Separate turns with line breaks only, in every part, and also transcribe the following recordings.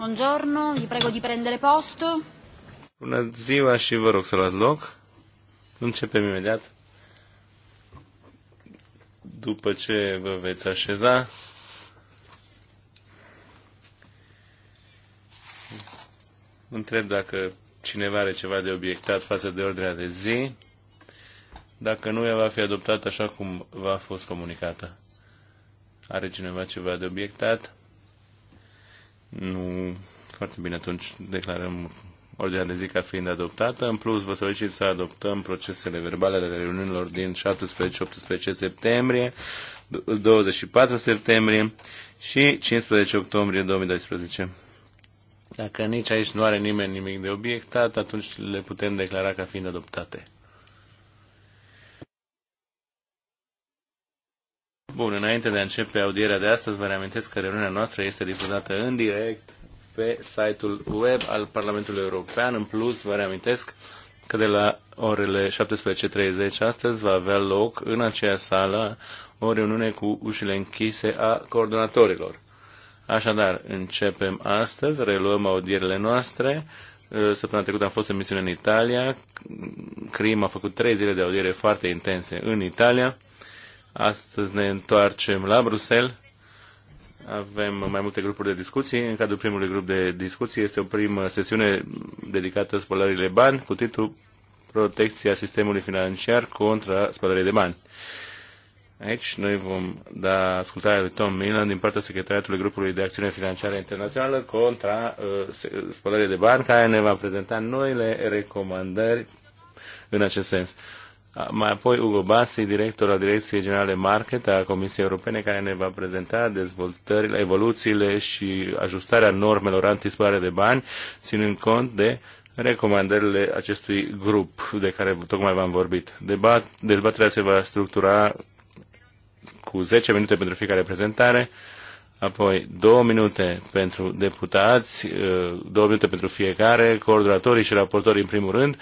Buongiorno, vi prego di prendere posto.
Bună ziua și vă rog să luați loc. Începem imediat. După ce vă veți așeza, întreb dacă cineva are ceva de obiectat față de ordinea de zi, dacă nu, ea va fi adoptată așa cum v-a fost comunicată. Are cineva ceva de obiectat? Nu. Foarte bine, atunci declarăm ordinea de zi ca fiind adoptată. În plus, vă solicit să adoptăm procesele verbale ale reuniunilor din 17-18 septembrie, 24 septembrie și 15 octombrie 2012. Dacă nici aici nu are nimeni nimic de obiectat, atunci le putem declara ca fiind adoptate. Bun, înainte de a începe audierea de astăzi, vă reamintesc că reuniunea noastră este difuzată în direct pe site-ul web al Parlamentului European. În plus, vă reamintesc că de la orele 17.30 astăzi va avea loc în aceea sală o reuniune cu ușile închise a coordonatorilor. Așadar, începem astăzi, reluăm audierile noastre. Săptămâna trecută am fost în misiune în Italia. CRIM a făcut trei zile de audiere foarte intense în Italia. Astăzi ne întoarcem la Bruxelles. Avem mai multe grupuri de discuții. În cadrul primului grup de discuții este o primă sesiune dedicată spălării de bani cu titlul Protecția sistemului financiar contra spălării de bani. Aici noi vom da ascultarea lui Tom Milan din partea Secretariatului Grupului de Acțiune Financiară Internațională contra uh, spălării de bani, care ne va prezenta noile recomandări în acest sens. Mai apoi Ugo Bassi, director la Direcției Generale Market a Comisiei Europene, care ne va prezenta dezvoltările, evoluțiile și ajustarea normelor antispare de bani, ținând cont de recomandările acestui grup de care tocmai v-am vorbit. Debat, dezbaterea se va structura cu 10 minute pentru fiecare prezentare, apoi 2 minute pentru deputați, 2 eh, minute pentru fiecare, coordonatorii și raportorii în primul rând,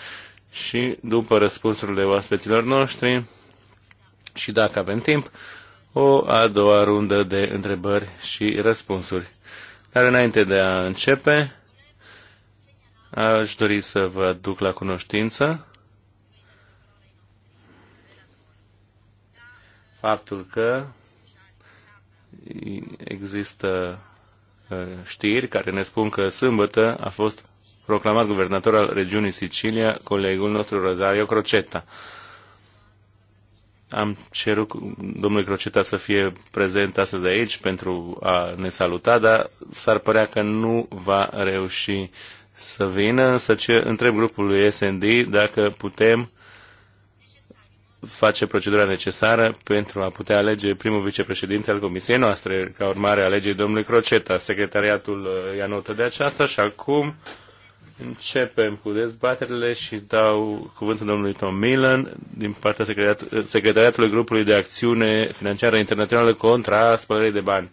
și după răspunsurile oaspeților noștri și dacă avem timp, o a doua rundă de întrebări și răspunsuri. Dar înainte de a începe, aș dori să vă aduc la cunoștință faptul că există uh, știri care ne spun că sâmbătă a fost proclamat guvernator al regiunii Sicilia, colegul nostru Rosario Crocetta, Am cerut domnului Croceta să fie prezent astăzi aici pentru a ne saluta, dar s-ar părea că nu va reuși să vină, însă ce întreb lui SND dacă putem face procedura necesară pentru a putea alege primul vicepreședinte al comisiei noastre, ca urmare a legei domnului Croceta. Secretariatul uh, ia notă de aceasta și acum Începem cu dezbaterile și dau cuvântul domnului Tom Milan din partea secretariatului, Secretariatului Grupului de Acțiune Financiară Internațională contra spălării de bani.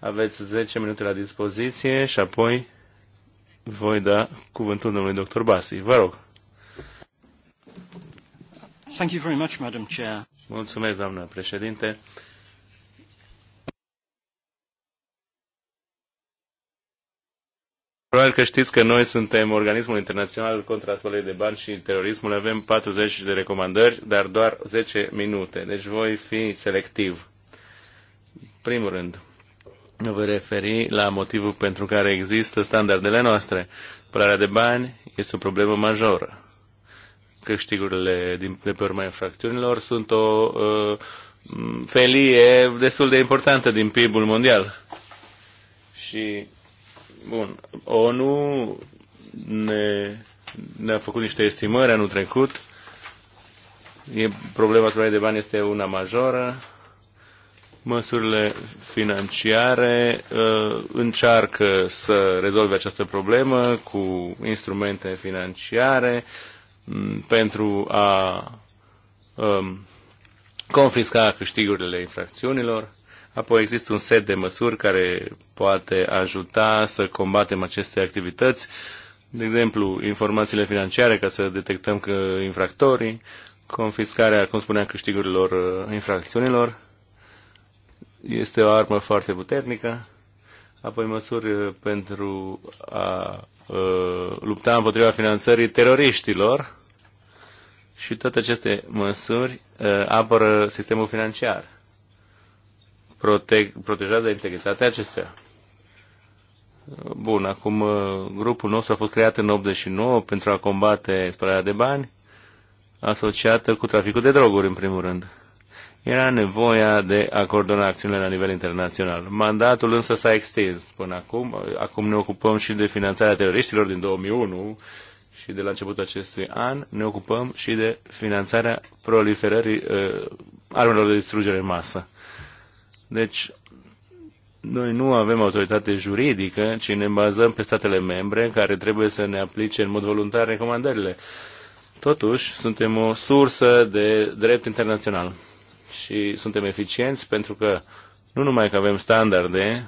Aveți 10 minute la dispoziție și apoi voi da cuvântul domnului doctor Basi. Vă rog.
Thank you very much, Madam Chair.
Mulțumesc, doamnă președinte. Uh, Probabil că știți că noi suntem organismul internațional contra spălării de bani și terorismul. Avem 40 de recomandări, dar doar 10 minute. Deci voi fi selectiv. Primul rând, nu voi referi la motivul pentru care există standardele noastre. Spălarea de bani este o problemă majoră. Câștigurile din, de pe urma infracțiunilor sunt o uh, felie destul de importantă din PIB-ul mondial. Și Bun. ONU ne, ne-a făcut niște estimări anul trecut. E, problema spălării de bani este una majoră. Măsurile financiare uh, încearcă să rezolve această problemă cu instrumente financiare m, mm, pentru a um, confisca câștigurile infracțiunilor Apoi există un set de măsuri care poate ajuta să combatem aceste activități, de exemplu, informațiile financiare ca să detectăm că infractorii, confiscarea, cum spuneam, câștigurilor uh, infracțiunilor, este o armă foarte puternică, apoi măsuri uh, pentru a uh, lupta împotriva finanțării teroriștilor și toate aceste măsuri apără sistemul financiar prote- protejat de integritatea acestea. Bun, acum uh, grupul nostru a fost creat în 89 pentru a combate spălarea de bani asociată cu traficul de droguri, în primul rând. Era nevoia de a coordona acțiunile la nivel internațional. Mandatul însă s-a extins până acum. Acum ne ocupăm și de finanțarea teroriștilor din 2001 și de la începutul acestui an ne ocupăm și de finanțarea proliferării uh, armelor de distrugere în masă. Deci, noi nu avem autoritate juridică, ci ne bazăm pe statele membre care trebuie să ne aplice în mod voluntar recomandările. Totuși, suntem o sursă de drept internațional și suntem eficienți pentru că nu numai că avem standarde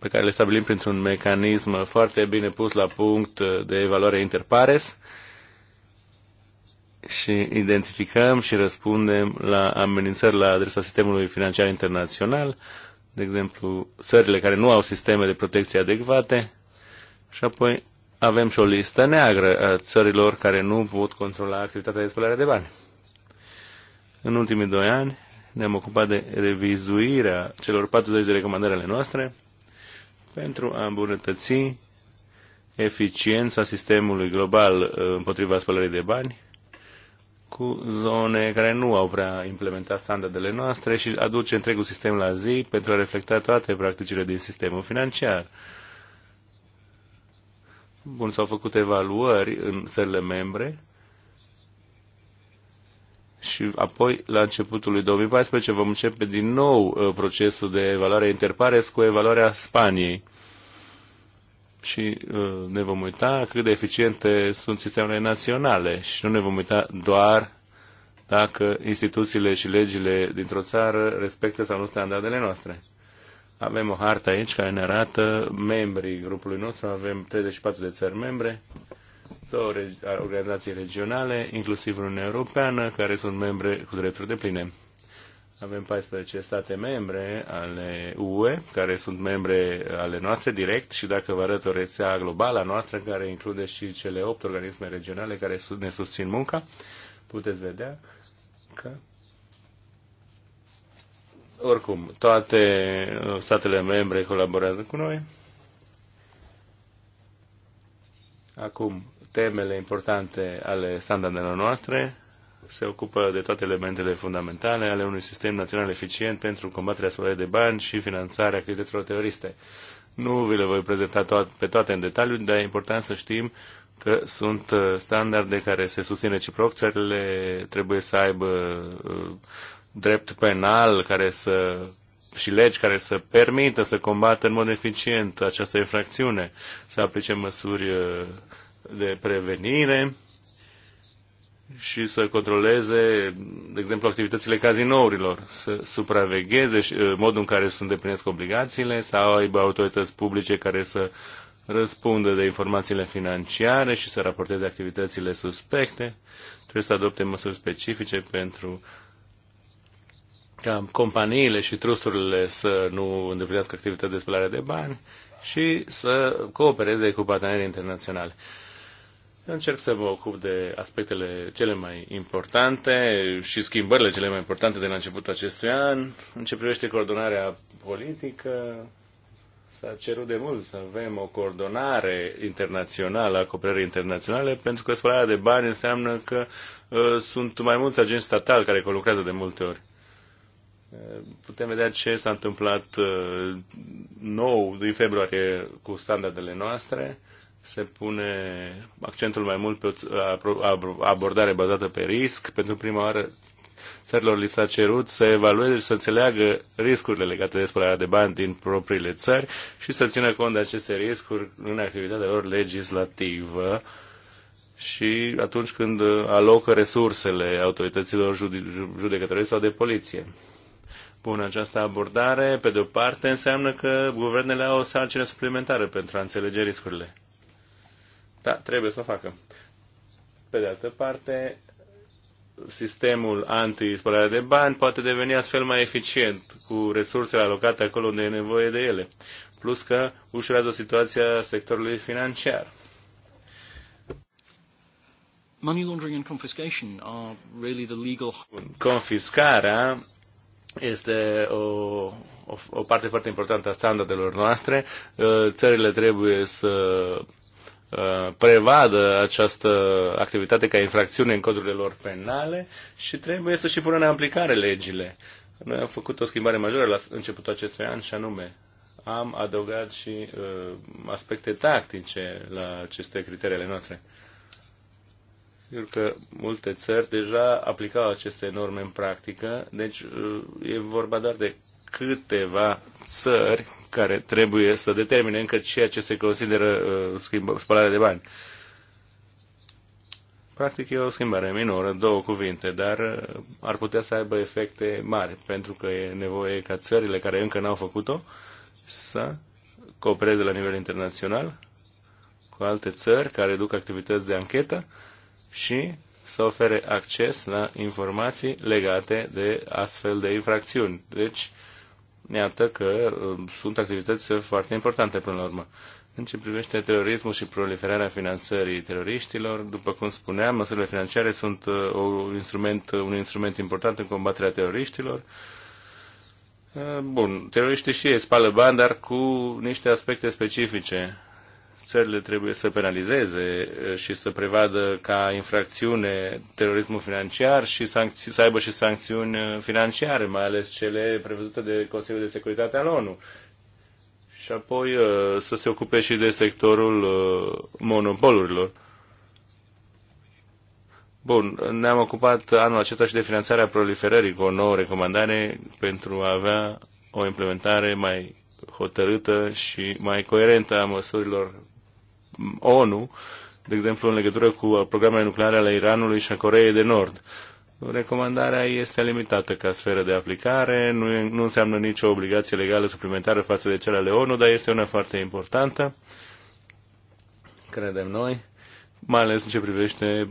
pe care le stabilim printr-un mecanism foarte bine pus la punct de evaluare interpares, și identificăm și răspundem la amenințări la adresa sistemului financiar internațional, de exemplu, țările care nu au sisteme de protecție adecvate și apoi avem și o listă neagră a țărilor care nu pot controla activitatea de spălare de bani. În ultimii doi ani ne-am ocupat de revizuirea celor 40 de recomandări ale noastre pentru a îmbunătăți eficiența sistemului global uh, împotriva spălării de bani cu zone care nu au prea implementat standardele noastre și aduce întregul sistem la zi pentru a reflecta toate practicile din sistemul financiar. Bun, s-au făcut evaluări în țările membre și apoi, la începutul lui 2014, vom începe din nou uh, procesul de evaluare interpares cu evaluarea Spaniei și uh, ne vom uita cât de eficiente sunt sistemele naționale și nu ne vom uita doar dacă instituțiile și legile dintr-o țară respectă sau nu standardele noastre. Avem o hartă aici care ne arată membrii grupului nostru, avem 34 de țări membre, două organizații regionale, inclusiv Uniunea Europeană, care sunt membre cu drepturi de pline. Avem 14 state membre ale UE, care sunt membre ale noastre direct și dacă vă arăt o rețea globală a noastră, care include și cele 8 organisme regionale care ne susțin munca, puteți vedea că oricum, toate uh, statele membre colaborează cu noi. Acum, temele importante ale standardelor noastre se ocupă de toate elementele fundamentale ale unui sistem național eficient pentru combaterea spălării de bani și finanțarea activităților teroriste. Nu vi le voi prezenta toat, pe toate în detaliu, dar e important să știm că sunt uh, standarde care se susțin reciproc, țările trebuie să aibă uh, drept penal care să și legi care să permită să combată în mod eficient această infracțiune, să aplice măsuri uh, de prevenire, și să controleze, de exemplu, activitățile cazinourilor, să supravegheze uh, modul în care se îndeplinesc obligațiile sau aibă autorități publice care să răspundă de informațiile financiare și să raporteze activitățile suspecte. Trebuie să adopte măsuri specifice pentru ca companiile și trusturile să nu îndeplinească activități de spălare de bani și să coopereze cu partenerii internaționali încerc să mă ocup de aspectele cele mai importante și schimbările cele mai importante de la începutul acestui an. În ce privește coordonarea politică, s-a cerut de mult să avem o coordonare internațională, cooperării internaționale, pentru că spălarea de bani înseamnă că uh, sunt mai mulți agenți statali care colucrează de multe ori. Uh, putem vedea ce s-a întâmplat uh, nou din februarie cu standardele noastre. Uh, se pune accentul mai mult pe o abordare bazată pe risc. Pentru prima oară țărilor li s-a cerut să evalueze și să înțeleagă riscurile legate de spălarea de bani din propriile țări și să țină cont de aceste riscuri în activitatea lor legislativă și atunci când alocă resursele autorităților judecătorii sau de poliție. Bun, această abordare, pe de o parte, înseamnă că guvernele au o sarcină suplimentară pentru a înțelege riscurile. Da, trebuie să o facă. Pe de altă parte, sistemul anti-spălare de bani poate deveni astfel mai eficient cu resursele alocate acolo unde e nevoie de ele. Plus că ușurează situația sectorului financiar.
Money laundering and confiscation are really the legal...
Confiscarea este o, o, o parte foarte importantă a standardelor noastre. Ă, țările trebuie să Uh, prevadă această activitate ca infracțiune în codurile lor penale și trebuie să și pună în aplicare legile. Noi am făcut o schimbare majoră la începutul acestui an și anume am adăugat și uh, aspecte tactice la aceste criteriile noastre. Sigur că multe țări deja aplicau aceste norme în practică, deci uh, e vorba doar de câteva țări care trebuie să determine încă ceea ce se consideră uh, schimbă, spălare de bani. Practic e o schimbare minoră, două cuvinte, dar uh, ar putea să aibă efecte mari, pentru că e nevoie ca țările care încă n-au făcut-o să coopereze la nivel internațional cu alte țări care duc activități de anchetă și să ofere acces la informații legate de astfel de infracțiuni. Deci, ne arată că um, sunt activități foarte importante până la urmă. În ce privește terorismul și proliferarea finanțării teroriștilor, după cum spuneam, măsurile financiare sunt un uh, instrument, uh, un instrument important în combaterea teroriștilor. Uh, bun, teroriștii și ei spală bani, dar cu niște aspecte specifice țările trebuie să penalizeze și să prevadă ca infracțiune terorismul financiar și să aibă și sancțiuni financiare, mai ales cele prevăzute de Consiliul de Securitate al ONU. Și apoi să se ocupe și de sectorul monopolurilor. Bun, ne-am ocupat anul acesta și de finanțarea proliferării cu o nouă recomandare pentru a avea o implementare mai hotărâtă și mai coerentă a măsurilor ONU, de exemplu în legătură cu programele nucleare ale Iranului și a Coreei de Nord. Recomandarea este limitată ca sferă de aplicare, nu, e, nu înseamnă nicio obligație legală suplimentară față de cele ale ONU, dar este una foarte importantă, credem noi, mai ales în ce privește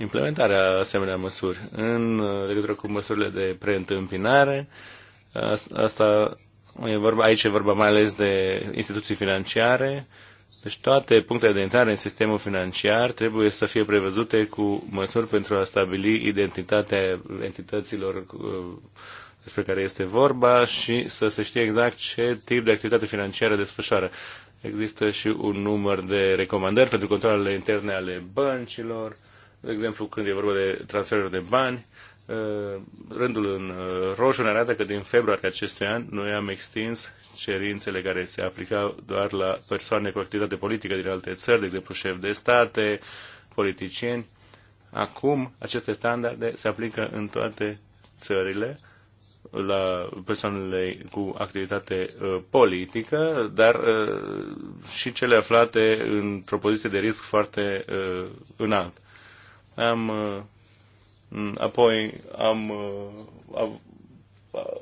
implementarea asemenea măsuri. În legătură cu măsurile de preîntâmpinare, asta e vorba, aici e vorba mai ales de instituții financiare, deci toate punctele de intrare în sistemul financiar trebuie să fie prevăzute cu măsuri pentru a stabili identitatea entităților uh, despre care este vorba și să se știe exact ce tip de activitate financiară desfășoară. Există și un număr de recomandări pentru controlele interne ale băncilor, de exemplu când e vorba de transferuri de bani Uh, rândul în uh, roșu ne arată că din februarie acestui an noi am extins cerințele care se aplicau doar la persoane cu activitate politică din alte țări, de exemplu șef de state, politicieni. Acum aceste standarde se aplică în toate țările la persoanele cu activitate uh, politică, dar uh, și cele aflate într-o poziție de risc foarte uh, înalt. Am uh, Mm, apoi am, uh, av, uh,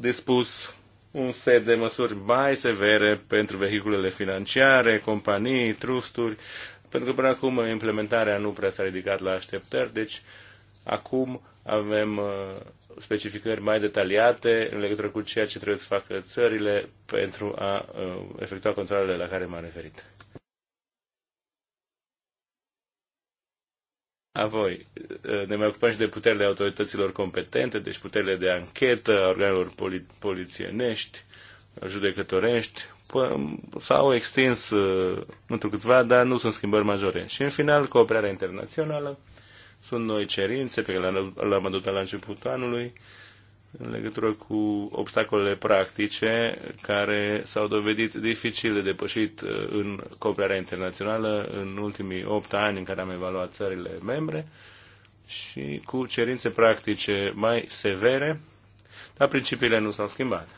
dispus un set de măsuri mai severe pentru vehiculele financiare, companii, trusturi, pentru că până acum implementarea nu prea s-a ridicat la așteptări, deci acum avem uh, specificări mai detaliate în legătură cu ceea ce trebuie să facă țările pentru a uh, efectua controlele la care m-am referit. voi. ne mai ocupăm și de puterile autorităților competente, deci puterile de anchetă, organelor poli- polițienești, judecătorești, s-au extins uh, câtva, dar nu sunt schimbări majore. Și în final, cooperarea internațională, sunt noi cerințe pe care le-am adus la începutul anului, în legătură cu obstacolele practice care s-au dovedit dificil de depășit uh, în cooperarea internațională în ultimii opt ani în care am evaluat țările membre și cu cerințe practice mai severe, dar principiile nu s-au schimbat.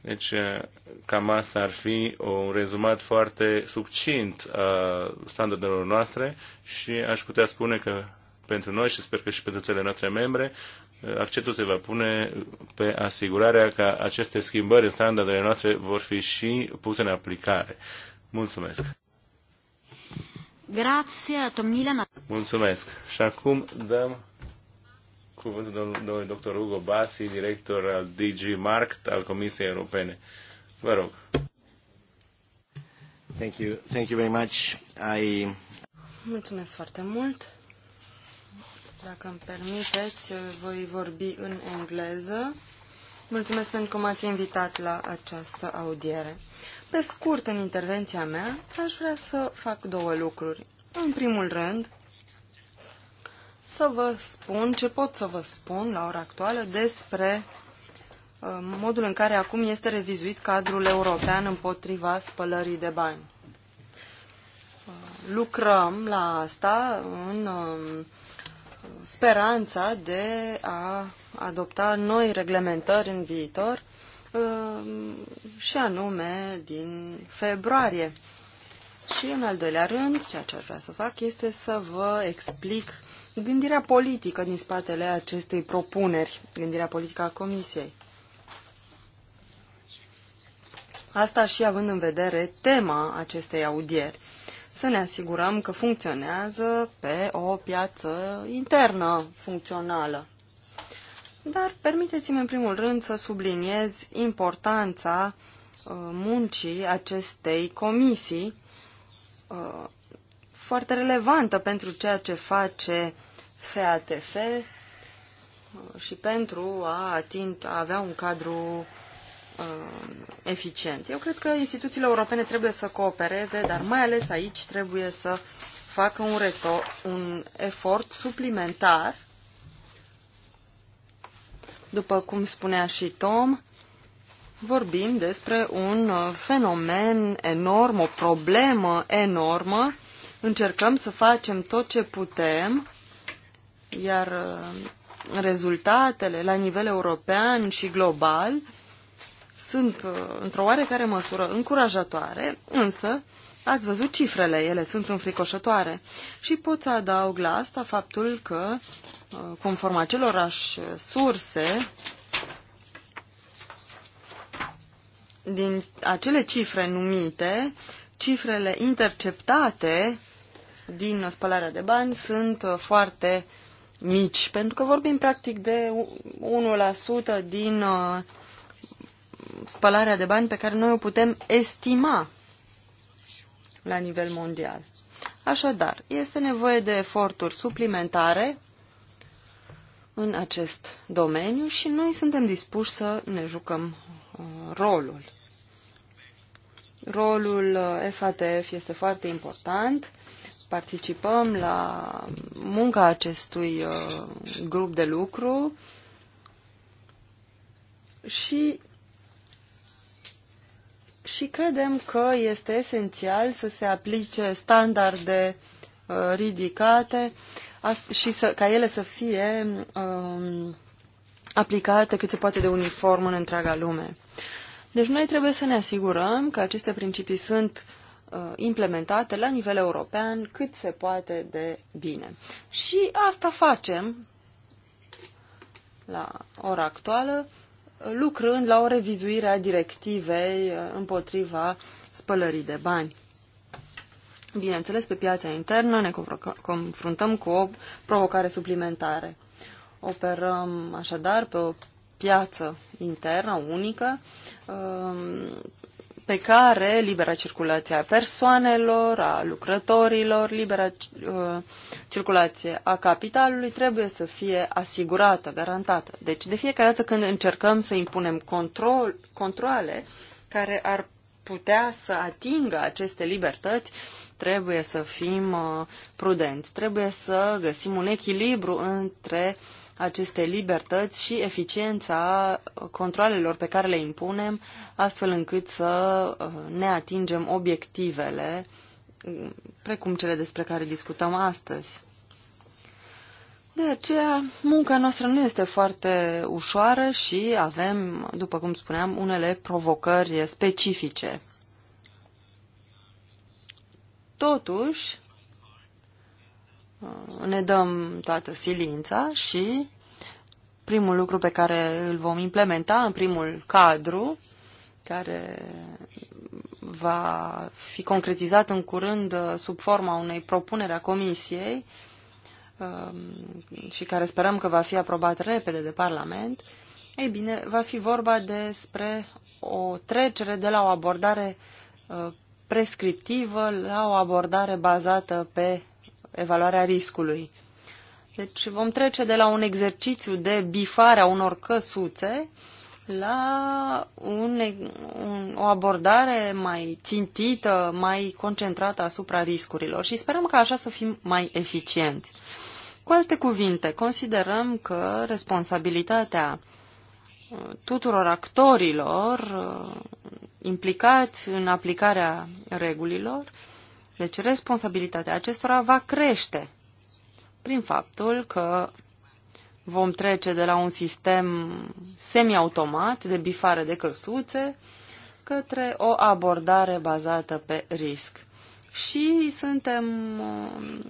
Deci, uh, cam asta ar fi un rezumat foarte succint a standardelor noastre și aș putea spune că pentru noi și sper că și pentru țările noastre membre, accentul se va pune pe asigurarea că aceste schimbări în standardele noastre vor fi și puse în aplicare. Mulțumesc! domnile. Mulțumesc. Și acum dăm cuvântul domnului dr. Ugo Bassi, director al DG Markt al Comisiei Europene. Vă rog.
Thank you. Thank you very much. I...
Mulțumesc foarte mult. Dacă îmi permiteți, voi vorbi în engleză. Mulțumesc pentru că m-ați invitat la această audiere. Pe scurt, în intervenția mea, aș vrea să fac două lucruri. În primul rând, să vă spun ce pot să vă spun la ora actuală despre uh, modul în care acum este revizuit cadrul european împotriva spălării de bani. Uh, lucrăm la asta în uh, speranța de a adopta noi reglementări în viitor uh, și anume din februarie. Și în al doilea rând, ceea ce aș vrea să fac este să vă explic gândirea politică din spatele acestei propuneri, gândirea politică a Comisiei. Asta și având în vedere tema acestei audieri să ne asigurăm că funcționează pe o piață internă funcțională. Dar permiteți-mi în primul rând să subliniez importanța uh, muncii acestei comisii uh, foarte relevantă pentru ceea ce face FATF uh, și pentru a, ating, a avea un cadru Uh, eficient. Eu cred că instituțiile europene trebuie să coopereze, dar mai ales aici trebuie să facă un, reto- un efort suplimentar, după cum spunea și Tom, vorbim despre un uh, fenomen enorm, o problemă enormă. Încercăm să facem tot ce putem, iar uh, rezultatele la nivel european și global sunt uh, într-o oarecare măsură încurajatoare, însă ați văzut cifrele, ele sunt înfricoșătoare. Și pot să adaug la asta faptul că, uh, conform acelorași surse, din acele cifre numite, cifrele interceptate din spălarea de bani sunt uh, foarte mici, pentru că vorbim practic de 1% din spălarea de bani pe care noi o putem estima la nivel mondial. Așadar, este nevoie de eforturi suplimentare în acest domeniu și noi suntem dispuși să ne jucăm uh, rolul. Rolul FATF uh, este foarte important. Participăm la munca acestui uh, grup de lucru și și credem că este esențial să se aplice standarde uh, ridicate și să, ca ele să fie um, aplicate cât se poate de uniform în întreaga lume. Deci noi trebuie să ne asigurăm că aceste principii sunt uh, implementate la nivel european cât se poate de bine. Și asta facem la ora actuală lucrând la o revizuire a directivei uh, împotriva spălării de bani. Bineînțeles, pe piața internă ne confruntăm cu o provocare suplimentare. Operăm așadar pe o piață internă unică um, pe care libera circulație a persoanelor, a lucrătorilor, libera uh, circulație a capitalului trebuie să fie asigurată, garantată. Deci de fiecare dată când încercăm să impunem control, controle care ar putea să atingă aceste libertăți, trebuie să fim uh, prudenți, trebuie să găsim un echilibru între uh, aceste libertăți și eficiența controlelor pe care le impunem, astfel încât să uh, ne atingem obiectivele, mm, precum cele despre care discutăm astăzi. De aceea, munca noastră nu este foarte ușoară și avem, după cum spuneam, unele provocări specifice. Totuși, Uh, ne dăm toată silința și primul lucru pe care îl vom implementa în primul cadru, care va fi concretizat în curând uh, sub forma unei propuneri a Comisiei uh, și care sperăm că va fi aprobat repede de Parlament, ei bine, va fi vorba despre o trecere de la o abordare prescriptivă la o abordare bazată pe evaluarea riscului. Deci vom trece de la un exercițiu de bifare a unor căsuțe la un, un, o abordare mai țintită, mai concentrată asupra riscurilor și sperăm că așa să fim mai eficienți. Cu alte cuvinte, considerăm că responsabilitatea uh, tuturor actorilor uh, implicați în aplicarea regulilor deci responsabilitatea acestora va crește prin faptul că vom trece de la un sistem semiautomat de bifare de căsuțe către o abordare bazată pe risc. Și suntem, um,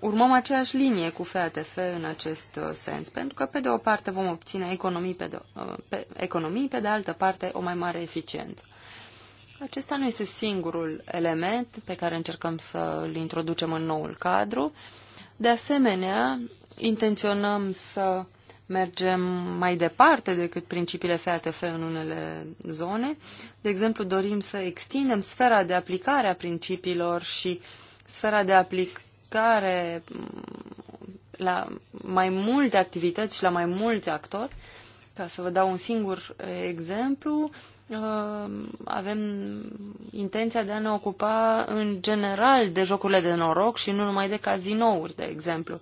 urmăm aceeași linie cu FATF în acest uh, sens, pentru că pe de o parte vom obține economii pe de, uh, pe, economii, pe de altă parte o mai mare eficiență. Acesta nu este singurul element pe care încercăm să îl introducem în noul cadru. De asemenea, intenționăm să mergem mai departe decât principiile FATF în unele zone. De exemplu, dorim să extindem sfera de aplicare a principiilor și sfera de aplicare mm, la mai multe activități și la mai mulți actori. Ca să vă dau un singur eh, exemplu, Uh, avem intenția de a ne ocupa în general de jocurile de noroc și nu numai de cazinouri, de exemplu,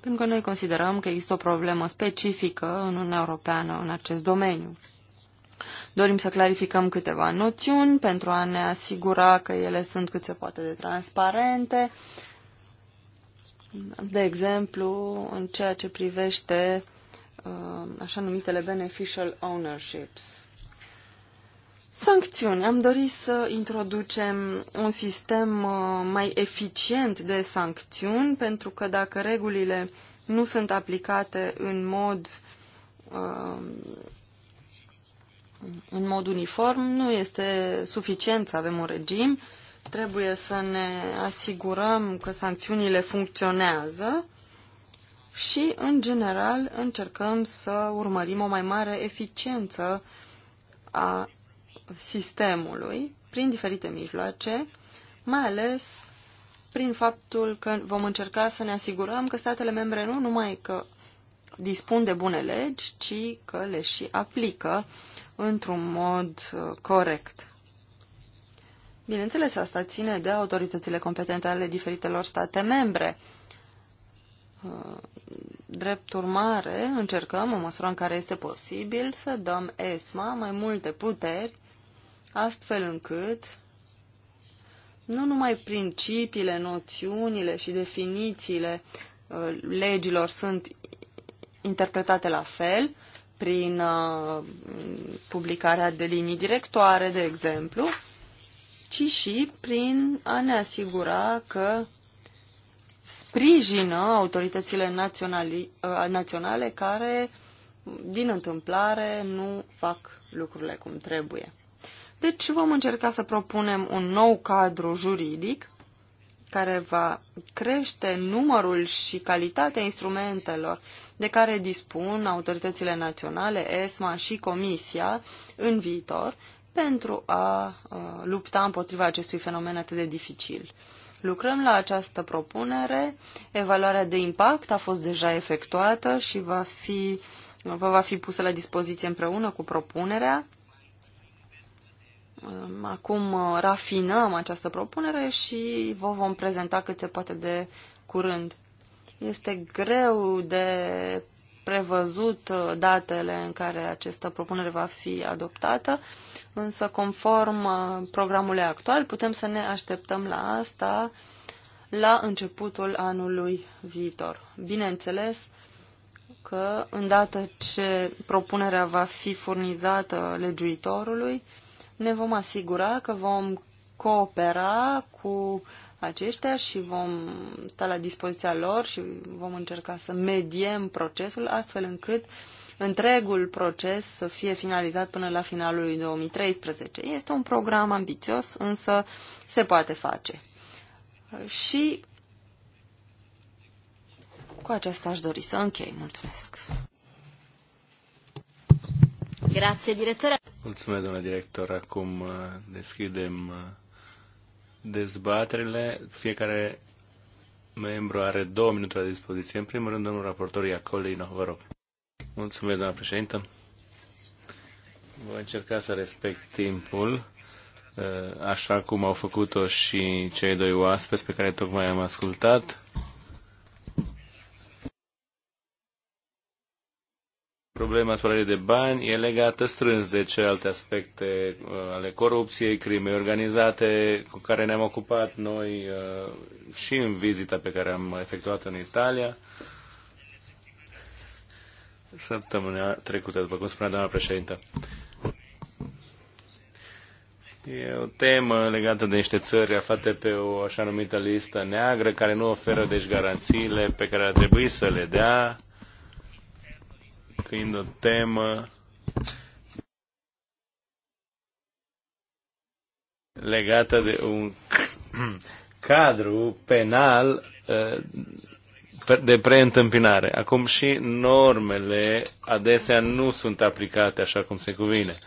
pentru că noi considerăm că există o problemă specifică în Uniunea Europeană în acest domeniu. Dorim să clarificăm câteva noțiuni pentru a ne asigura că ele sunt cât se poate de transparente, de exemplu, în ceea ce privește uh, așa numitele beneficial ownerships Sancțiuni. Am dorit să introducem un sistem uh, mai eficient de sancțiuni, pentru că dacă regulile nu sunt aplicate în mod, uh, în mod uniform, nu este suficient să avem un regim. Trebuie să ne asigurăm că sancțiunile funcționează și, în general, încercăm să urmărim o mai mare eficiență a sistemului prin diferite mijloace, mai ales prin faptul că vom încerca să ne asigurăm că statele membre nu numai că dispun de bune legi, ci că le și aplică într-un mod uh, corect. Bineînțeles, asta ține de autoritățile competente ale diferitelor state membre. Uh, drept urmare, încercăm, în măsura în care este posibil, să dăm ESMA mai multe puteri astfel încât nu numai principiile, noțiunile și definițiile uh, legilor sunt interpretate la fel, prin uh, publicarea de linii directoare, de exemplu, ci și prin a ne asigura că sprijină autoritățile naționale, uh, naționale care, din întâmplare, nu fac lucrurile cum trebuie. Deci vom încerca să propunem un nou cadru juridic care va crește numărul și calitatea instrumentelor de care dispun autoritățile naționale, ESMA și Comisia în viitor pentru a lupta împotriva acestui fenomen atât de dificil. Lucrăm la această propunere, evaluarea de impact a fost deja efectuată și va fi, vă va fi pusă la dispoziție împreună cu propunerea acum uh, rafinăm această propunere și vă vom prezenta cât se poate de curând. Este greu de prevăzut uh, datele în care această propunere va fi adoptată, însă conform uh, programului actual putem să ne așteptăm la asta la începutul anului viitor. Bineînțeles că îndată ce propunerea va fi furnizată legiuitorului, ne vom asigura că vom coopera cu aceștia și vom sta la dispoziția lor și vom încerca să mediem procesul astfel încât întregul proces să fie finalizat până la finalul lui 2013. Este un program ambițios, însă se poate face. Și cu aceasta aș dori să închei. Mulțumesc!
Grazie, direttore.
Mulțumesc, domnule director. Acum uh, deschidem uh, dezbaterile. Fiecare membru are două minute la dispoziție. În primul rând, domnul raportor Iacolino, vă rog. Mulțumesc, doamna președintă. Voi încerca să respect timpul, uh, așa cum au făcut-o și cei doi oaspeți pe care tocmai am ascultat. problema spălării de bani e legată strâns de celelalte aspecte uh, ale corupției, crimei organizate, cu care ne-am ocupat noi uh, și în vizita pe care am efectuat-o în Italia. Săptămâna trecută, după cum spunea doamna președintă. E o temă legată de niște țări aflate pe o așa numită listă neagră, care nu oferă deci garanțiile pe care ar trebui să le dea fiind o temă legată de un cadru penal uh, de preîntâmpinare. Acum și normele adesea nu sunt aplicate așa cum se cuvine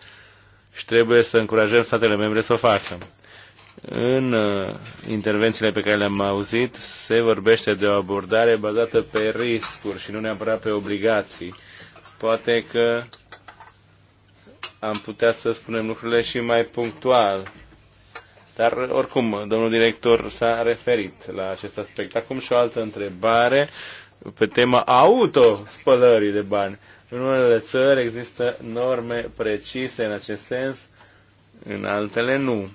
și trebuie să încurajăm statele membre să o facă. În uh, intervențiile pe care le-am auzit se vorbește de o abordare bazată pe riscuri și nu neapărat pe obligații Poate că am putea să spunem lucrurile și mai punctual. Dar, oricum, domnul director s-a referit la acest aspect. Acum și o altă întrebare pe tema autospălării de bani. În unele țări există norme precise în acest sens, în altele nu.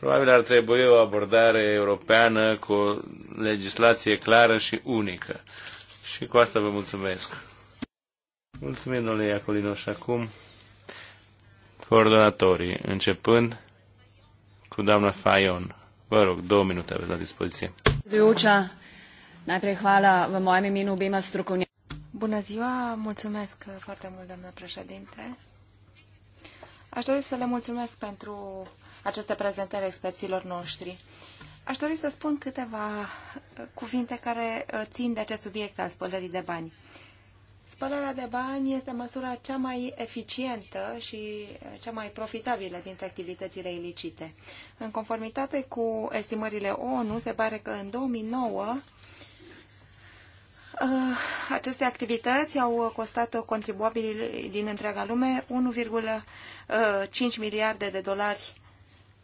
Probabil ar trebui o abordare europeană cu o legislație clară și unică. Și cu asta vă mulțumesc. Mulțumim, domnule Iacolino, și acum coordonatorii, începând cu doamna Fayon. Vă rog, două minute aveți la dispoziție.
Bună ziua, mulțumesc foarte mult, doamnă președinte. Aș dori să le mulțumesc pentru aceste prezentări experților noștri. Aș dori să spun câteva uh, cuvinte care uh, țin de acest subiect al spălării de bani. Spălarea de bani este măsura cea mai eficientă și uh, cea mai profitabilă dintre activitățile ilicite. În conformitate cu estimările ONU, se pare că în 2009 aceste activități au costat contribuabili din întreaga lume 1,5 miliarde de dolari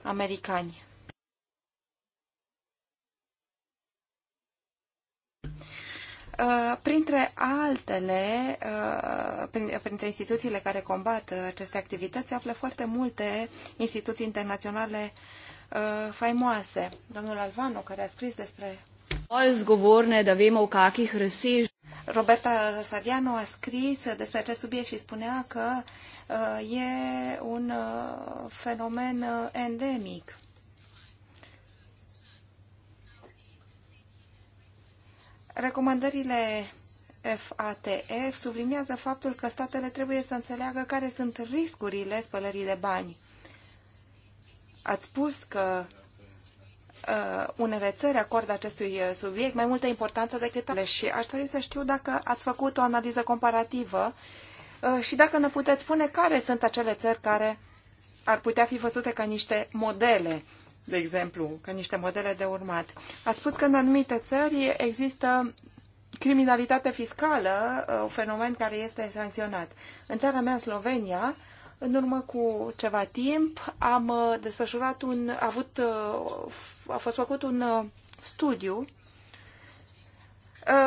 americani. Uh, printre altele, uh, printre instituțiile care combat aceste activități, se află foarte multe instituții internaționale uh, faimoase. Domnul Alvano, care a scris despre... Da Roberta Saviano a scris despre acest subiect și spunea că e un fenomen endemic. Recomandările FATE subliniază faptul că statele trebuie să înțeleagă care sunt riscurile spălării de bani. Ați spus că uh, unele țări acordă acestui uh, subiect mai multă importanță decât ale și aș dori să știu dacă ați făcut o analiză comparativă uh, și dacă ne puteți spune care sunt acele țări care ar putea fi văzute ca niște modele uh, de exemplu, ca niște modele de urmat. Ați spus că în anumite țări există criminalitate fiscală, uh, un fenomen care este sancționat. În țara mea, Slovenia, în urmă cu ceva timp am uh, desfășurat un, a, avut, uh, a fost făcut un studiu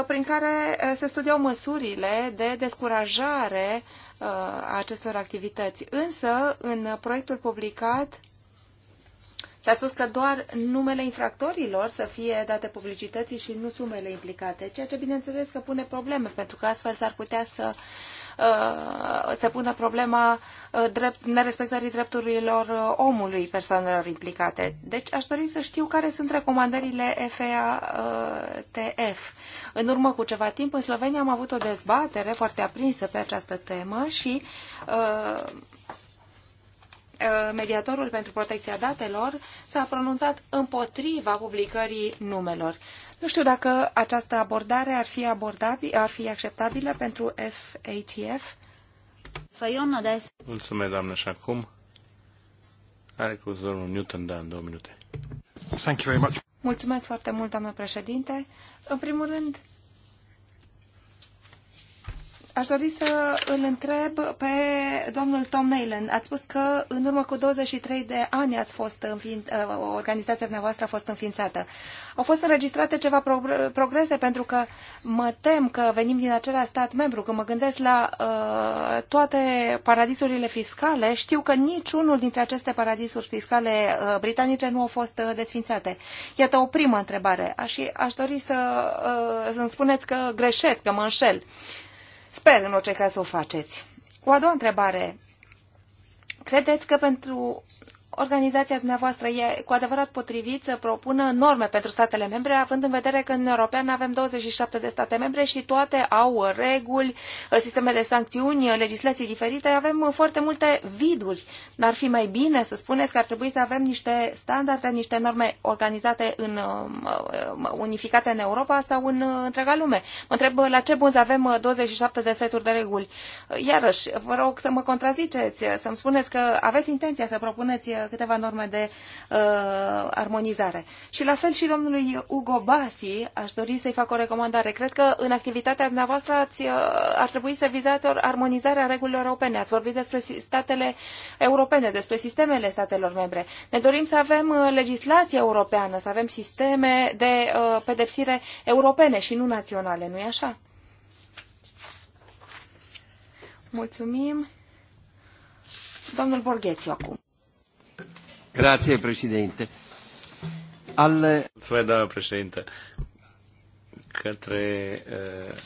prin care se studiau măsurile de descurajare a acestor activități. Însă, în proiectul publicat, S-a spus că doar numele infractorilor să fie date publicității și nu sumele implicate, ceea ce bineînțeles că pune probleme, pentru că astfel s-ar putea să uh, se pună problema uh, drept, nerespectării drepturilor uh, omului persoanelor implicate. Deci aș dori să știu care sunt recomandările FATF. În urmă cu ceva timp în Slovenia am avut o dezbatere foarte aprinsă pe această temă și uh, Uh, mediatorul pentru protecția datelor s-a pronunțat împotriva publicării numelor. Nu știu dacă această abordare ar fi, abordabil, ar fi acceptabilă pentru FATF. Da.
Mulțumesc, doamnă, și acum are cuvântul Newton, da, în două minute. Thank you very much.
Mulțumesc foarte mult, doamnă președinte. În primul rând, Aș dori să îl întreb pe domnul Tom Neyland. Ați spus că în urmă cu 23 de ani ați fost înființ, ă, organizația dumneavoastră a fost înființată. Au fost înregistrate ceva progrese pentru că mă tem că venim din același stat membru. Când mă gândesc la uh, toate paradisurile fiscale, știu că niciunul dintre aceste paradisuri fiscale uh, britanice nu au fost uh, desfințate. Iată o primă întrebare. Aș, aș dori să uh, să spuneți că greșesc, că mă înșel. Sper în orice caz să o faceți. O a doua întrebare. Credeți că pentru organizația dumneavoastră e cu adevărat potrivit să propună norme pentru statele membre, având în vedere că în Uniunea Europeană avem 27 de state membre și toate au reguli, sisteme de sancțiuni, legislații diferite, avem foarte multe viduri. N-ar fi mai bine să spuneți că ar trebui să avem niște standarde, niște norme organizate în, um, uh, unificate în Europa sau în uh, întreaga lume. Mă întreb la ce bun să avem 27 de seturi de reguli. Iarăși, vă rog să mă contraziceți, să-mi spuneți că aveți intenția să propuneți uh, câteva norme de uh, armonizare. Și la fel și domnului Ugo Basi, aș dori să-i fac o recomandare. Cred că în activitatea dumneavoastră ați, uh, ar trebui să vizați armonizarea regulilor europene. Ați vorbit despre statele europene, despre sistemele statelor membre. Ne dorim să avem uh, legislație europeană, să avem sisteme de uh, pedepsire europene și nu naționale, nu-i așa? Mulțumim. Domnul Borghețiu acum.
Grazie, președinte. Al... Mulțumesc, doamnă președinte. Către uh,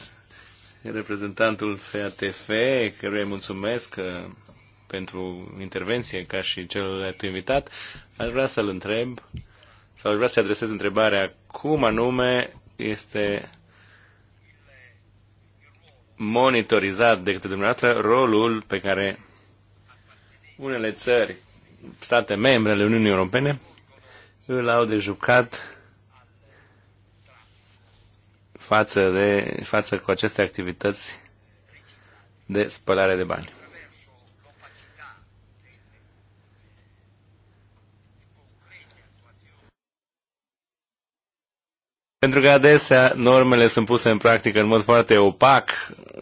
reprezentantul FATF, căruia mulțumesc uh, pentru intervenție, ca și celălalt invitat, aș vrea să-l întreb, sau aș vrea să-i adresez întrebarea cum anume este monitorizat de către dumneavoastră rolul pe care unele țări state membre ale Uniunii Europene îl au de jucat față, de, față cu aceste activități de spălare de bani. Pentru că adesea normele sunt puse în practică în mod foarte opac,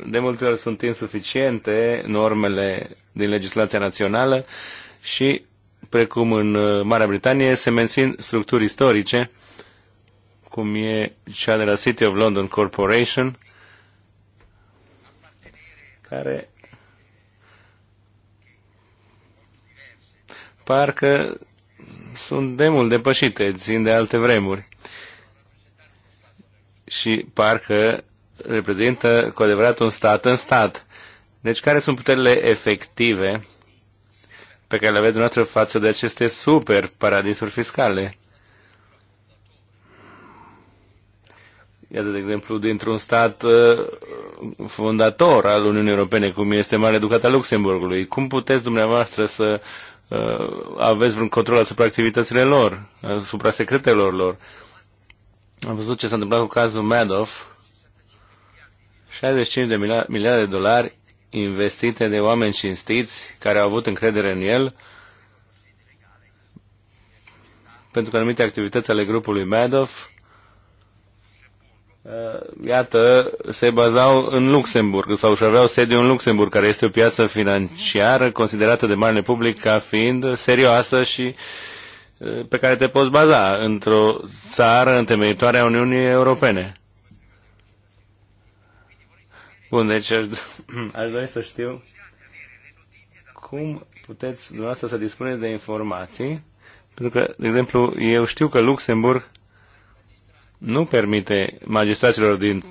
de multe ori sunt insuficiente normele din legislația națională și precum în uh, Marea Britanie, se mențin structuri istorice, cum e cea de la City of London Corporation, care parcă sunt de mult depășite, țin de alte vremuri. Și parcă reprezintă cu adevărat un stat în stat. Deci care sunt puterile efective pe care le aveți dumneavoastră față de aceste super paradisuri fiscale. Iată, de exemplu, dintr-un stat uh, fondator al Uniunii Europene, cum este Marea Ducata Luxemburgului, cum puteți dumneavoastră să uh, aveți vreun control asupra activităților lor, asupra secretelor lor? Am văzut ce s-a întâmplat cu cazul Madoff, 65 de miliarde de dolari investite de oameni cinstiți care au avut încredere în el, pentru că anumite activități ale grupului Madoff, uh, iată, se bazau în Luxemburg sau își aveau sediu în Luxemburg, care este o piață financiară considerată de mare public ca fiind serioasă și uh, pe care te poți baza într-o țară întemeitoare a Uniunii Europene. Bun, deci aș, aș dori să știu cum puteți dumneavoastră să dispuneți de informații, pentru că, de exemplu, eu știu că Luxemburg nu permite magistraților din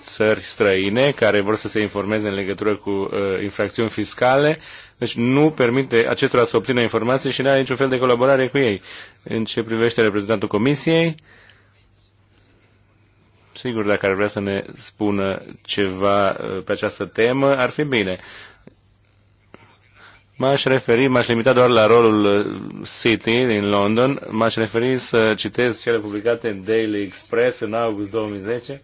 țări străine care vor să se informeze în legătură cu uh, infracțiuni fiscale, deci nu permite acestora să obțină informații și nu are niciun fel de colaborare cu ei. În ce privește reprezentantul Comisiei, uh, Sigur, dacă ar vrea să ne spună ceva uh, pe această temă, ar fi bine. M-aș referi, m-aș limita doar la rolul uh, City din London, m-aș referi să citesc cele publicate în Daily Express în august 2010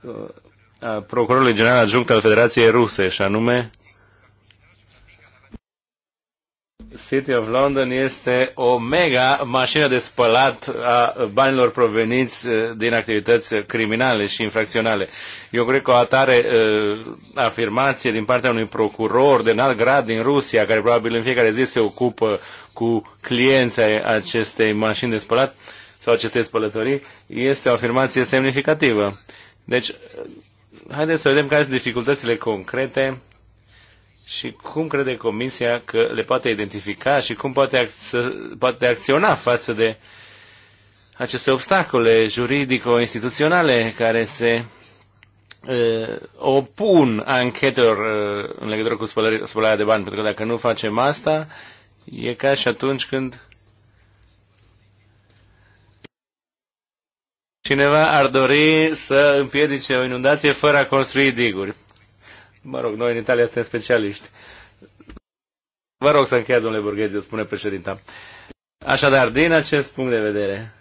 uh, Procurorul general adjunct al Federației Ruse, și anume City of London este o mega mașină de spălat a banilor proveniți eh, din activități criminale și infracționale. Eu cred că o atare eh, afirmație din partea unui procuror de înalt grad din Rusia, care probabil în fiecare zi se ocupă cu clienții acestei mașini de spălat sau acestei spălătorii, este o afirmație semnificativă. Deci, haideți să vedem care sunt dificultățile concrete și cum crede Comisia că le poate identifica și cum poate, ac- poate acționa față de aceste obstacole juridico-instituționale care se uh, opun anchetelor uh, în legătură cu spălări, spălarea de bani, pentru că dacă nu facem asta, e ca și atunci când cineva ar dori să împiedice o inundație fără a construi diguri. Mă rog, noi în Italia suntem specialiști. Vă rog să încheia, domnule Burghezi, spune președinta. Așadar, din acest punct de vedere,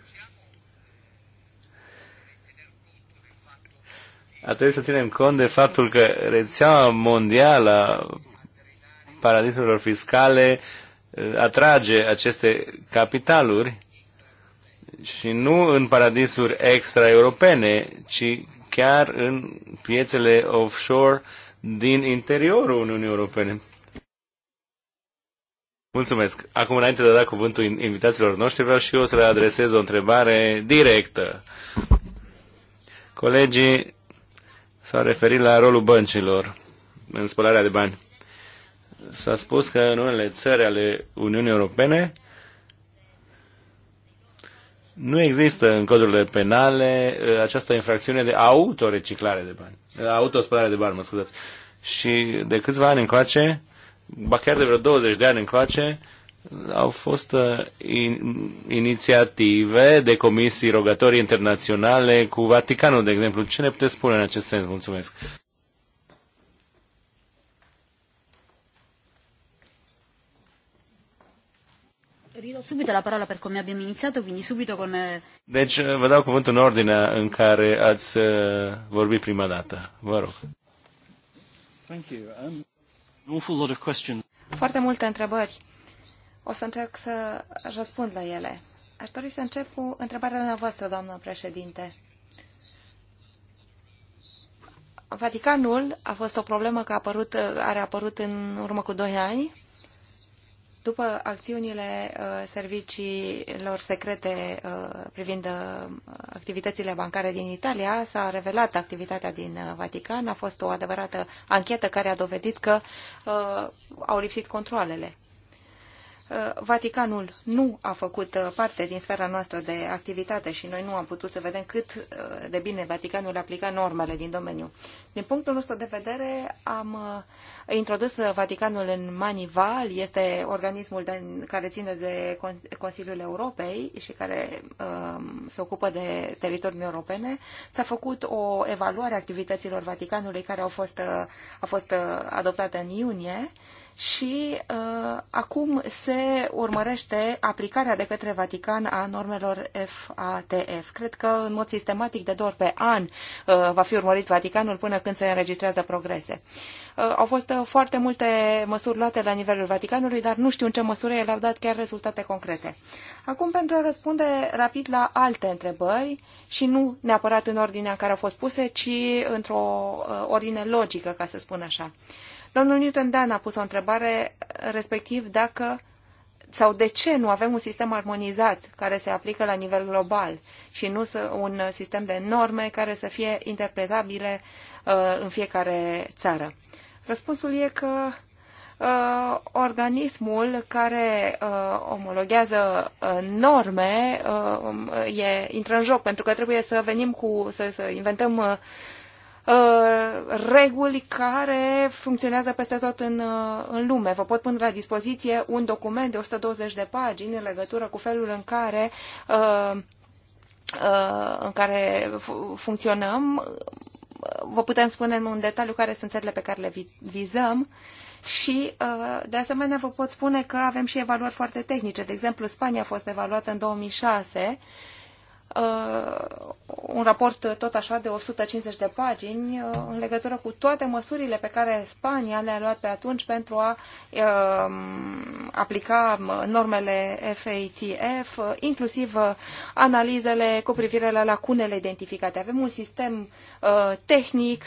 ar trebui să ținem cont de faptul că rețeaua mondială a paradisurilor fiscale uh, atrage aceste capitaluri și nu în paradisuri extraeuropene, ci chiar în piețele offshore din interiorul Uniunii Europene. Mulțumesc. Acum, înainte de a da cuvântul invitaților noștri, vreau și eu să le adresez o întrebare directă. Colegii s-au referit la rolul băncilor în spălarea de bani. S-a spus că în unele țări ale Uniunii Europene nu există în codurile penale uh, această infracțiune de autoreciclare de bani, uh, autospălare de bani, mă scuzați. Și de câțiva ani încoace, ba chiar de vreo 20 de ani încoace, au fost uh, in, inițiative de comisii rogatorii internaționale cu Vaticanul, de exemplu. Ce ne puteți spune în acest sens? Mulțumesc!
subito la parola per come abbiamo iniziato, quindi subito con... Eh,
deci eh, vă dau cuvântul în ordine în care ați eh, vorbit prima dată. Vă rog.
Thank you. Um, an awful lot of questions.
Foarte multe întrebări. O să încerc să răspund la ele. Aș dori să încep cu întrebarea dumneavoastră, doamnă președinte. Vaticanul a fost o problemă care a apărut, are apărut în urmă cu doi ani după acțiunile uh, serviciilor secrete uh, privind uh, activitățile bancare din Italia, s-a revelat activitatea din Vatican. A fost o adevărată anchetă care a dovedit că au lipsit controlele. Uh, Vaticanul nu a făcut uh, parte din sfera noastră de activitate și noi nu am putut să vedem cât uh, de bine Vaticanul aplica normele din domeniu. Din punctul nostru de vedere, am introdus Vaticanul în Manival, este organismul de, care ține de Consiliul Europei și care um, se ocupă de teritoriul europene. S-a făcut o evaluare a activităților Vaticanului care au fost, a fost adoptată în iunie și uh, acum se urmărește aplicarea de către Vatican a normelor FATF. Cred că în mod sistematic de două ori pe an uh, va fi urmărit Vaticanul până când se înregistrează progrese. Uh, au fost uh, foarte multe măsuri luate la nivelul Vaticanului, dar nu știu în ce măsură ele au dat chiar rezultate concrete. Acum, pentru a răspunde rapid la alte întrebări și nu neapărat în ordinea în care au fost puse, ci într-o uh, ordine logică, ca să spun așa. Uh, Domnul Newton Dan a pus o întrebare respectiv dacă sau de ce nu avem un sistem armonizat care se aplică la nivel global și nu un sistem de norme care să fie interpretabile uh, în fiecare țară. Răspunsul e că uh, organismul care uh, omologează uh, norme uh, um, e, intră în joc, pentru că trebuie să venim cu, să, să inventăm uh, Uh, reguli care funcționează peste tot în, uh, în lume. Vă pot pune la dispoziție un document de 120 de pagini în legătură cu felul în care uh, în care funcționăm. Vă putem spune în un detaliu care sunt țările pe care le vizăm și, de asemenea, vă pot spune că avem și evaluări foarte tehnice. De exemplu, Spania a fost evaluată în 2006 Uh, un raport tot așa de 150 de pagini uh, în legătură cu toate măsurile pe care Spania le-a luat pe atunci pentru a uh, aplica normele FATF, inclusiv analizele cu privire la lacunele identificate. Avem un sistem tehnic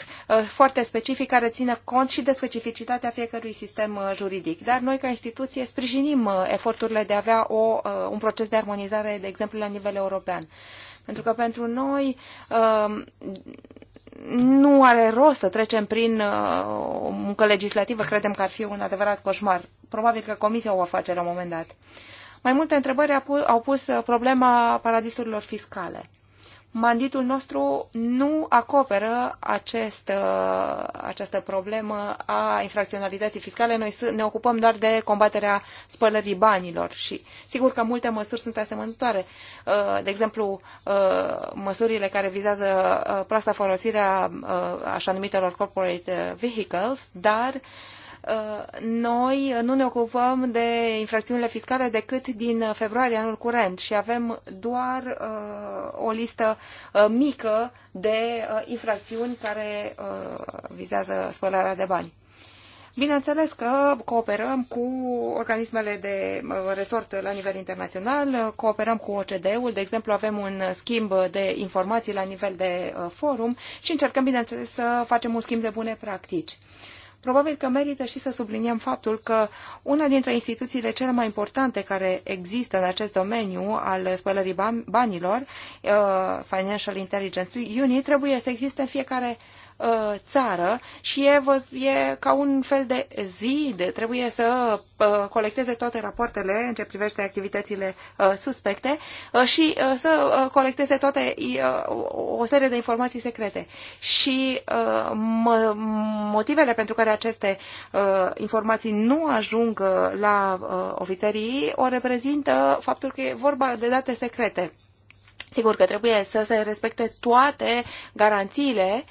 foarte specific care ține cont și de specificitatea fiecărui sistem juridic. Dar noi ca instituție sprijinim eforturile de a avea o, un proces de armonizare, de exemplu, la nivel european european. Pentru că pentru noi um, nu are rost să trecem prin uh, o muncă legislativă, credem că ar fi un adevărat coșmar. Probabil că Comisia o va face la un moment dat. Mai multe întrebări au pus uh, problema paradisurilor fiscale manditul nostru nu acoperă acest, uh, această problemă a infracționalității fiscale. Noi ne ocupăm doar de combaterea spălării banilor și sigur că multe măsuri sunt asemănătoare. Uh, de exemplu, uh, măsurile care vizează proasta folosirea așa numitelor corporate vehicles, dar Uh, noi nu ne ocupăm de infracțiunile fiscale decât din februarie anul curent și avem doar uh, o listă uh, mică de infracțiuni care vizează spălarea de bani. Bineînțeles că cooperăm cu organismele de resort la nivel internațional, cooperăm cu OCDE-ul, de exemplu avem un schimb de informații la nivel de forum și încercăm, bineînțeles, să facem un schimb de bune practici. Probabil că merită și să subliniem faptul că una dintre instituțiile cele mai importante care există în acest domeniu al spălării banilor, uh, Financial Intelligence Unit, trebuie să existe în fiecare Uh, țară și e, e ca un fel de zid. Trebuie să uh, colecteze toate rapoartele în ce privește activitățile uh, suspecte și să colecteze toate o serie de informații secrete. Și motivele pentru care aceste informații nu ajung la ofițerii o reprezintă faptul că e vorba de date secrete Sigur că trebuie să se respecte toate garanțiile,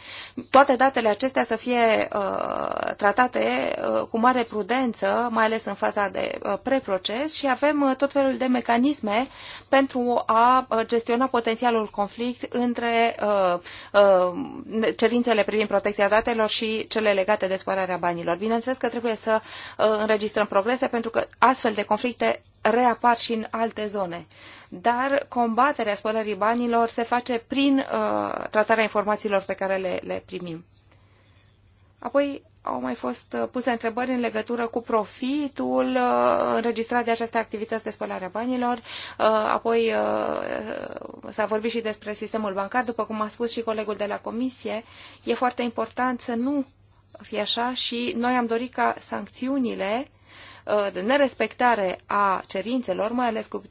toate datele acestea să fie uh, tratate uh, cu mare prudență, mai ales în faza de uh, preproces și avem uh, tot felul de mecanisme pentru a uh, gestiona potențialul conflict între uh, uh, cerințele privind protecția datelor și cele legate de spălarea banilor. Bineînțeles că trebuie să uh, înregistrăm progrese pentru că astfel de conflicte reapar și în alte zone dar combaterea spălării banilor se face prin uh, tratarea informațiilor pe care le, le primim. Apoi au mai fost uh, puse întrebări în legătură cu profitul uh, înregistrat de aceste activități de spălare a banilor. Uh, apoi uh, s-a vorbit și despre sistemul bancar, după cum a spus și colegul de la comisie. E foarte important să nu fie așa și noi am dorit ca sancțiunile uh, Uh, de nerespectare a cerințelor, mai ales cu,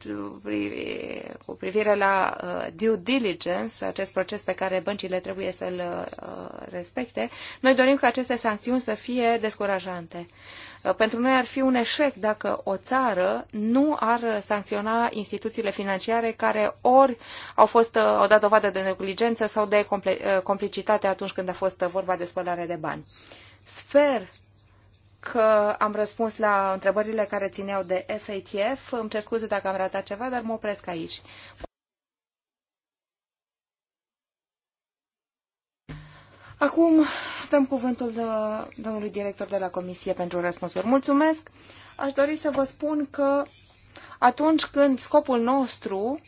cu privire la uh, due diligence, acest proces pe care băncile trebuie să-l uh, respecte, noi dorim ca aceste sancțiuni să fie descurajante. Pentru noi ar fi un eșec dacă o țară nu ar sancționa instituțiile financiare care ori au, fost, au dat dovadă de negligență sau de complicitate atunci când a fost vorba de spălare de bani. Sper că am răspuns la întrebările care țineau de FATF. Îmi cer scuze dacă am ratat ceva, dar mă opresc aici. Acum dăm cuvântul de, domnului director de la Comisie pentru răspunsuri. Mulțumesc! Aș dori să vă spun că atunci când scopul nostru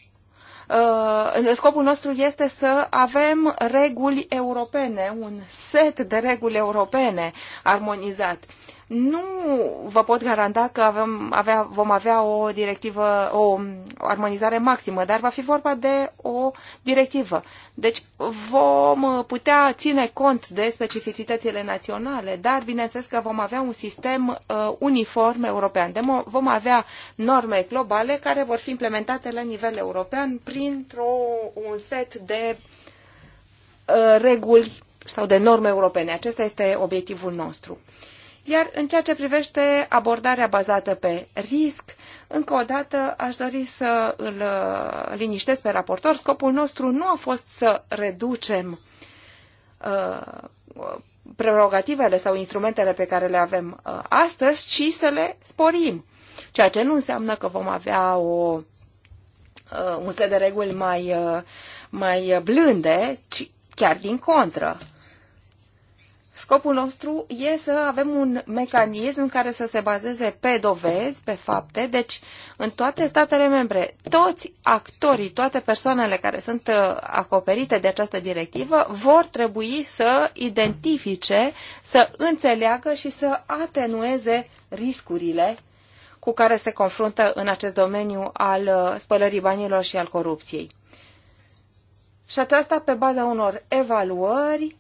uh, scopul nostru este să avem reguli europene, un set de reguli europene armonizat nu vă pot garanta că avem, avea, vom avea o directivă, o armonizare maximă, dar va fi vorba de o directivă. Deci vom putea ține cont de specificitățile naționale, dar bineînțeles că vom avea un sistem uh, uniform european. De vom avea norme globale care vor fi implementate la nivel european printr-un set de uh, reguli sau de norme europene. Acesta este obiectivul nostru. Uh, iar în ceea ce privește abordarea bazată pe risc, încă o dată aș dori să îl uh, liniștesc pe raportor. Scopul nostru nu a fost să reducem uh, prerogativele sau instrumentele pe care le avem uh, astăzi, ci să le sporim. Ceea ce nu înseamnă că vom avea o, uh, un set de reguli mai, uh, mai blânde, ci chiar din contră. Scopul nostru e să avem un mecanism care să se bazeze pe dovezi, pe fapte, deci în toate statele membre, toți actorii, toate persoanele care sunt uh, acoperite de această directivă vor trebui să identifice, să înțeleagă și să atenueze riscurile cu care se confruntă în acest domeniu al uh, spălării banilor și al corupției. Și aceasta pe baza unor evaluări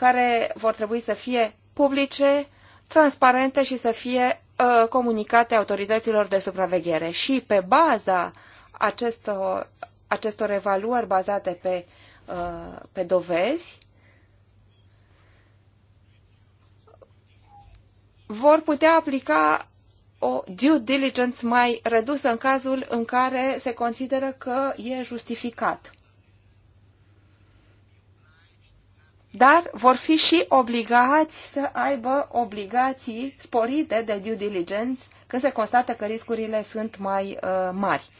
care vor trebui să fie publice, transparente și să fie uh, comunicate autorităților de supraveghere. Și pe baza acestor, acestor evaluări bazate pe, uh, pe dovezi, vor putea aplica o due diligence mai redusă în cazul în care se consideră că e justificat. dar vor fi și obligați să aibă obligații sporite de due diligence când se constată că riscurile sunt mai uh, mari.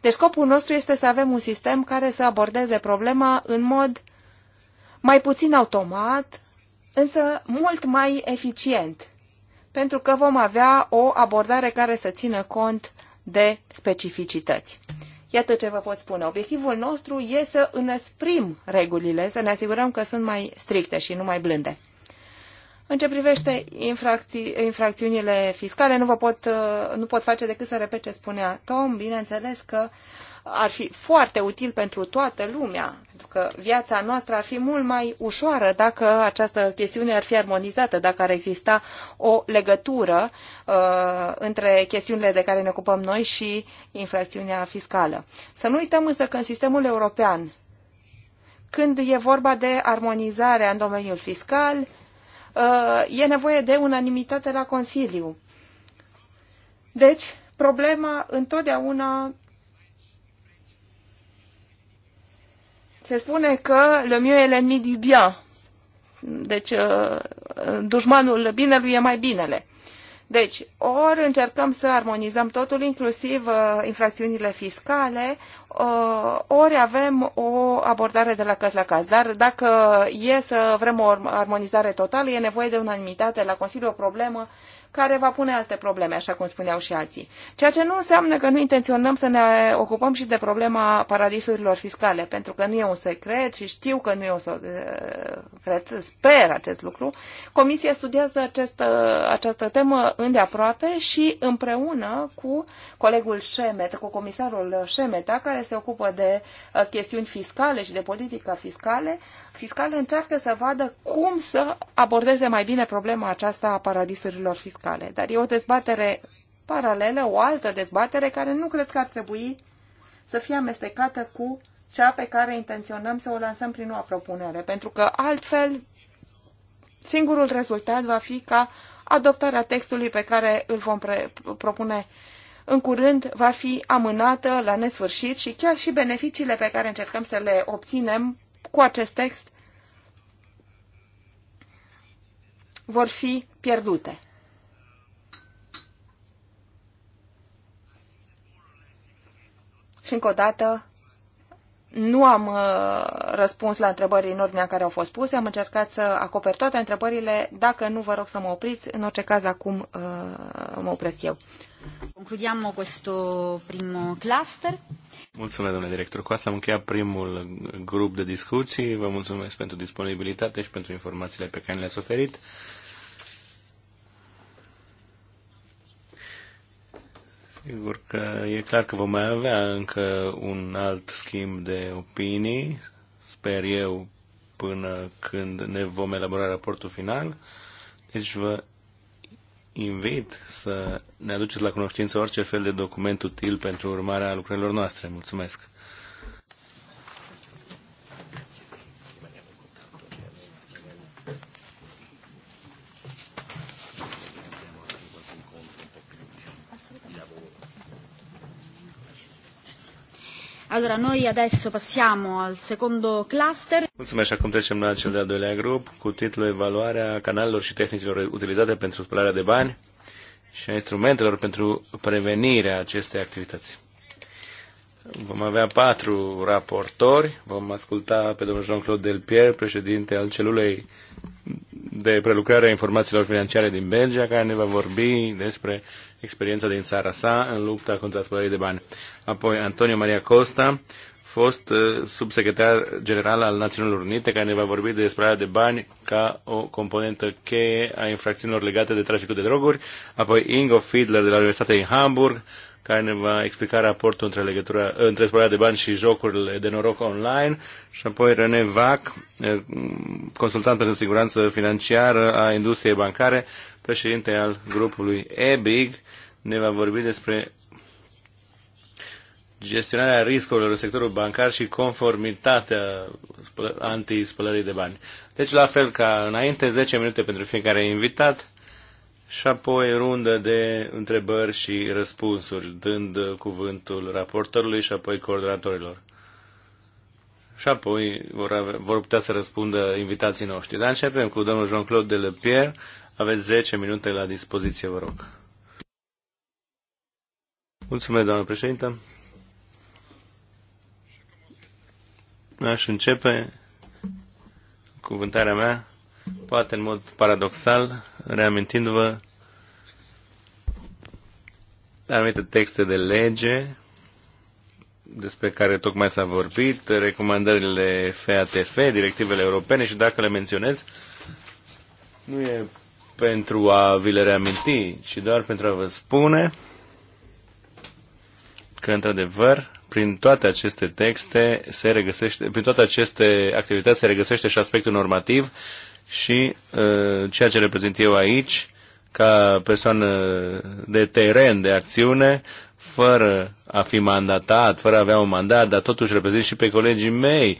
Deci scopul nostru este să avem un sistem care să abordeze problema în mod mai puțin automat, însă mult mai eficient, pentru că vom avea o abordare care să țină cont de specificități. Iată ce vă pot spune. Obiectivul nostru e să înăsprim regulile, să ne asigurăm că sunt mai stricte și nu mai blânde. În ce privește infracți- infracțiunile fiscale, nu, vă pot, uh, nu pot face decât să repet ce spunea Tom. Bineînțeles că uh, ar fi foarte util pentru toată lumea, pentru că viața noastră ar fi mult mai ușoară dacă această chestiune ar fi armonizată, dacă ar exista o legătură uh, între chestiunile de care ne ocupăm noi și infracțiunea fiscală. Să nu uităm însă că în sistemul european, când e vorba de armonizarea în domeniul fiscal, uh, e nevoie de unanimitate la Consiliu. Deci, problema întotdeauna Se spune că le mieux est l'ennemi du bien. Deci, uh, dușmanul binelui e mai binele. Deci, ori încercăm să armonizăm totul, inclusiv uh, infracțiunile fiscale, uh, ori avem o abordare de la caz la caz. Dar dacă e să vrem o armonizare totală, e nevoie de unanimitate la Consiliu, o problemă care va pune alte probleme, așa cum spuneau și alții. Ceea ce nu înseamnă că nu intenționăm să ne ocupăm și de problema paradisurilor fiscale, pentru că nu e un secret și știu că nu e un secret, sper acest lucru. Comisia studiază această, această temă îndeaproape și împreună cu colegul Șemet, cu comisarul Șemeta, care se ocupă de uh, chestiuni fiscale și de politica fiscale, fiscale încearcă să vadă cum să abordeze mai bine problema aceasta a paradisurilor fiscale. Dar e o dezbatere paralelă, o altă dezbatere care nu cred că ar trebui să fie amestecată cu cea pe care intenționăm să o lansăm prin noua propunere, pentru că altfel singurul rezultat va fi ca adoptarea textului pe care îl vom propune în curând va fi amânată la nesfârșit și chiar și beneficiile pe care încercăm să le obținem cu acest text vor fi pierdute. Și încă o dată, nu am uh, răspuns la întrebări în ordinea în care au fost puse, am încercat să acoper toate întrebările. Dacă nu, vă rog să mă opriți. În
orice caz, acum uh, mă opresc eu. Concludiam questo primo cluster.
Mulțumesc, domnule director. Cu asta am încheiat primul grup de discuții. Vă mulțumesc pentru disponibilitate și pentru informațiile pe care le-ați oferit. Sigur că e clar că vom mai avea încă un alt schimb de opinii, sper eu, până când ne vom elabora raportul final. Deci vă invit să ne aduceți la cunoștință orice fel de document util pentru urmarea lucrărilor noastre. Mulțumesc!
Allora, noi adesso passiamo al secondo cluster.
Mulțumesc, acum trecem la cel de-al doilea grup cu titlul Evaluarea canalelor și tehnicilor utilizate pentru spălarea de bani și a instrumentelor pentru prevenirea acestei activități. Vom avea patru raportori. Vom asculta pe domnul Jean-Claude Delpierre, președinte al celulei de prelucrare a informațiilor financiare din Belgia, care ne va vorbi despre experiența din țara sa în lupta contra spălării de bani. Apoi Antonio Maria Costa, fost uh, subsecretar general al Națiunilor Unite, care ne va vorbi de spălarea de bani ca o componentă cheie a infracțiunilor legate de traficul de droguri. Apoi Ingo Fiedler de la Universitatea din Hamburg, care ne va explica raportul între, legătura, între spălarea de bani și jocurile de noroc online și apoi René Vac, uh, consultant pentru siguranță financiară a industriei bancare, președinte al grupului EBIG, ne va vorbi despre gestionarea riscurilor în sectorul bancar și conformitatea antispălării de bani. Deci, la fel ca înainte, 10 minute pentru fiecare invitat și apoi rundă de întrebări și răspunsuri, dând cuvântul raportorului și apoi coordonatorilor. Și apoi vor, avea, vor putea să răspundă invitații noștri. Dar începem cu domnul Jean-Claude Delepierre, aveți 10 minute la dispoziție, vă rog. Mulțumesc, doamnă președintă. Aș începe cuvântarea mea, poate în mod paradoxal, reamintindu-vă anumite texte de lege despre care tocmai s-a vorbit, recomandările FATF, directivele europene și dacă le menționez, nu e pentru a vi le reaminti, ci doar pentru a vă spune că, într-adevăr, prin toate aceste texte se regăsește, prin toate aceste activități se regăsește și aspectul normativ și uh, ceea ce reprezint eu aici, ca persoană de teren, de acțiune, fără a fi mandatat, fără a avea un mandat, dar totuși reprezint și pe colegii mei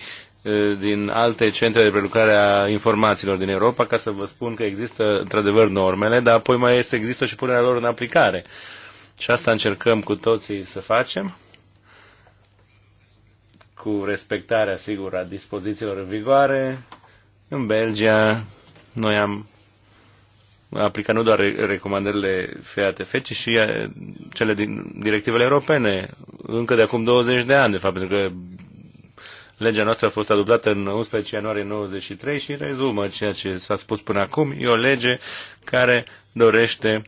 Eh, din alte centre de prelucrare a informațiilor din Europa ca să vă spun că există într-adevăr normele, dar apoi mai este, există și punerea lor în aplicare. Și asta încercăm cu toții să facem cu respectarea, sigur, a dispozițiilor în vigoare. În Belgia, noi am aplicat nu doar recomandările FATF, ci și eh, cele din directivele europene, încă de acum 20 de ani, de fapt, pentru că Legea noastră a fost adoptată în 11 ianuarie 93 și rezumă ceea ce s-a spus până acum. E o lege care dorește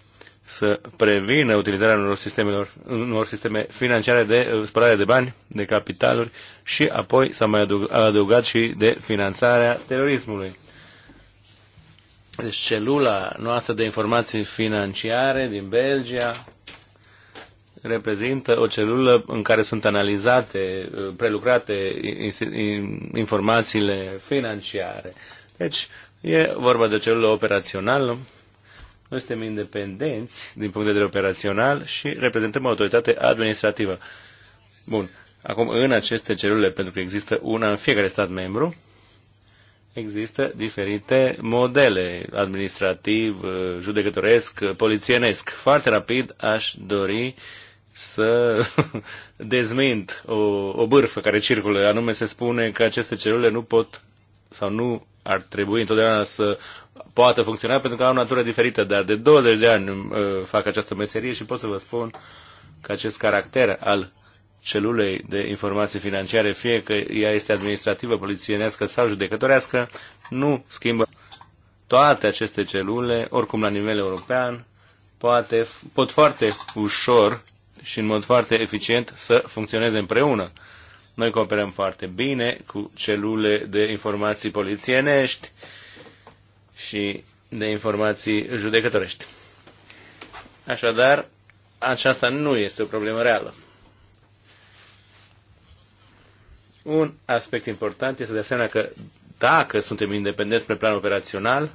să prevină utilizarea unor, sistemelor, unor sisteme financiare de uh, spălare de bani, de capitaluri și apoi s-a mai adăugat și de finanțarea terorismului. Deci celula noastră de informații financiare din Belgia reprezintă o celulă în care sunt analizate, prelucrate informațiile financiare. Deci, e vorba de o celulă operațională. Noi suntem independenți din punct de vedere operațional și reprezentăm o autoritate administrativă. Bun. Acum, în aceste celule, pentru că există una în fiecare stat membru, există diferite modele administrativ, judecătoresc, polițienesc. Foarte rapid aș dori uh, să dezmint o, o bârfă care circulă, anume se spune că aceste celule nu pot sau nu ar trebui întotdeauna să poată funcționa pentru că au o natură diferită, dar de 20 de ani uh, fac această meserie și pot să vă spun că acest caracter al celulei de informații financiare, fie că ea este administrativă, polițienească sau judecătorească, nu schimbă. Toate aceste celule, oricum la nivel european, poate, pot foarte ușor și în mod foarte eficient să funcționeze împreună. Noi cooperăm foarte bine cu celule de informații polițienești și de informații judecătorești. Așadar, aceasta nu este o problemă reală. Un aspect important este de asemenea că dacă suntem independenți pe plan operațional,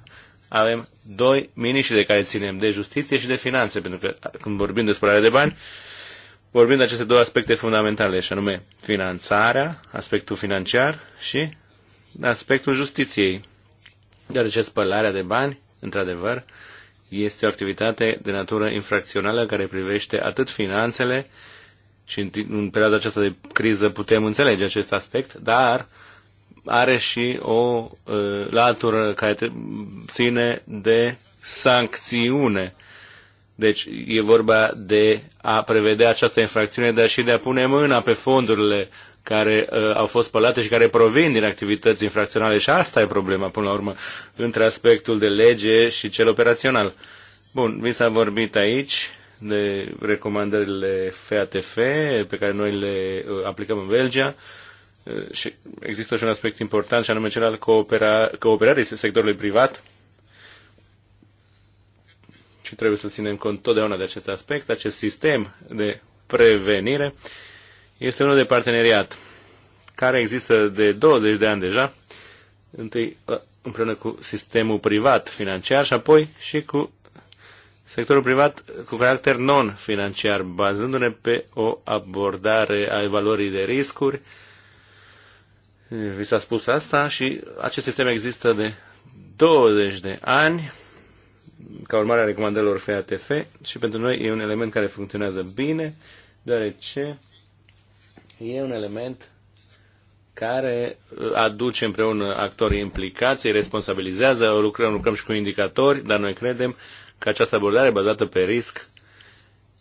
avem doi miniștri de care ținem, de justiție și de finanțe, pentru că când vorbim despre de bani, vorbim de aceste două aspecte fundamentale, și anume finanțarea, aspectul financiar și aspectul justiției. Deoarece spălarea de bani, într-adevăr, este o activitate de natură infracțională care privește atât finanțele, și în, perioada aceasta de criză putem înțelege acest aspect, dar are și o uh, latură care ține de sancțiune deci e vorba de a prevedea această infracțiune, dar și de a pune mâna pe fondurile care uh, au fost spălate și care provin din activități infracționale. Și asta e problema, până la urmă, între aspectul de lege și cel operațional. Bun, mi s-a vorbit aici de recomandările FATF pe care noi le uh, aplicăm în Belgia. Uh, și există și un aspect important, și anume cel al coopera- cooperării sectorului privat și trebuie să ținem cont totdeauna de acest aspect, acest sistem de prevenire este unul de parteneriat care există de 20 de ani deja, întâi uh, împreună cu sistemul privat financiar și apoi și cu sectorul privat cu caracter non-financiar, bazându-ne pe o abordare a evaluării de riscuri. Vi s-a spus asta și acest sistem există de 20 de ani ca urmare a recomandărilor FATF și pentru noi e un element care funcționează bine, deoarece e un element care uh, aduce împreună actorii implicați, îi responsabilizează, lucrăm, lucrăm și cu indicatori, dar noi credem că această abordare bazată pe risc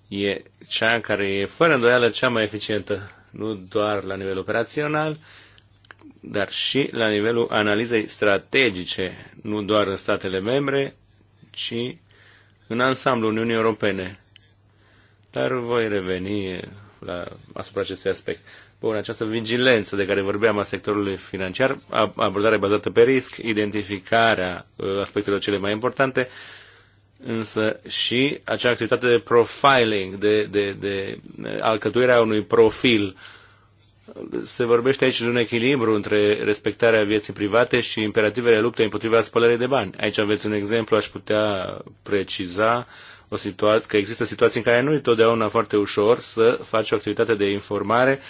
e cea care e fără îndoială cea mai eficientă, nu doar la nivel operațional, dar și la nivelul analizei strategice, nu doar în statele membre, ci în ansamblu Uniunii Europene. Dar voi reveni eh, la, asupra acestui aspect. Bun, această vigilență de care vorbeam a sectorului financiar, abordarea bazată pe risc, identificarea eh, aspectelor cele mai importante, însă și acea activitate de profiling, de, de, de eh, alcătuirea unui profil uh, se vorbește aici de un echilibru între respectarea vieții private și imperativele luptei împotriva spălării de bani. Aici aveți un exemplu, aș putea preciza o situație, că există situații în care nu e totdeauna foarte ușor să faci o activitate de informare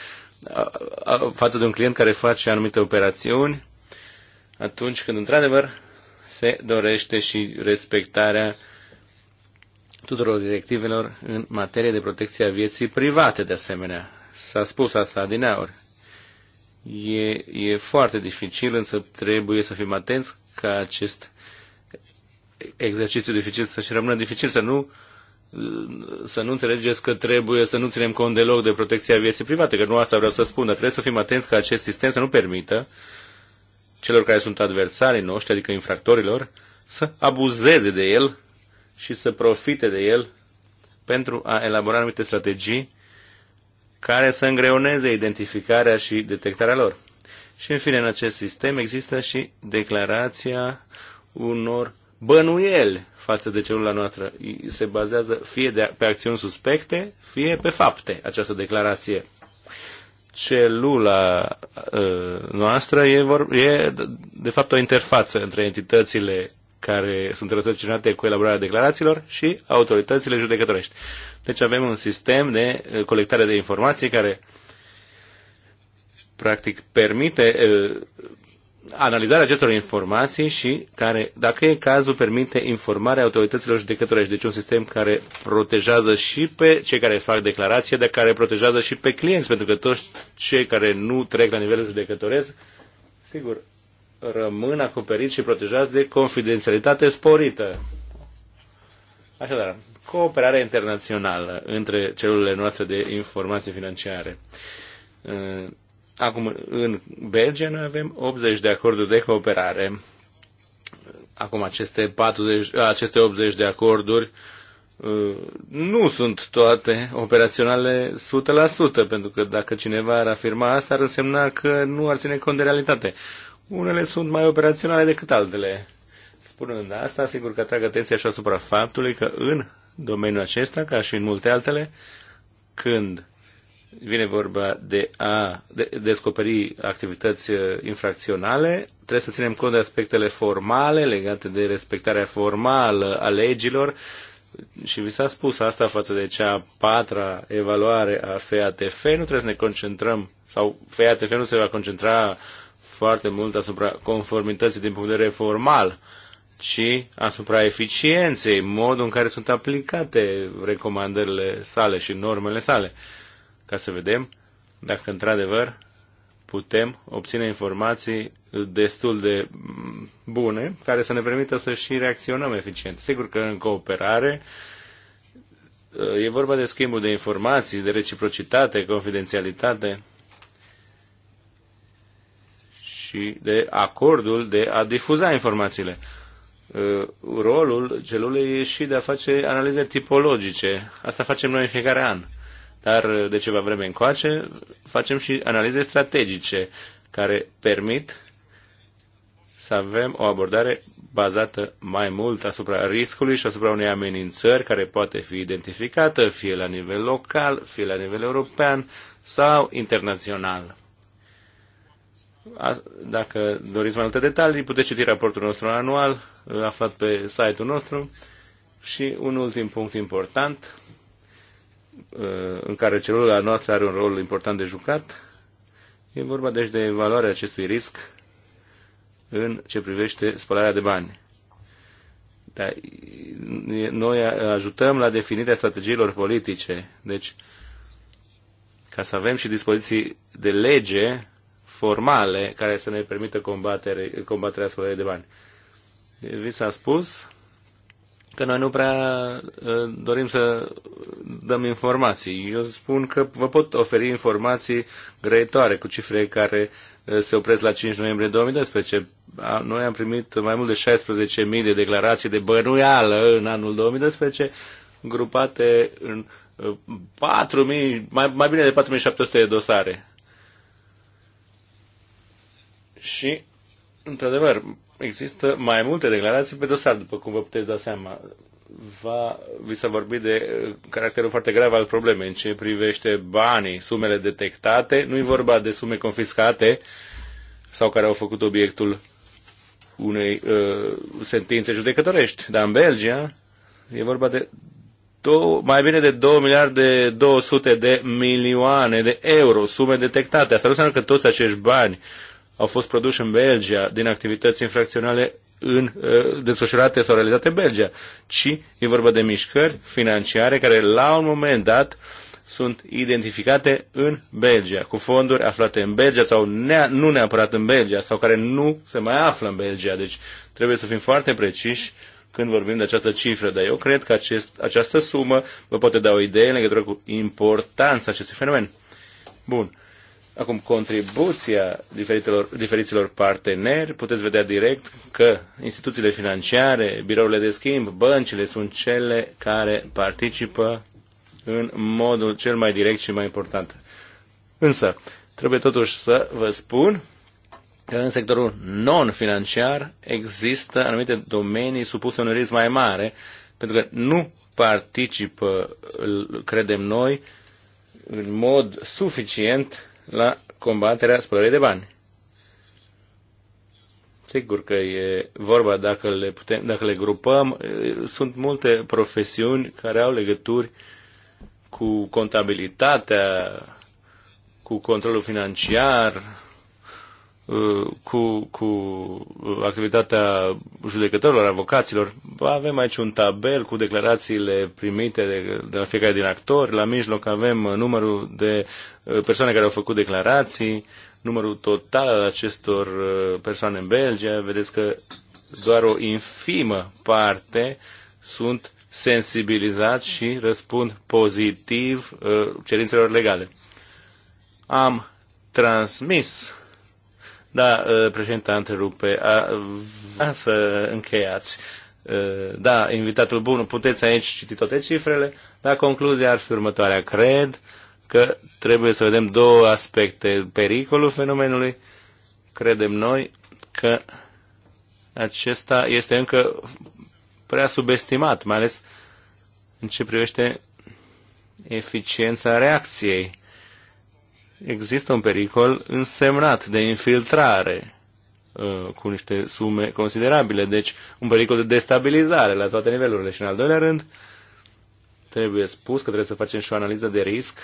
față de un client care face anumite operațiuni atunci când, într-adevăr, se dorește și respectarea tuturor directivelor în materie de protecție a vieții private, de asemenea S-a spus asta din aur. E, e foarte dificil, însă trebuie să fim atenți ca acest exercițiu dificil să-și rămână dificil, să nu să nu înțelegeți că trebuie să nu ținem cont deloc de protecția vieții private, că nu asta vreau să spun, dar trebuie să fim atenți ca acest sistem să nu permită celor care sunt adversarii noștri, adică infractorilor, să abuzeze de el și să profite de el pentru a elabora anumite strategii care să îngreuneze identificarea și detectarea lor. Și în fine, în acest sistem există și declarația unor bănuieli față de celula noastră. Se bazează fie de, pe acțiuni suspecte, fie pe fapte această declarație. Celula uh, noastră e, vor, e, de fapt, o interfață între entitățile care sunt răsăcinate cu elaborarea declarațiilor și autoritățile judecătorești. Deci avem un sistem de eh, colectare de informații care practic permite eh, analizarea acestor informații și care, dacă e cazul, permite informarea autorităților judecătorești. Deci un sistem care protejează și pe cei care fac declarație, dar care protejează și pe clienți, pentru că toți cei care nu trec la nivelul judecătoresc, sigur, rămân acoperiți și protejați de confidențialitate sporită. Așadar, cooperarea internațională între celulele noastre de informații financiare. Uh, acum, în Belgia noi avem 80 de acorduri de cooperare. Acum, aceste, 40, aceste 80 de acorduri uh, nu sunt toate operaționale 100%, pentru că dacă cineva ar afirma asta, ar însemna că nu ar ține cont de realitate. Unele sunt mai operaționale decât altele. Spunând asta, sigur că atrag atenția și asupra faptului că în domeniul acesta, ca și în multe altele, când vine vorba de a descoperi activități uh, infracționale, trebuie să ținem cont de aspectele formale legate de respectarea formală a legilor și vi s-a spus asta față de cea patra evaluare a FATF, nu trebuie să ne concentrăm, sau FATF nu se va concentra foarte mult asupra conformității din punct de vedere formal, ci asupra eficienței, modul în care sunt aplicate recomandările sale și normele sale, ca să vedem dacă într-adevăr putem obține informații destul de bune care să ne permită să și reacționăm eficient. Sigur că în cooperare e vorba de schimbul de informații, de reciprocitate, confidențialitate și de acordul de a difuza informațiile. Uh, rolul celulei e și de a face analize tipologice. Asta facem noi în fiecare an. Dar uh, de ceva vreme încoace facem și analize strategice care permit să avem o abordare bazată mai mult asupra riscului și asupra unei amenințări care poate fi identificată fie la nivel local, fie la nivel european sau internațional. Dacă doriți mai multe detalii, puteți citi raportul nostru anual, aflat pe site-ul nostru. Și un ultim punct important, ă, în care celula noastră are un rol important de jucat, e vorba deci de evaluarea acestui risc în ce privește spălarea de bani. Dar noi ajutăm la definirea strategiilor politice, deci ca să avem și dispoziții de lege formale care să ne permită combatere, combaterea spălării de bani. Vi s-a spus că noi nu prea uh, dorim să dăm informații. Eu spun că vă pot oferi informații greitoare cu cifre care uh, se opresc la 5 noiembrie 2012. Noi am primit mai mult de 16.000 de declarații de bănuială în anul 2012, grupate în 4.000, uh, mai, mai bine de 4.700 de dosare. Și, într-adevăr, există mai multe declarații pe dosar, după cum vă puteți da seama. Va, vi s-a vorbit de uh, caracterul foarte grav al problemei în ce privește banii, sumele detectate. Nu e vorba de sume confiscate sau care au făcut obiectul unei uh, sentințe judecătorești. Dar în Belgia e vorba de două, mai bine de 2 miliarde 200 de milioane de euro, sume detectate. Asta nu înseamnă că toți acești bani au fost produși în Belgia din activități infracționale în, uh, desfășurate sau realizate în Belgia, ci e vorba de mișcări financiare care la un moment dat sunt identificate în Belgia, cu fonduri aflate în Belgia sau nea, nu neapărat în Belgia sau care nu se mai află în Belgia. Deci trebuie să fim foarte preciși când vorbim de această cifră, dar eu cred că acest, această sumă vă poate da o idee în legătură cu importanța acestui fenomen. Bun. Acum, contribuția diferitelor, diferiților parteneri, puteți vedea direct că instituțiile financiare, birourile de schimb, băncile sunt cele care participă în modul cel mai direct și mai important. Însă, trebuie totuși să vă spun că în sectorul non-financiar există anumite domenii supuse unui risc mai mare, pentru că nu participă, credem noi, în mod suficient la combaterea spălării de bani. Sigur că e vorba dacă le, putem, dacă le grupăm. Sunt multe profesiuni care au legături cu contabilitatea, cu controlul financiar, Uh, cu, cu uh, activitatea judecătorilor, avocaților. Avem aici un tabel cu declarațiile primite de, de la fiecare din actori. La mijloc avem uh, numărul de persoane care au făcut declarații, numărul total al acestor persoane în Belgia. Vedeți că doar o infimă parte sunt sensibilizați și răspund pozitiv cerințelor legale. Am transmis da, uh, a întrerupe. A, a să încheiați. Uh, da, invitatul bun, puteți aici citi toate cifrele, dar concluzia ar fi următoarea. Cred că trebuie să vedem două aspecte. Pericolul fenomenului, credem noi, că acesta este încă prea subestimat, mai ales în ce privește eficiența reacției există un pericol însemnat de infiltrare uh, cu niște sume considerabile, deci un pericol de destabilizare la toate nivelurile. Și în al doilea rând, trebuie spus că trebuie să facem și o analiză de risc,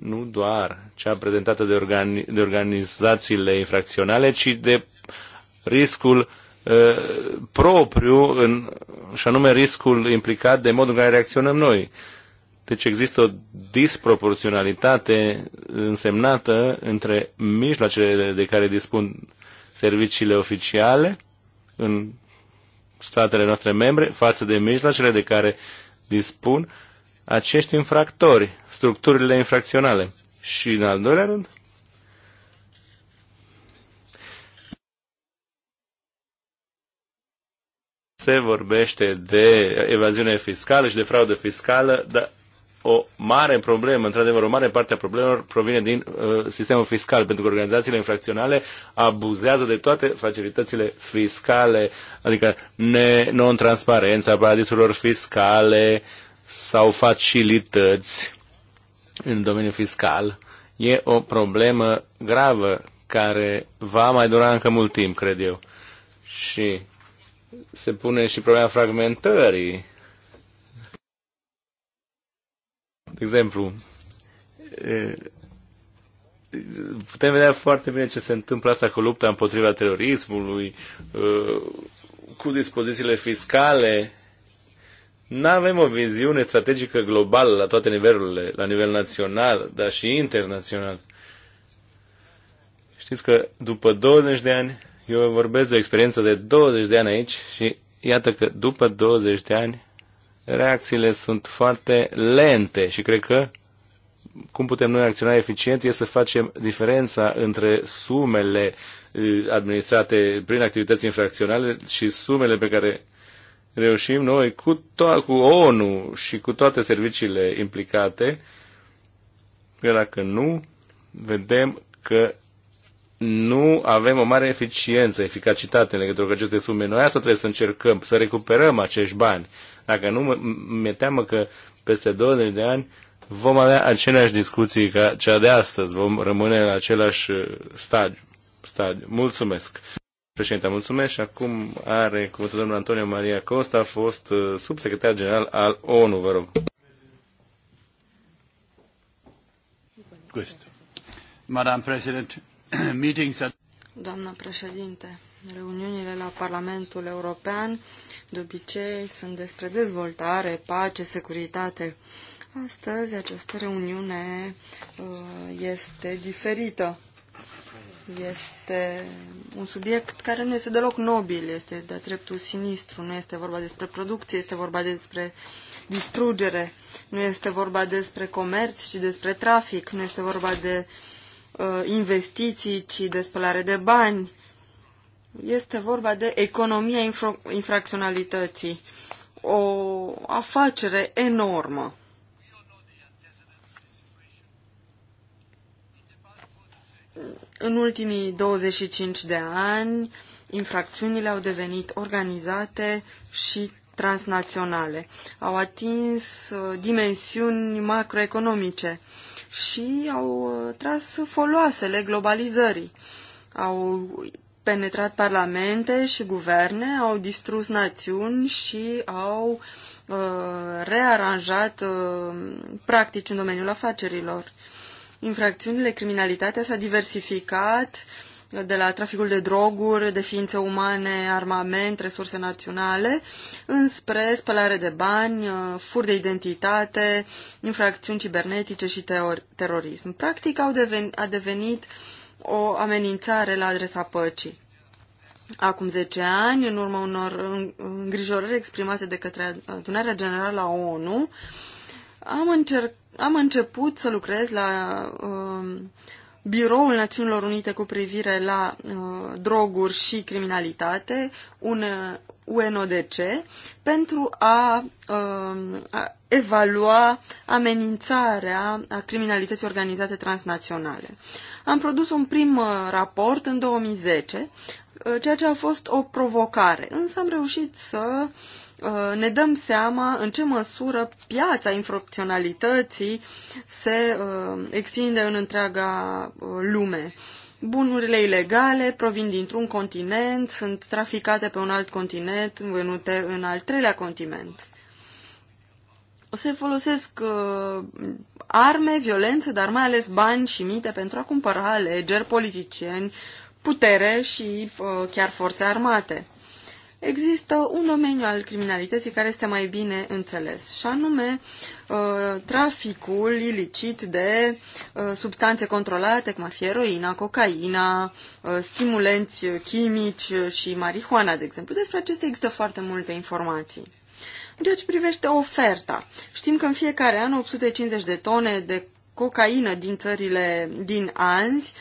nu doar cea prezentată de, organi- de organizațiile infracționale, ci de riscul uh, propriu, în, și anume riscul implicat de modul în care reacționăm noi. Uh, deci există o disproporționalitate însemnată între mijloacele de care dispun serviciile oficiale în statele noastre membre față de mijloacele de care dispun acești infractori, structurile infracționale. Și în al doilea rând, se vorbește de evaziune fiscală și de fraudă fiscală, dar o mare problemă, într-adevăr, o mare parte a problemelor provine din uh, sistemul fiscal, pentru că organizațiile infracționale abuzează de toate facilitățile fiscale, adică ne non-transparența paradisurilor fiscale sau facilități în domeniul fiscal. E o problemă gravă care va mai dura încă mult timp, cred eu. Și se pune și problema fragmentării De exemplu, putem vedea foarte bine ce se întâmplă asta cu lupta împotriva terorismului, cu dispozițiile fiscale. Nu avem o viziune strategică globală la toate nivelurile, la nivel național, dar și internațional. Știți că după 20 de ani, eu vorbesc de o experiență de 20 de ani aici și iată că după 20 de ani reacțiile sunt foarte lente și cred că cum putem noi acționa eficient este să facem diferența între sumele uh, administrate prin activități infracționale și sumele pe care reușim noi cu, to- cu ONU și cu toate serviciile implicate, că dacă nu, vedem că nu avem o mare eficiență, eficacitate în legătură cu aceste sume. Noi asta trebuie să încercăm, să recuperăm acești bani dacă nu, mi-e teamă că peste 20 de ani vom avea aceleași discuții ca cea de astăzi, vom rămâne la același uh, stadiu. stadiu. Mulțumesc! Președinte, mulțumesc și acum are cuvântul domnul Antonio Maria Costa, a fost uh, subsecretar general al ONU, vă rog.
Doamna președinte, Reuniunile la Parlamentul European de obicei sunt despre dezvoltare, pace, securitate. Astăzi această reuniune uh, este diferită. Este un subiect care nu este deloc nobil, este de dreptul sinistru, nu este vorba despre producție, este vorba despre distrugere, nu este vorba despre comerț, ci despre trafic, nu este vorba de uh, investiții, ci de spălare de bani, este vorba de economia infra infracționalității, o afacere enormă. În ultimii 25 de ani, infracțiunile au devenit organizate și transnaționale. Au atins uh, dimensiuni macroeconomice și au uh, tras foloasele globalizării. Au penetrat parlamente și guverne, au distrus națiuni și au uh, rearanjat uh, practici în domeniul afacerilor. Infracțiunile, criminalitatea s-a diversificat uh, de la traficul de droguri, de ființe umane, armament, resurse naționale, înspre spălare de bani, uh, fur de identitate, infracțiuni cibernetice și terorism. Practic au deven- a devenit uh, o amenințare la adresa păcii. Acum 10 ani, în urma unor îngrijorări exprimate de către adunarea generală a ONU, am, încerc, am început să lucrez la uh, Biroul Națiunilor Unite cu privire la uh, droguri și criminalitate, un UNODC pentru a, um, a evalua amenințarea a criminalității organizate transnaționale. Am produs un prim uh, raport în 2010, uh, ceea ce a fost o provocare, însă am reușit să uh, ne dăm seama în ce măsură piața infracționalității se extinde în întreaga lume. Bunurile ilegale provin dintr-un continent, sunt traficate pe un alt continent, vânute în al treilea continent. Se folosesc uh, arme, violență, dar mai ales bani și mite pentru a cumpăra alegeri, politicieni, putere și uh, chiar forțe armate există un domeniu al criminalității care este mai bine înțeles, și anume uh, traficul ilicit de uh, substanțe controlate, cum ar fi eroina, cocaina, uh, stimulenți chimici și marihuana, de exemplu. Despre acestea există foarte multe informații. În ceea ce privește oferta, știm că în fiecare an 850 de tone de cocaină din țările din Anzi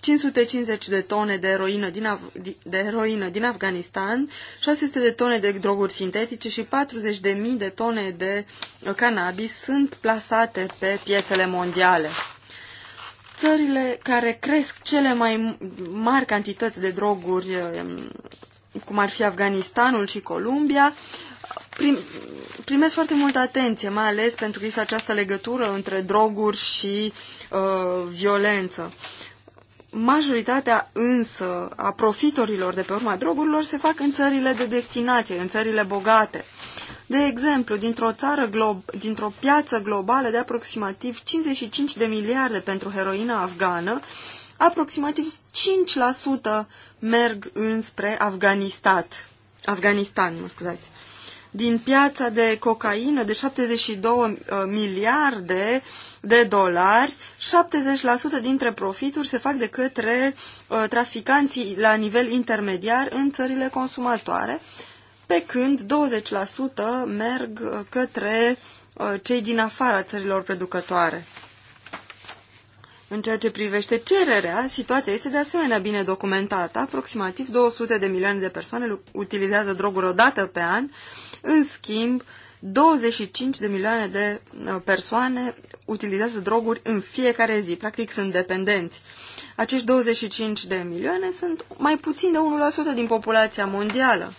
550 de tone de eroină din, Af de eroină din Afganistan, 600 de tone de droguri sintetice și 40.000 de tone de cannabis sunt plasate pe piețele mondiale. Țările care cresc cele mai mari cantități de droguri, cum ar fi Afganistanul și Columbia, prim, primesc foarte multă atenție, mai ales pentru că există această legătură între droguri și uh, violență. Uh, Majoritatea însă a profitorilor de pe urma drogurilor se fac în țările de destinație, în țările bogate. De exemplu, dintr-o țară glob- dintr-o piață globală de aproximativ 55 de miliarde pentru heroina afgană, aproximativ 5% merg înspre Afganistan. Afganistan, mă scuzați. Din piața de cocaină de 72 uh, miliarde, de dolari, 70% dintre profituri se fac de către uh, traficanții la nivel intermediar în țările consumatoare, pe când 20% merg uh, către uh, cei din afara țărilor producătoare. În ceea ce privește cererea, situația este de asemenea bine documentată. Aproximativ 200 de milioane de persoane utilizează droguri odată pe an. În schimb, 25 de milioane de uh, persoane utilizează droguri în fiecare zi, practic sunt dependenți. Acești 25 de milioane sunt mai puțin de 1% din populația mondială.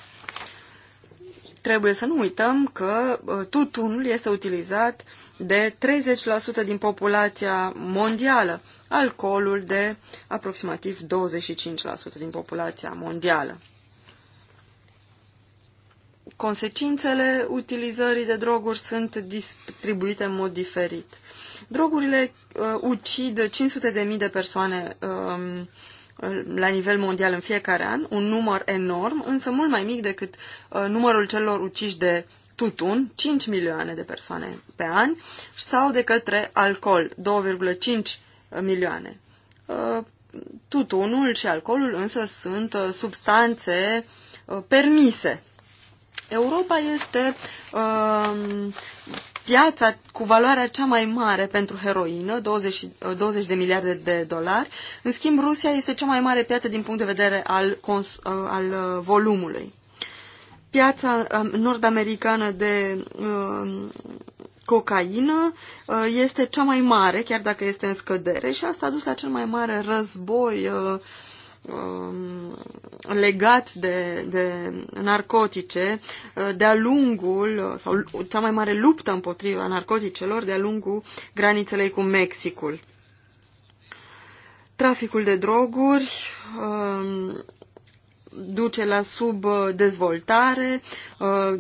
Trebuie să nu uităm că uh, tutunul este utilizat de 30% din populația mondială, alcoolul de aproximativ 25% din populația mondială. Consecințele utilizării de droguri sunt distribuite în mod diferit. Drogurile uh, ucid 500.000 de, de persoane um, la nivel mondial în fiecare an, un număr enorm, însă mult mai mic decât uh, numărul celor uciși de tutun, 5 milioane de persoane pe an, sau de către alcool, 2,5 milioane. Uh, tutunul și alcoolul însă sunt uh, substanțe uh, permise Europa este uh, piața cu valoarea cea mai mare pentru heroină, 20, 20 de miliarde de dolari. În schimb, Rusia este cea mai mare piață din punct de vedere al, cons, uh, al uh, volumului. Piața um, nord-americană de um, uh, cocaină este cea mai mare, chiar dacă este în scădere, și asta a dus la cel mai mare război uh, Um, legat de, de narcotice uh, de-a lungul, sau cea mai mare luptă împotriva narcoticelor de-a lungul granițelei cu Mexicul. Traficul de droguri um, duce la subdezvoltare, uh,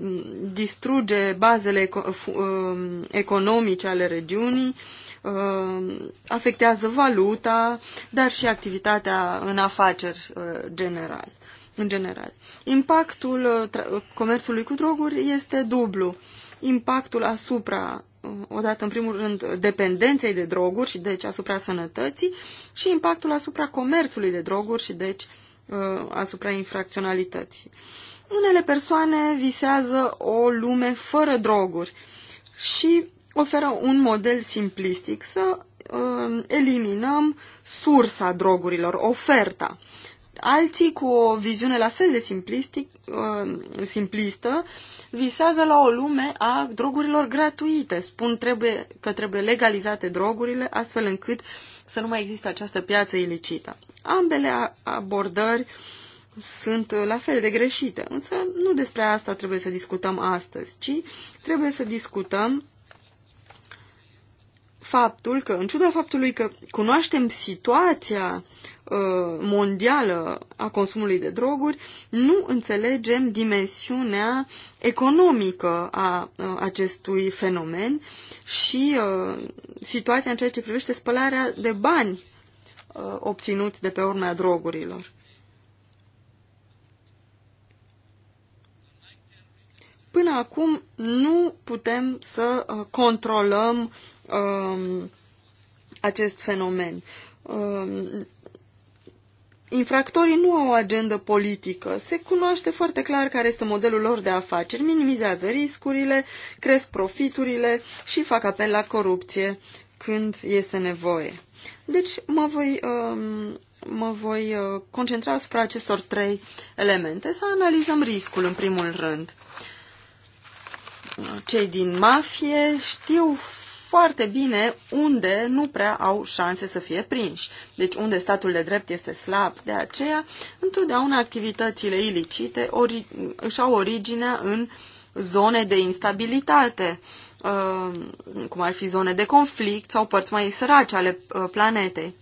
distruge bazele um, economice ale regiunii, Um, afectează valuta, dar și activitatea în afaceri uh, general. În general. Impactul uh, uh, comerțului cu droguri este dublu. Impactul asupra odată în primul rând dependenței de droguri și deci asupra sănătății și impactul asupra comerțului de droguri și deci asupra infracționalității. Unele persoane visează o lume fără droguri și oferă un model simplistic să uh, eliminăm sursa drogurilor, oferta. Alții cu o viziune la fel de simplistic, uh, simplistă visează la o lume a drogurilor gratuite. Spun trebuie, că trebuie legalizate drogurile astfel încât să nu mai există această piață ilicită. Ambele abordări sunt la fel de greșite, însă nu despre asta trebuie să discutăm astăzi, ci trebuie să discutăm faptul că, în ciuda faptului că cunoaștem situația uh, mondială a consumului de droguri, nu înțelegem dimensiunea economică a uh, acestui fenomen și uh, situația în ceea ce privește spălarea de bani obținuți de pe urma drogurilor. Până acum nu putem să uh, controlăm um, acest fenomen. Um, infractorii nu au o agendă politică. Se cunoaște foarte clar care este modelul lor de afaceri. Minimizează riscurile, cresc profiturile și fac apel la corupție când este nevoie. Deci mă voi, um, mă voi uh, concentra asupra acestor trei elemente. Să analizăm riscul în primul rând cei din mafie știu foarte bine unde nu prea au șanse să fie prinși, deci unde statul de drept este slab. De aceea, întotdeauna activitățile ilicite ori, își au originea în zone de instabilitate, uh, cum ar fi zone de conflict sau părți mai sărace ale uh, planetei.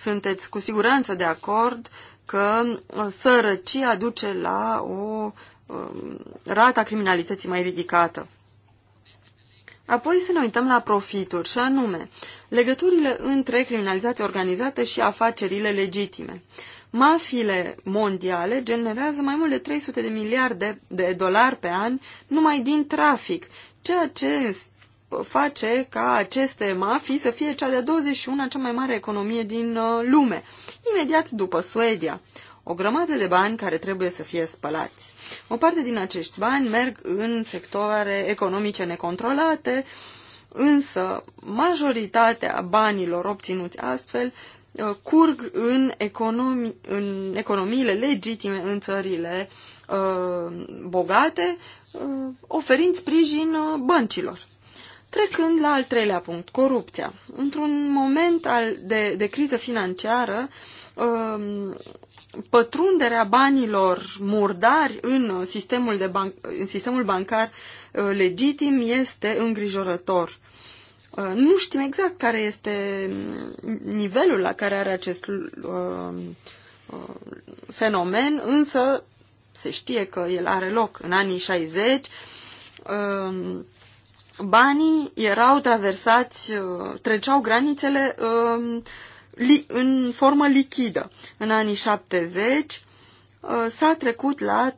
Sunteți cu siguranță de acord că uh, sărăcia duce la o Um, rata criminalității mai ridicată. Apoi să ne uităm la profituri, și anume legăturile între criminalitatea organizată și afacerile legitime. Mafiile mondiale generează mai mult de 300 de miliarde de dolari pe an numai din trafic, ceea ce face ca aceste mafii să fie cea de-a 21-a cea mai mare economie din uh, lume, imediat după Suedia o grămadă de bani care trebuie să fie spălați. O parte din acești bani merg în sectoare economice necontrolate, însă majoritatea banilor obținuți astfel uh, curg în, economi, în economiile legitime în țările uh, bogate, uh, oferind sprijin uh, băncilor. Trecând la al treilea punct, corupția. Într-un moment al, de, de criză financiară, uh, pătrunderea banilor murdari în sistemul, de ban- în sistemul bancar uh, legitim este îngrijorător. Uh, nu știm exact care este mm, nivelul la care are acest uh, fenomen, însă se știe că el are loc în anii 60. Banii erau traversați, treceau granițele li, în formă lichidă. În anii 70 uh, s-a trecut la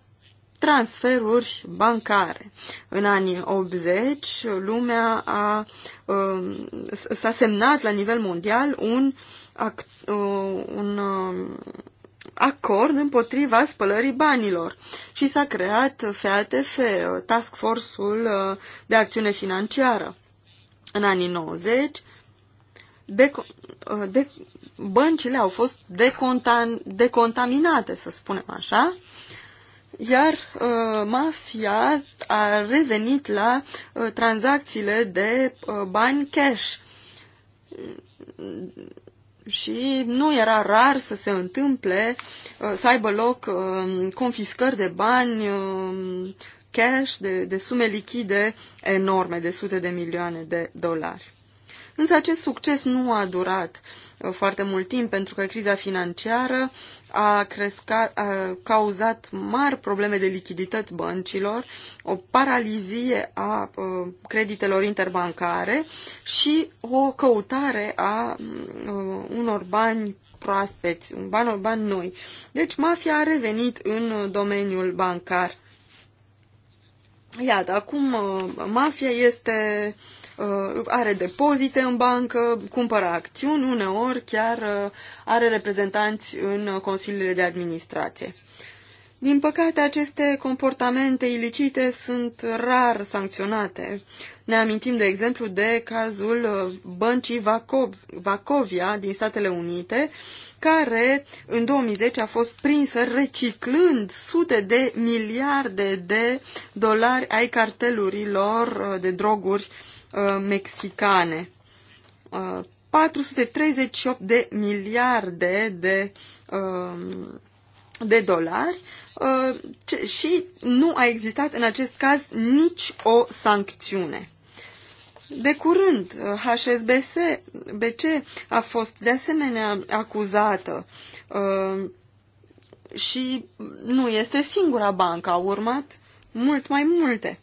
transferuri bancare. În anii 80, lumea a, uh, s-a semnat la nivel mondial un, act, uh, un acord împotriva spălării banilor și s-a creat FATF, Task Force-ul de Acțiune Financiară. În anii 90, de, de, băncile au fost decontan, decontaminate, să spunem așa, iar uh, mafia a revenit la uh, tranzacțiile de uh, bani cash. Și nu era rar să se întâmple, uh, să aibă loc uh, confiscări de bani uh, cash, de, de sume lichide enorme, de sute de milioane de dolari. Însă acest succes nu a durat uh, foarte mult timp pentru că criza financiară a, cresca, a cauzat mari probleme de lichidități băncilor, o paralizie a uh, creditelor interbancare și o căutare a uh, unor bani proaspeți, bani, bani noi. Deci mafia a revenit în domeniul bancar. Iată, acum mafia este Uh, are depozite în bancă, cumpără acțiuni, uneori chiar uh, are reprezentanți în uh, consiliile de administrație. Din păcate, aceste comportamente ilicite sunt rar sancționate. Ne amintim, de exemplu, de cazul băncii Vacovia din Statele Unite, care în 2010 a fost prinsă reciclând sute de miliarde de dolari ai cartelurilor de droguri uh, Uh, mexicane. 438 uh, de miliarde de, um, de dolari uh, și nu a existat în acest caz nici o sancțiune. De curând, HSBC BC a fost de asemenea acuzată și nu este singura bancă, au urmat mult mai multe.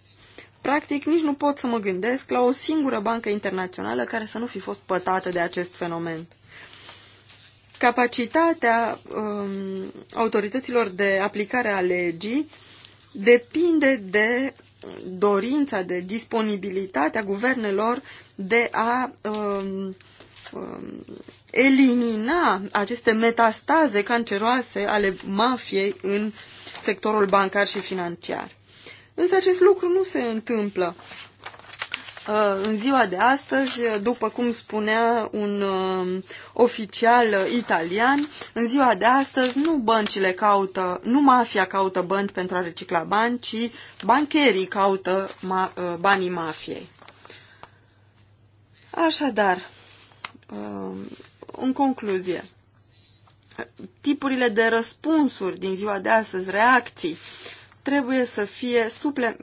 Practic, nici nu pot să mă gândesc la o singură bancă internațională care să nu fi fost pătată de acest fenomen. Capacitatea um, autorităților de aplicare a legii depinde de dorința, de disponibilitatea guvernelor de a um, um, elimina aceste metastaze canceroase ale mafiei în sectorul bancar și financiar. Însă acest lucru nu se întâmplă. Uh, în ziua de astăzi, după cum spunea un uh, oficial italian, în ziua de astăzi nu băncile caută, nu mafia caută bănci pentru a recicla bani, ci bancherii caută ma uh, banii mafiei. Așadar, în concluzie, tipurile de răspunsuri din ziua de astăzi, reacții trebuie să fie, suple,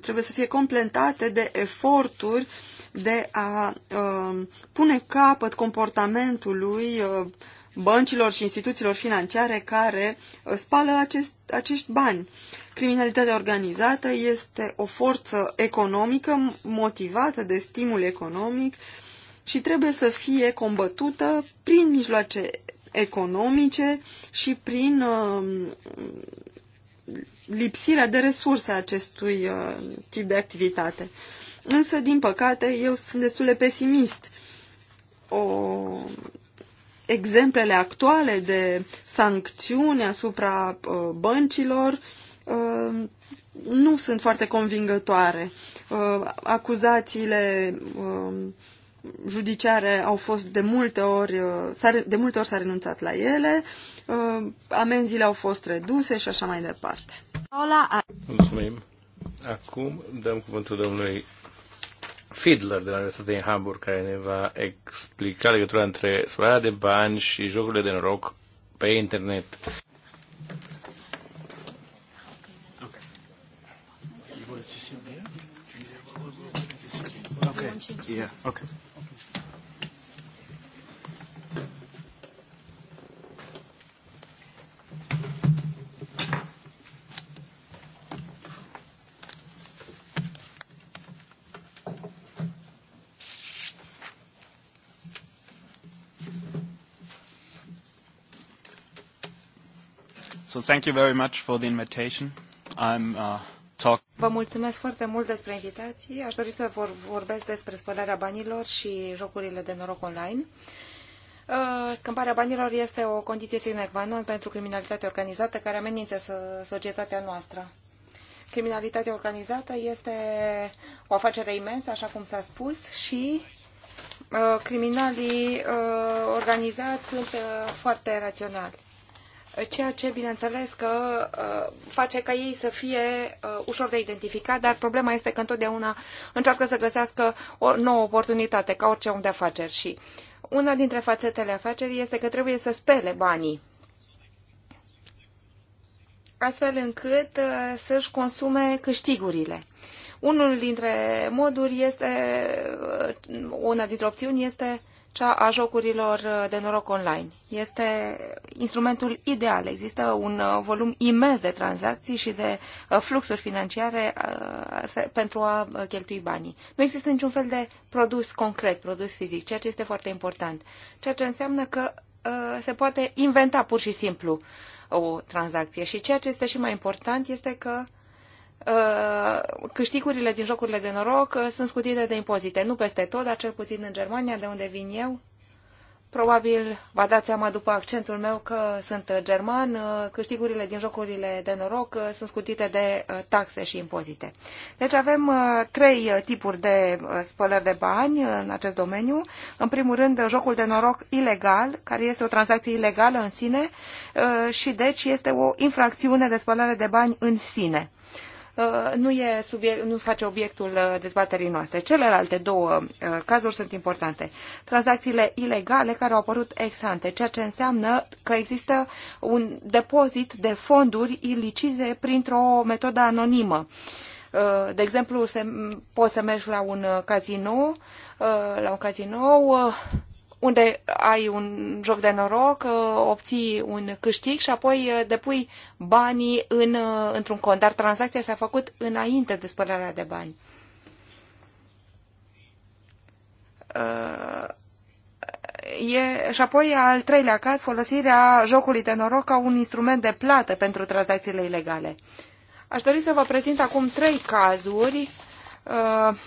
trebuie să fie completate de eforturi de a uh, pune capăt comportamentului uh, băncilor și instituțiilor financiare care uh, spală acest, acești bani. Criminalitatea organizată este o forță economică motivată de stimul economic și trebuie să fie combătută prin mijloace economice și prin uh, lipsirea de resurse a acestui uh, tip de activitate. Însă, din păcate, eu sunt destul de pesimist. O... Exemplele actuale de sancțiuni asupra uh, băncilor uh, nu sunt foarte convingătoare. acuzațiile judiciare au fost de multe ori, de multe ori s-a renunțat la ele, Uh, amenziile au fost reduse și așa mai departe.
Paula
Mulțumim. Acum dăm cuvântul domnului Fiedler de la Universitatea din Hamburg, care ne va explica legătura între spălarea de bani și jocurile de noroc pe internet.
Okay. Yeah. Okay. So thank you very much for the invitation. I'm uh, talk.
Vă mulțumesc foarte mult despre invitații. Aș dori să vor, vorbesc despre spălarea banilor și jocurile de noroc online. Uh, Scamparea banilor este o condiție sine qua non pentru criminalitatea organizată care amenință societatea noastră. Criminalitatea organizată este o afacere imensă, așa cum s-a spus, și uh, criminalii uh, organizați sunt foarte raționali ceea ce, bineînțeles, că uh, face ca ei să fie uh, ușor de identificat, dar problema este că întotdeauna încearcă să găsească o nouă oportunitate, ca orice om de afaceri. Și una dintre fațetele afacerii este că trebuie să spele banii astfel încât uh, să-și consume câștigurile. Unul dintre moduri este, una dintre opțiuni este cea a jocurilor de noroc online. Este instrumentul ideal. Există un uh, volum imens de tranzacții și de uh, fluxuri financiare uh, pentru a cheltui banii. Nu există niciun fel de produs concret, produs fizic, ceea ce este foarte important. Ceea ce înseamnă că se poate inventa pur și simplu o tranzacție. Și ceea ce este și mai important este că Uh, câștigurile din jocurile de noroc uh, sunt scutite de impozite. Nu peste tot, dar cel puțin în Germania, de unde vin eu. Probabil vă dați seama după accentul meu că sunt german, uh, câștigurile din jocurile de noroc sunt scutite de taxe și impozite. Deci avem trei tipuri de spălări de bani în acest domeniu. În primul rând, jocul de noroc ilegal, care este o tranzacție ilegală în sine și deci este o infracțiune de spălare de bani în sine. Uh, nu, e subiect, nu face obiectul uh, dezbaterii noastre. Celelalte două uh, cazuri sunt importante. Tranzacțiile ilegale care au apărut ex ante, ceea ce înseamnă că există un depozit de fonduri ilicite printr-o metodă anonimă. De exemplu, se, poți să mergi la un casino, la un casino, unde ai un joc de noroc, uh, obții un câștig și apoi uh, depui banii în, uh, într-un cont, dar tranzacția s-a făcut înainte de spălarea de bani. E, și apoi, al treilea caz, folosirea jocului de noroc ca un instrument de plată pentru tranzacțiile ilegale. Aș dori să vă prezint acum trei cazuri uh,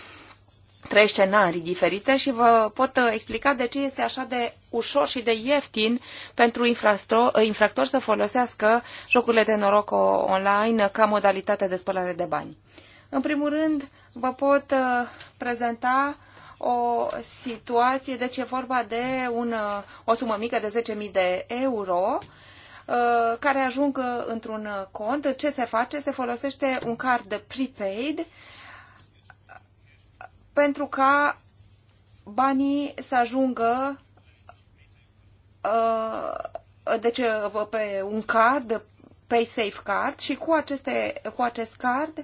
trei scenarii diferite și vă pot uh, explica de ce este așa de ușor și de ieftin pentru uh, infractor să folosească jocurile de noroc online ca modalitate de spălare de bani. În primul rând, vă pot uh, prezenta o situație, deci e vorba de un, o sumă mică de 10.000 de euro care ajung într-un cont. Ce se face? Se folosește un card prepaid pentru ca banii să ajungă uh, deci uh, pe un card, pe safe card și cu, aceste, cu acest card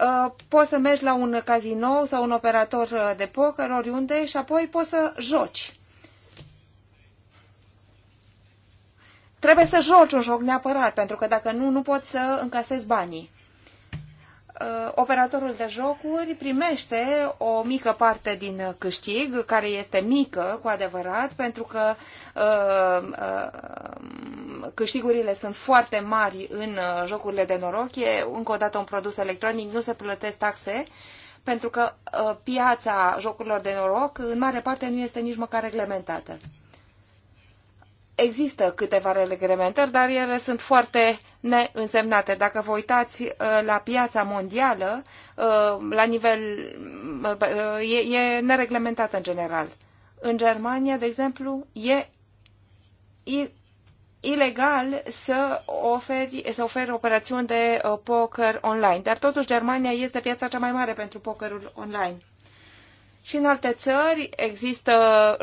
uh, poți să mergi la un casino sau un operator de poker oriunde și apoi poți să joci. Trebuie să joci un joc neapărat, pentru că dacă nu, nu poți să încasezi banii. Uh, operatorul de jocuri primește o mică parte din câștig, care este mică cu adevărat, pentru că uh, uh, câștigurile sunt foarte mari în jocurile de noroc. E încă o dată un produs electronic, nu se plătesc taxe, pentru că piața jocurilor de noroc în mare parte nu este nici măcar reglementată. Există câteva reglementări, dar ele sunt foarte neînsemnate. Dacă vă uitați uh, la piața mondială, uh, la nivel uh, e, e nereglementată în general. În Germania, de exemplu, e ilegal să oferi, să oferi operațiuni de poker online. Dar totuși Germania este piața cea mai mare pentru pokerul online. Și în alte țări există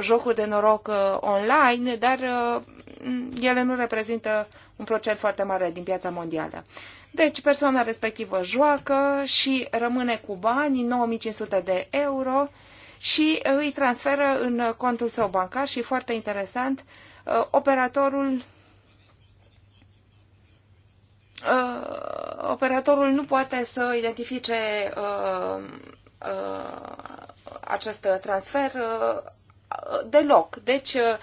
jocuri de noroc uh, online, dar uh, ele nu reprezintă un procent foarte mare din piața mondială. Deci persoana respectivă joacă și rămâne cu bani, 9500 de euro, și uh, îi transferă în contul său bancar și foarte interesant, operatorul operatorul nu poate să identifice acest transfer uh, deloc. Deci uh,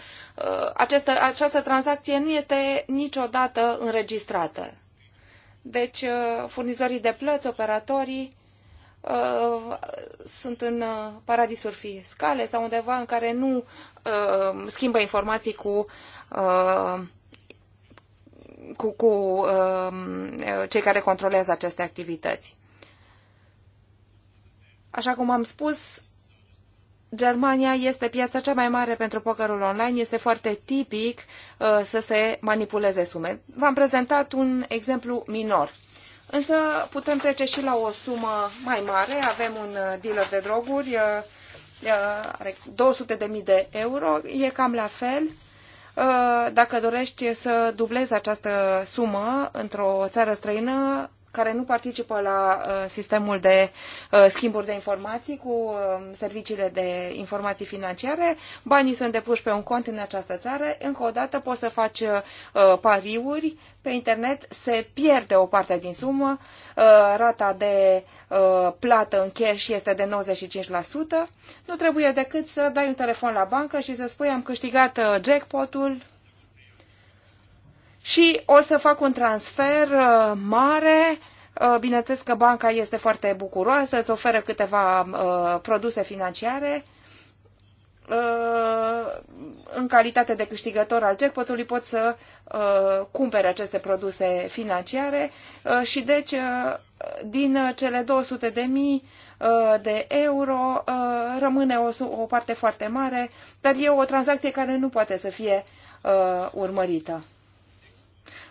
această, această tranzacție nu este niciodată înregistrată. Deci uh, furnizorii de plăți, operatorii sunt în paradisuri fiscale sau undeva în care nu schimbă informații cu cu, cu cei care controlează aceste activități. Așa cum am spus, Germania este piața cea mai mare pentru pokerul online, este foarte tipic uh, să se manipuleze sume. V-am prezentat un exemplu minor. Însă putem trece și la o sumă mai mare. Avem un uh, dealer de droguri, uh, uh, are 200.000 de euro, e cam la fel. Uh, dacă dorești să dublezi această sumă într-o țară străină, care nu participă la uh, sistemul de uh, schimburi de informații cu uh, serviciile de informații financiare. Banii sunt depuși pe un cont în această țară. Încă o dată poți să faci pariuri pe internet, se pierde o parte din sumă, rata de plată în cash este de 95%, nu trebuie decât să dai un telefon la bancă și să spui am câștigat jackpotul, și o să fac un transfer uh, mare uh, Bineînțeles că banca este foarte bucuroasă, îți oferă câteva uh, produse financiare. în calitate de câștigător al jackpotului pot să cumpere aceste produse financiare și deci din cele 200 de mii de euro rămâne o, o parte foarte mare, dar e o tranzacție care nu poate să fie urmărită.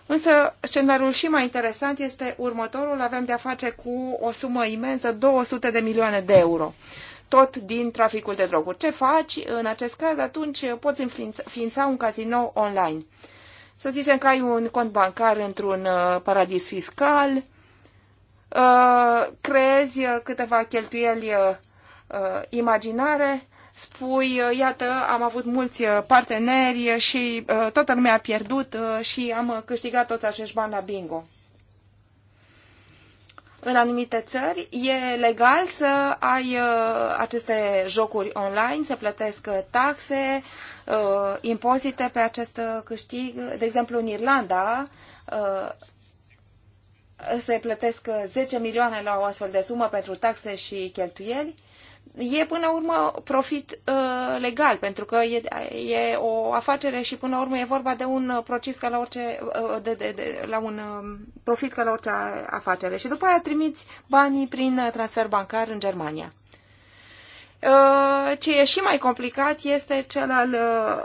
Însă scenariul și mai interesant este următorul. Avem de-a face cu o sumă imensă, 200 de milioane de euro tot din traficul de droguri. Ce faci în acest caz? Atunci poți ființa un casino online. Să zicem că ai un cont bancar într-un uh, paradis fiscal, uh, creezi uh, câteva cheltuieli imaginare spui, uh, iată, am avut mulți uh, parteneri și uh, toată lumea a pierdut și am câștigat toți acești bani la bingo. În anumite țări e legal să ai aceste jocuri online, să plătesc taxe, impozite pe acest câștig. De exemplu, în Irlanda se plătesc 10 milioane la o astfel de sumă pentru taxe și cheltuieli e până la urmă profit uh, legal, pentru că e, e o afacere și până la urmă e vorba de un uh, proces ca la orice, uh, de, de, de, la un uh, profit ca la orice afacere. Și după aia trimiți banii prin uh, transfer bancar în Germania. Uh, ce e și mai complicat este cel al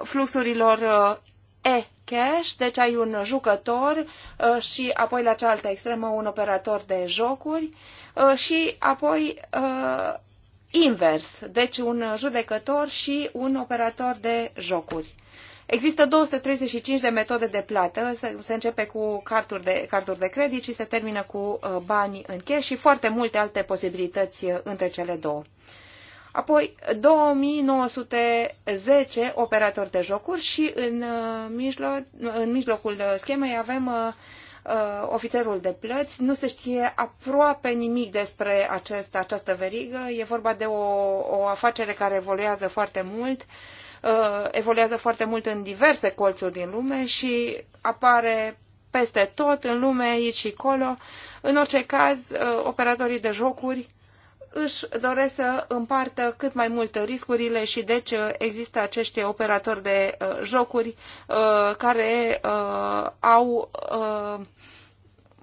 fluxurilor e cash, deci ai un jucător și apoi la cealaltă extremă un operator de jocuri și apoi invers, deci un judecător și un operator de jocuri. Există 235 de metode de plată, se, se începe cu carturi de, carturi de credit și se termină cu uh, bani în cash și foarte multe alte posibilități uh, între cele două. Apoi 2910 operatori de jocuri și în, uh, mijlo, în mijlocul uh, schemei avem uh, uh, ofițerul de plăți. Nu se știe aproape nimic despre acest, această verigă. E vorba de o, o afacere care evoluează foarte mult, uh, evoluează foarte mult în diverse colțuri din lume și apare peste tot în lume, aici și colo. În orice caz, uh, operatorii de jocuri își doresc să împartă cât mai mult riscurile și deci există acești operatori de uh, jocuri uh, care uh, au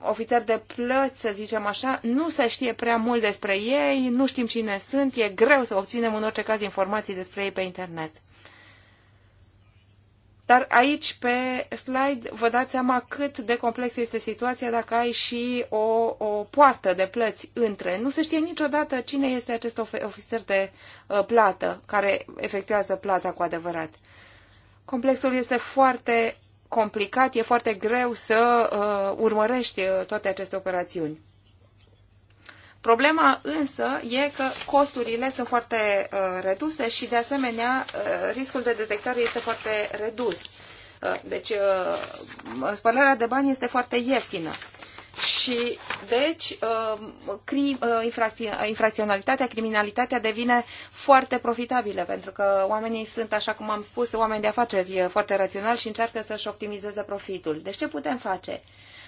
ofițeri de plăți, să zicem așa, nu se știe prea mult despre ei, nu știm cine sunt, e greu să obținem în orice caz informații despre ei pe internet. Dar aici, pe slide, vă dați seama cât de complexă este situația dacă ai și o, o poartă de plăți între. Nu se știe niciodată cine este acest ofițer de uh, plată care efectuează plata cu adevărat. Complexul este foarte complicat, e foarte greu să uh, urmărești uh, toate aceste operațiuni. Problema însă e că costurile sunt foarte uh, reduse și de asemenea uh, riscul de detectare este foarte redus. Uh, deci uh, spălarea de bani este foarte ieftină. Și, deci, um, uh, uh, infracționalitatea, criminalitatea devine foarte profitabilă, pentru că oamenii sunt, așa cum am spus, oameni de afaceri uh, foarte raționali și încearcă să-și optimizeze profitul. Deci, ce putem face?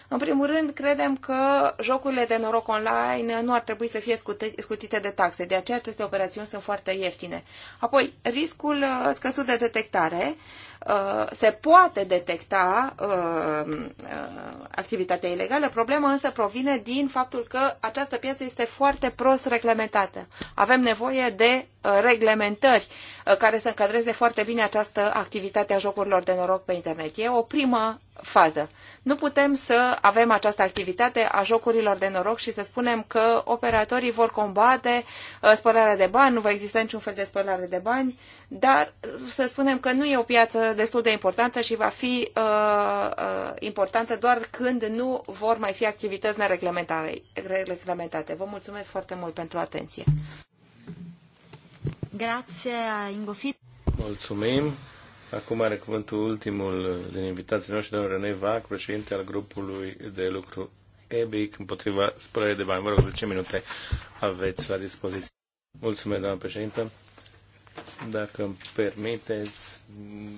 În primul rând, credem că jocurile de noroc online nu ar trebui să fie scutite de taxe, de aceea aceste operațiuni sunt foarte ieftine. Apoi, riscul scăzut de detectare. Se poate detecta activitatea ilegală. Problema problemă însă provine din faptul că această piață este foarte prost reglementată. Avem nevoie de uh, reglementări uh, care să încadreze foarte bine această activitate a jocurilor de noroc pe internet. E o primă fază. Nu putem să avem această activitate a jocurilor de noroc și să spunem că operatorii vor combate uh, spălarea de bani, nu va exista niciun fel de spălare de bani, dar să spunem că nu e o piață destul de importantă și va fi uh, uh, importantă doar când nu vor mai fi activități nereglementate. Vă mulțumesc foarte mult pentru atenție.
Grazie, Ingo
Mulțumim. Acum are cuvântul ultimul din invitații noștri, domnul René Vac, președinte al grupului de lucru EBIC împotriva spălării de bani. Vă rog, 10 minute aveți la dispoziție. Mulțumesc, doamnă președintă. Dacă îmi permiteți,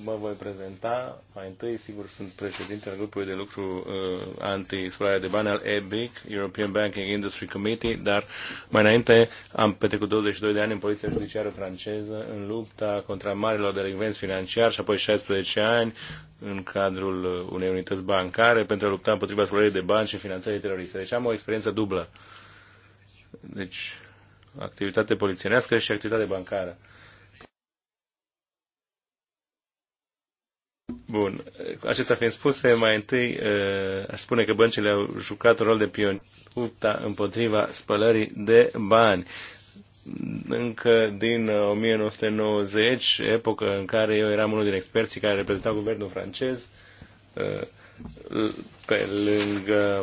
mă voi prezenta. Mai întâi, sigur, sunt președintele grupului de lucru uh, anti-spălare de bani al EBIC, European Banking Industry Committee, dar mai înainte am petrecut 22 de ani în poliția judiciară franceză în lupta contra marilor delinvenți financiari și apoi 16 ani în cadrul unei unități bancare pentru a lupta împotriva spălării de bani și finanțării teroriste. Deci am o experiență dublă. Deci, activitate polițienească și activitate bancară. Bun, acestea fiind spuse, mai întâi eh, aș spune că băncile au jucat un rol de pion lupta împotriva spălării de bani. Încă din 1990, eh, epocă în care eu eram unul din experții care reprezentau guvernul francez, eh, pe lângă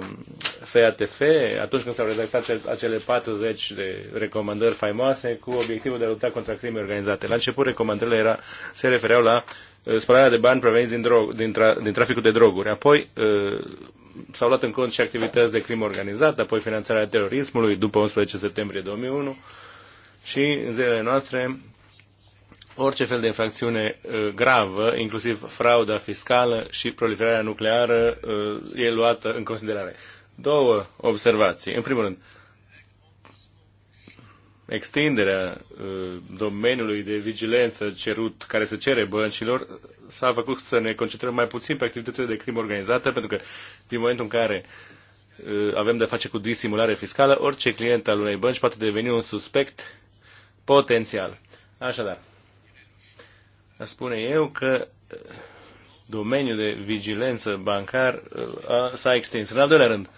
FATF, atunci când s-au redactat acele 40 de recomandări faimoase cu obiectivul de a lupta contra crimei organizate. La început, recomandările era, se refereau la uh, spălarea de bani proveniți din, drog, din, tra, din traficul de droguri. Apoi uh, s-au luat în cont și activități de crimă organizată, apoi finanțarea terorismului după 11 septembrie 2001 și în zilele noastre orice fel de infracțiune uh, gravă, inclusiv frauda fiscală și proliferarea nucleară, uh, e luată în considerare. Două observații. În primul rând, extinderea uh, domeniului de vigilență cerut, care se cere băncilor, s-a făcut să ne concentrăm mai puțin pe activitățile de crimă organizată, pentru că din momentul în care avem de face cu disimulare fiscală, orice client al unei bănci poate deveni un suspect potențial. Așadar, spune eu că uh, domeniul de vigilență bancar uh, s-a extins. În al doilea rând,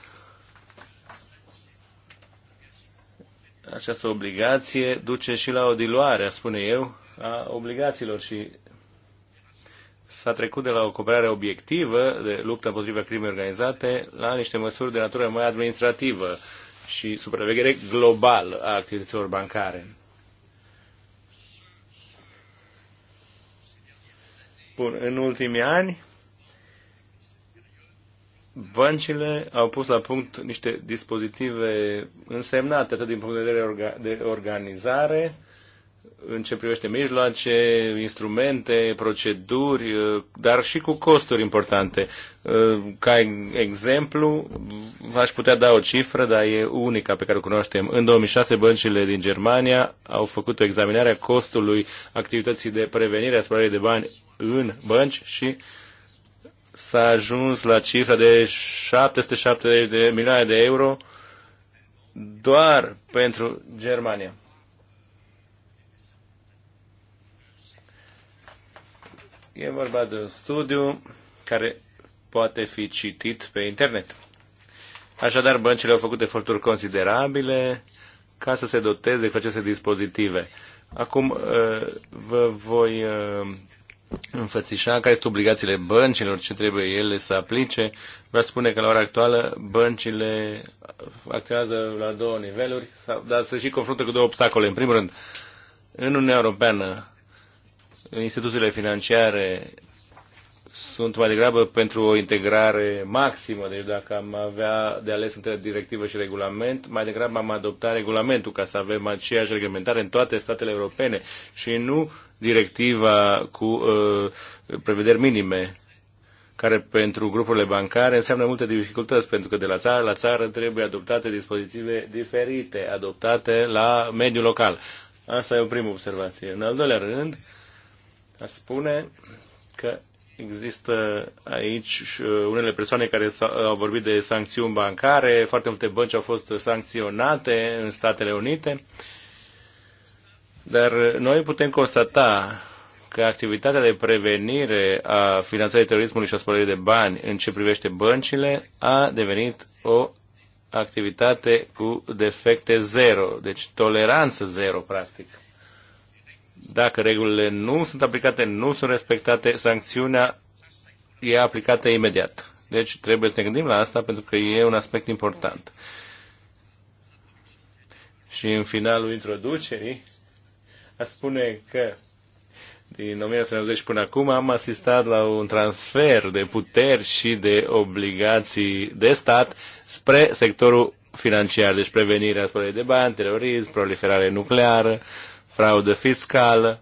această obligație duce și la o diluare, spune eu, a obligațiilor și s-a trecut de la o cooperare obiectivă de luptă împotriva crimei organizate la niște măsuri de natură mai administrativă și supraveghere globală a activităților bancare. spun, în ultimii ani, băncile au pus la punct niște dispozitive însemnate, atât din punct de vedere orga, de organizare, în ce privește mijloace, instrumente, proceduri, uh, dar și cu costuri importante. Uh, ca exemplu, aș putea da o cifră, dar e unica pe care o cunoaștem. În 2006, băncile din Germania au făcut o examinare a costului activității de prevenire a spălării de bani în bănci și s-a ajuns la cifra de 770 de milioane de euro doar pentru Germania. E vorba de un studiu care poate fi citit pe internet. Așadar, băncile au făcut eforturi considerabile ca să se doteze cu aceste dispozitive. Acum uh, vă voi uh, înfățișa care sunt obligațiile băncilor, ce trebuie ele să aplice. Vă spune că la ora actuală băncile acționează la două niveluri, dar se și confruntă cu două obstacole. În primul rând, în Uniunea Europeană instituțiile financiare sunt mai degrabă pentru o integrare maximă, deci dacă am avea de ales între directivă și regulament, mai degrabă am adoptat regulamentul ca să avem aceeași reglementare în toate statele europene și nu directiva cu uh, prevederi minime care pentru grupurile bancare înseamnă multe dificultăți, pentru că de la țară la țară trebuie adoptate dispozitive diferite, adoptate la mediul local. Asta e o primă observație. În al doilea rând, uh, a spune că există aici uh, unele persoane care uh, au vorbit de sancțiuni bancare, foarte multe bănci au fost sancționate în Statele Unite, dar noi putem constata că activitatea de prevenire a finanțării terorismului și a spălării de bani în ce privește băncile a devenit o activitate cu defecte zero, deci toleranță zero, practic. Dacă regulile nu sunt aplicate, nu sunt respectate, sancțiunea e aplicată imediat. Deci trebuie să ne gândim la asta pentru că e un aspect important. Și în finalul introducerii, a spune că din 1990 până acum am asistat la un transfer de puteri și de obligații de stat spre sectorul financiar, deci prevenirea spălării de bani, terorism, proliferare nucleară, fraudă fiscală.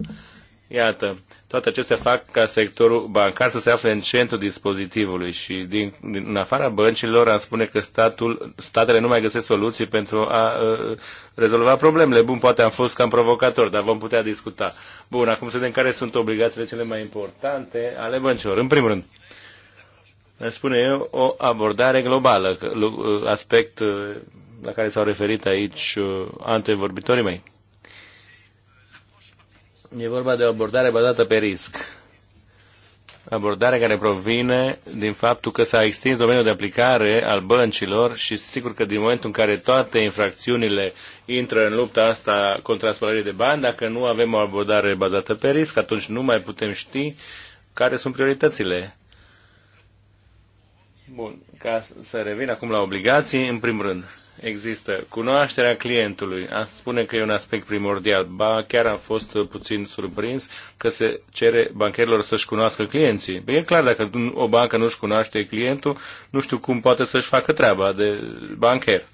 Iată, toate acestea fac ca sectorul bancar să se afle în centrul dispozitivului și din, din în afara băncilor am spune că statul, statele nu mai găsesc soluții pentru a uh, rezolva problemele. Bun, poate am fost cam provocator, dar vom putea discuta. Bun, acum să vedem care sunt obligațiile cele mai importante ale băncilor. În primul rând, aș spune eu, o abordare globală, uh, aspect uh, la care s-au referit aici uh, antevorbitorii mei. E vorba de o abordare bazată pe risc. Abordare care provine din faptul că s-a extins domeniul de aplicare al băncilor și sigur că din momentul în care toate infracțiunile intră în lupta asta contra spălării de bani, dacă nu avem o abordare bazată pe risc, atunci nu mai putem ști care sunt prioritățile. Bun, ca să revin acum la obligații, în primul rând există cunoașterea clientului. Am spune că e un aspect primordial. Ba, chiar am fost puțin surprins că se cere bancherilor să-și cunoască clienții. E clar, dacă o bancă nu-și cunoaște clientul, nu știu cum poate să-și facă treaba de bancher.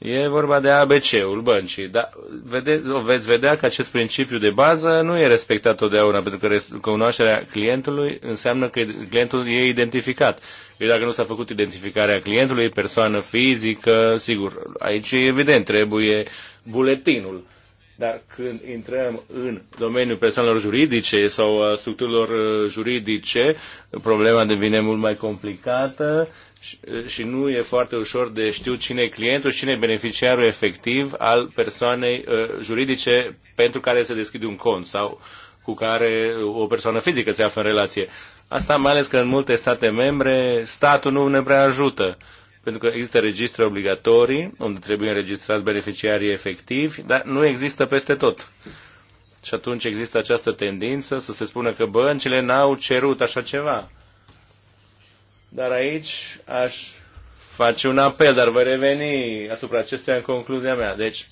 E vorba de ABC-ul băncii, dar vede, veți vedea că acest principiu de bază nu e respectat totdeauna, pentru că cunoașterea clientului înseamnă că clientul e identificat. E deci dacă nu s-a făcut identificarea clientului, persoană fizică, sigur, aici e evident, trebuie buletinul. Dar când intrăm în domeniul persoanelor juridice sau structurilor uh, juridice, problema devine mult mai complicată și nu e foarte ușor de știut cine e clientul și cine e beneficiarul efectiv al persoanei uh, juridice pentru care se deschide un cont sau cu care o persoană fizică se află în relație. Asta mai ales că în multe state membre statul nu ne prea ajută, pentru că există registre obligatorii unde trebuie înregistrați beneficiarii efectivi, dar nu există peste tot. Și atunci există această tendință să se spună că băncile n-au cerut așa ceva dar aici aș face un apel, dar voi reveni asupra acestuia în concluzia mea. Deci,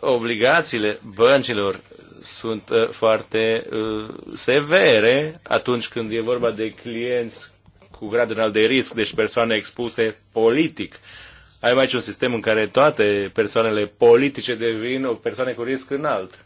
obligațiile băncilor sunt uh, foarte uh, severe atunci când e vorba de clienți cu grad înalt de risc, deci persoane expuse politic. Ai mai aici un sistem în care toate persoanele politice devin o persoane cu risc înalt.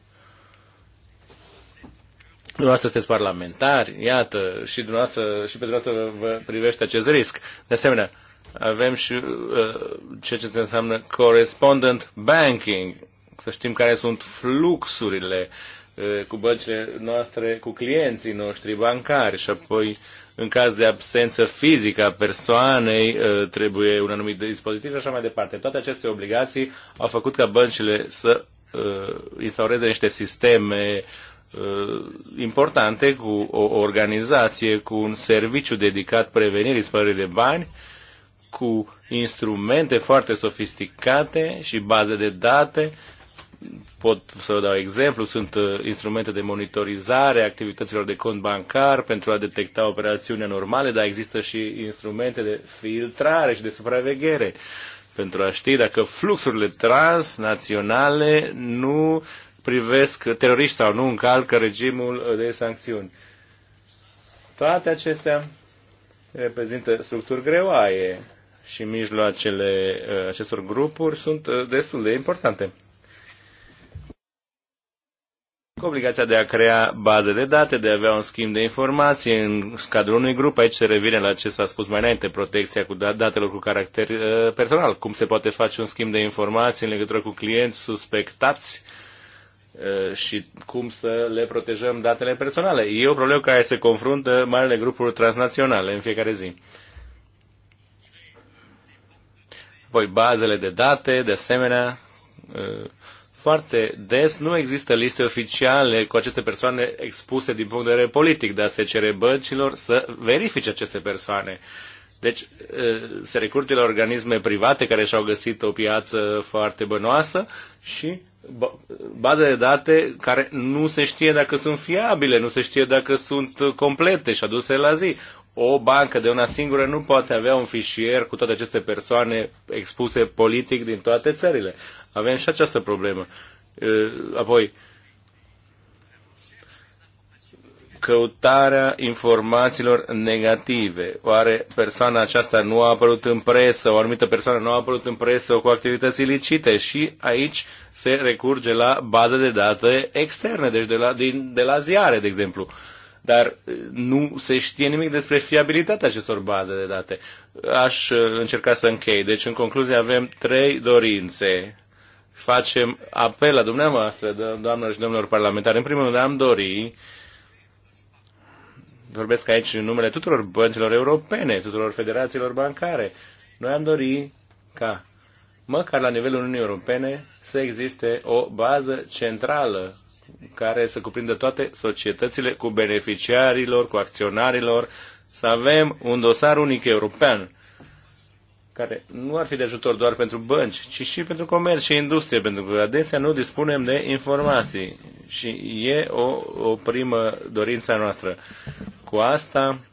Dumneavoastră sunteți parlamentari, iată, și, dumneavoastră, și pe dumneavoastră vă privește acest risc. De asemenea, avem și uh, ceea ce se înseamnă correspondent banking, să știm care sunt fluxurile uh, cu băncile noastre, cu clienții noștri bancari și apoi în caz de absență fizică a persoanei uh, trebuie un anumit dispozitiv și așa mai departe. Toate aceste obligații au făcut ca băncile să uh, instaureze niște sisteme Uh, importante cu o organizație, cu un serviciu dedicat prevenirii spălării de bani, cu instrumente foarte sofisticate și baze de date. Pot să vă dau exemplu, sunt uh, instrumente de monitorizare a activităților de cont bancar pentru a detecta operațiuni normale, dar există și instrumente de filtrare și de supraveghere pentru a ști dacă fluxurile transnaționale nu privesc teroriști sau nu încalcă regimul de sancțiuni. Toate acestea reprezintă structuri greoaie și mijloacele uh, acestor grupuri sunt uh, destul de importante. Obligația de a crea baze de date, de a avea un schimb de informații în cadrul unui grup, aici se revine la ce s-a spus mai înainte, protecția cu da, datelor cu caracter uh, personal, cum se poate face un schimb de informații în legătură cu clienți suspectați, uh, și cum să le protejăm datele personale. E o problemă care se confruntă marele grupuri transnaționale în fiecare zi. Apoi, bazele de date, de asemenea, foarte des nu există liste oficiale cu aceste persoane expuse din punct de vedere politic, dar se cere băncilor să verifice aceste persoane deci se recurge la organisme private care și-au găsit o piață foarte bănoasă și baze de date care nu se știe dacă sunt fiabile, nu se știe dacă sunt complete și aduse la zi. O bancă de una singură nu poate avea un fișier cu toate aceste persoane expuse politic din toate țările. Avem și această problemă. Apoi, căutarea informațiilor negative. Oare persoana aceasta nu a apărut în presă, o anumită persoană nu a apărut în presă cu activități ilicite și aici se recurge la baze de date externe, deci de la, din, de la ziare, de exemplu. Dar eh, nu se știe nimic despre fiabilitatea acestor baze de date. Aș eh, încerca să închei. Deci, în concluzie, avem trei dorințe facem apel la dumneavoastră, doamnelor și domnilor parlamentari. În primul rând, am dorit vorbesc aici în numele tuturor băncilor europene, tuturor federațiilor bancare. Noi am dori ca, măcar la nivelul Uniunii Europene, să existe o bază centrală care să cuprindă toate societățile cu beneficiarilor, cu acționarilor, să avem un dosar unic european care nu ar fi de ajutor doar pentru bănci, ci și pentru comerț și industrie, pentru că adesea nu dispunem de informații și e o, o primă dorință a noastră. Cu asta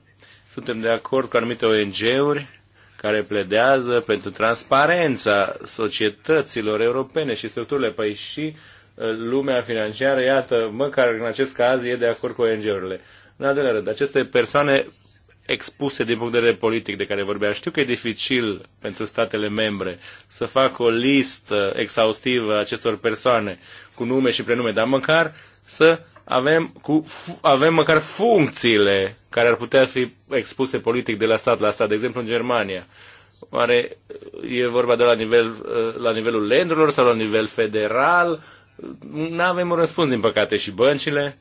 suntem de acord cu anumite ONG-uri care pledează pentru transparența societăților europene și structurile. Păi și uh, lumea financiară, iată, măcar în acest caz e de acord cu ONG-urile. În al aceste persoane expuse din punct de vedere politic de care vorbea. Știu că e dificil pentru statele membre să facă o listă exhaustivă acestor persoane cu nume și prenume, dar măcar să avem, cu, avem măcar funcțiile care ar putea fi expuse politic de la stat la stat, de exemplu în Germania. Oare e vorba de la, nivel, la nivelul lendurilor sau la nivel federal? Nu avem un răspuns, din păcate, și băncile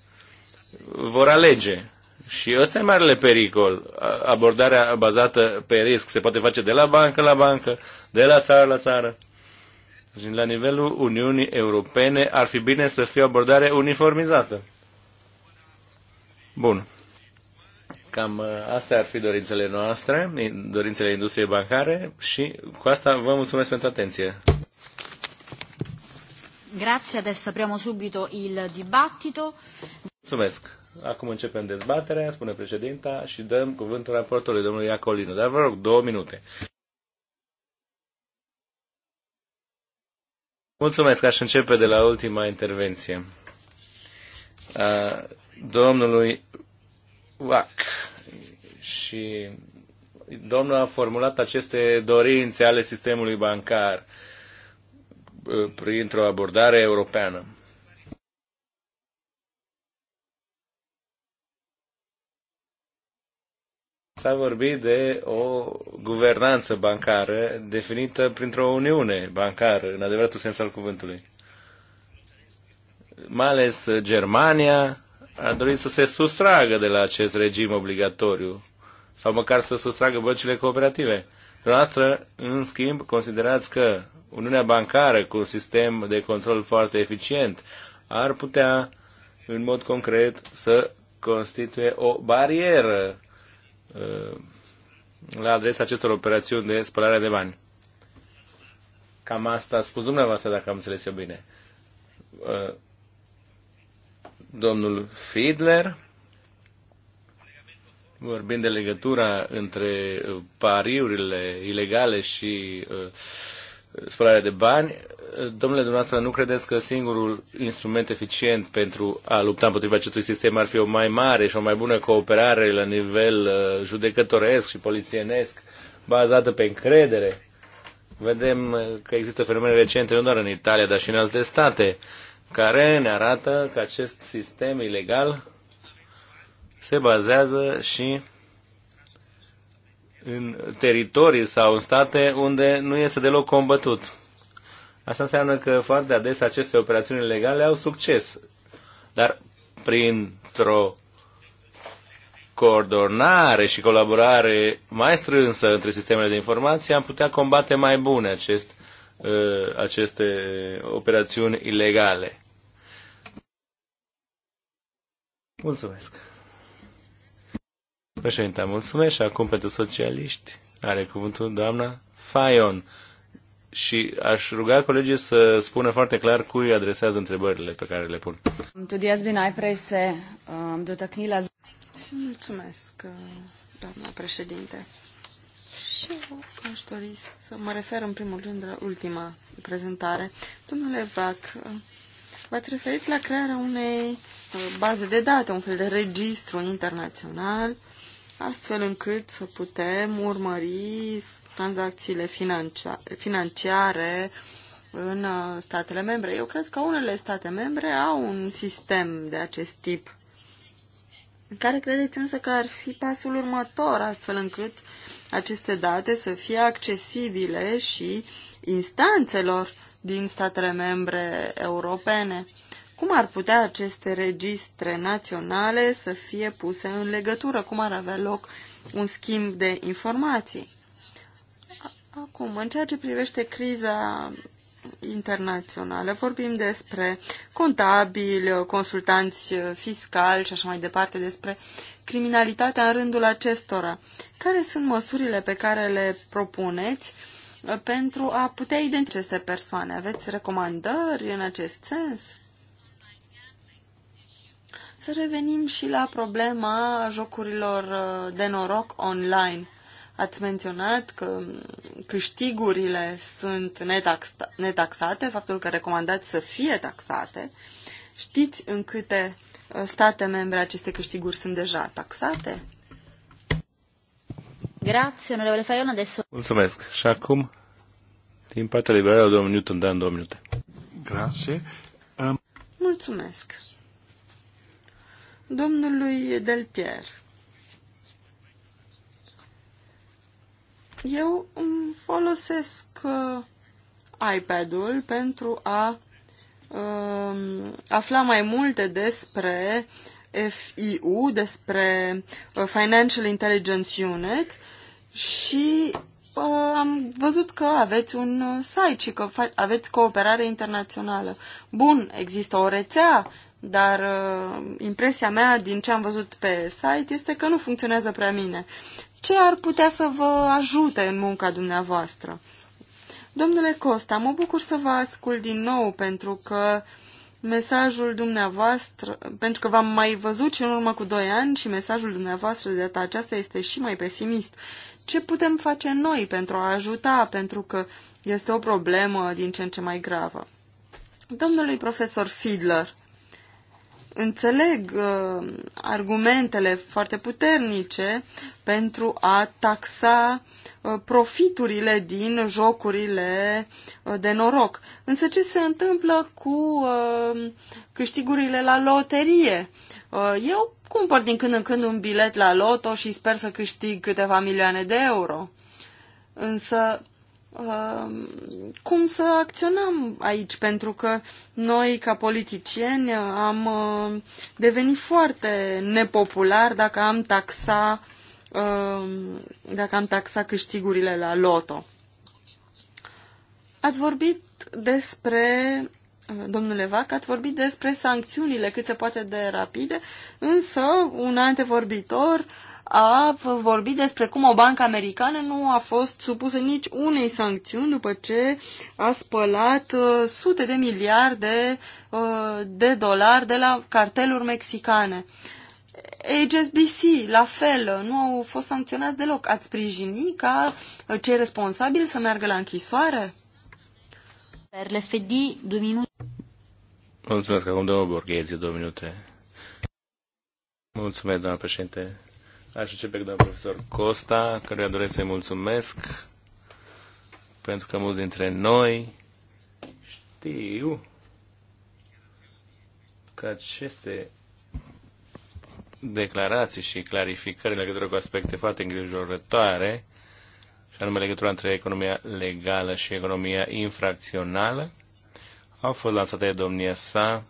vor alege și ăsta e marele pericol. Abordarea bazată pe risc se poate face de la bancă la bancă, de la țară la țară. Și deci, la nivelul Uniunii Europene ar fi bine să fie o abordare uniformizată. Bun. Cam uh, astea ar fi dorințele noastre, dorințele industriei bancare și cu asta vă mulțumesc pentru atenție.
Grazie, adesso apriamo subito il dibattito.
Mulțumesc. Acum începem dezbaterea, spune președinta, și dăm cuvântul raportorului, domnului Iacolino. Dar vă rog, două minute. Mulțumesc, aș începe de la ultima intervenție. A, domnului Wack și domnul a formulat aceste dorințe ale sistemului bancar printr-o abordare europeană. S-a vorbit de o guvernanță bancară definită printr-o uniune bancară, în adevăratul sens al cuvântului. Mai ales Germania a dorit să se sustragă de la acest regim obligatoriu sau măcar să sustragă băncile cooperative. Dumneavoastră, în schimb, considerați că Uniunea Bancară, cu un sistem de control foarte eficient, ar putea, în mod concret, să constituie o barieră Uh, la adresa acestor operațiuni de spălare de bani. Cam asta a spus dumneavoastră, dacă am înțeles eu bine. Uh, domnul Fiedler, vorbind de legătura între pariurile ilegale și uh, spălare de bani, domnule dumneavoastră, nu credeți că singurul instrument eficient pentru a lupta împotriva acestui sistem ar fi o mai mare și o mai bună cooperare la nivel uh, judecătoresc și polițienesc, bazată pe încredere? Vedem uh, că există fenomene recente nu doar în Italia, dar și în alte state, care ne arată că acest sistem ilegal se bazează și în teritorii sau în state unde nu este deloc combătut. Asta înseamnă că foarte adesea aceste operațiuni legale au succes, dar printr-o coordonare și colaborare mai strânsă între sistemele de informație am putea combate mai bune acest, ă, aceste operațiuni ilegale. Mulțumesc! Președinte, mulțumesc și acum pentru socialiști are cuvântul doamna Fayon. Și aș ruga colegii să spună foarte clar cui adresează întrebările pe care le pun.
Mulțumesc, doamna
președinte. Și eu aș dori să mă refer în primul rând la ultima prezentare. Domnule Vac, v-ați referit la crearea unei uh, baze de date, un fel de registru internațional astfel încât să putem urmări tranzacțiile financiare în uh, statele membre. Eu cred că unele state membre au un sistem de acest tip. Care credeți însă că ar fi pasul următor, astfel încât aceste date să fie accesibile și instanțelor din statele membre europene? Cum ar putea aceste registre naționale să fie puse în legătură? Cum ar avea loc un schimb de informații? Acum, în ceea ce privește criza internațională, vorbim despre contabili, consultanți fiscali și așa mai departe, despre criminalitatea în rândul acestora. Care sunt măsurile pe care le propuneți uh, pentru a putea identifica aceste persoane? Aveți recomandări în acest sens? Să revenim și la problema jocurilor uh, de noroc online. Ați menționat că câștigurile sunt netaxa- netaxate, faptul că recomandați să fie taxate. Știți în câte uh, state membre aceste câștiguri sunt deja taxate?
Grazie, onorevole Faion, adesso...
Mulțumesc. Și acum, din partea liberală, domnul Newton, da, în două minute. Grazie. Um...
Mulțumesc
domnului Delpier. Eu folosesc uh, iPad-ul pentru a uh, afla mai multe despre FIU, despre uh, Financial Intelligence Unit și uh, am văzut că aveți un uh, site și că aveți cooperare internațională. Bun, există o rețea dar uh, impresia mea din ce am văzut pe site este că nu funcționează prea bine. Ce ar putea să vă ajute în munca dumneavoastră? Domnule Costa, mă bucur să vă ascult din nou pentru că mesajul dumneavoastră, pentru că v-am mai văzut și în urmă cu doi ani și mesajul dumneavoastră de data aceasta este și mai pesimist. Ce putem face noi pentru a ajuta, pentru că este o problemă din ce în ce mai gravă? Domnului profesor Fiedler, înțeleg uh, argumentele foarte puternice pentru a taxa uh, profiturile din jocurile uh, de noroc. Însă ce se întâmplă cu uh, câștigurile la loterie? Uh, eu cumpăr din când în când un bilet la loto și sper să câștig câteva milioane de euro. Însă Um, cum să acționăm aici, pentru că noi, ca politicieni, am uh, devenit foarte nepopular dacă am taxa um, dacă am taxa câștigurile la loto. Ați vorbit despre, uh, domnule Vac, ați vorbit despre sancțiunile cât se poate de rapide, însă un antevorbitor a vorbit despre cum o bancă americană nu a fost supusă nici unei sancțiuni după ce a spălat uh, sute de miliarde uh, de dolari de la carteluri mexicane. HSBC, la fel, nu au fost sancționați deloc. Ați sprijini ca uh, cei responsabili să meargă la închisoare?
Per două minute.
Mulțumesc, acum două borghezi, două minute. Mulțumesc, doamna președinte. Aș începe cu doamna profesor Costa, căruia doresc să-i mulțumesc pentru că mulți dintre noi știu că aceste declarații și clarificări în legătură cu aspecte foarte îngrijorătoare, și anume legătura între economia legală și economia infracțională, au fost lansate de domnia sa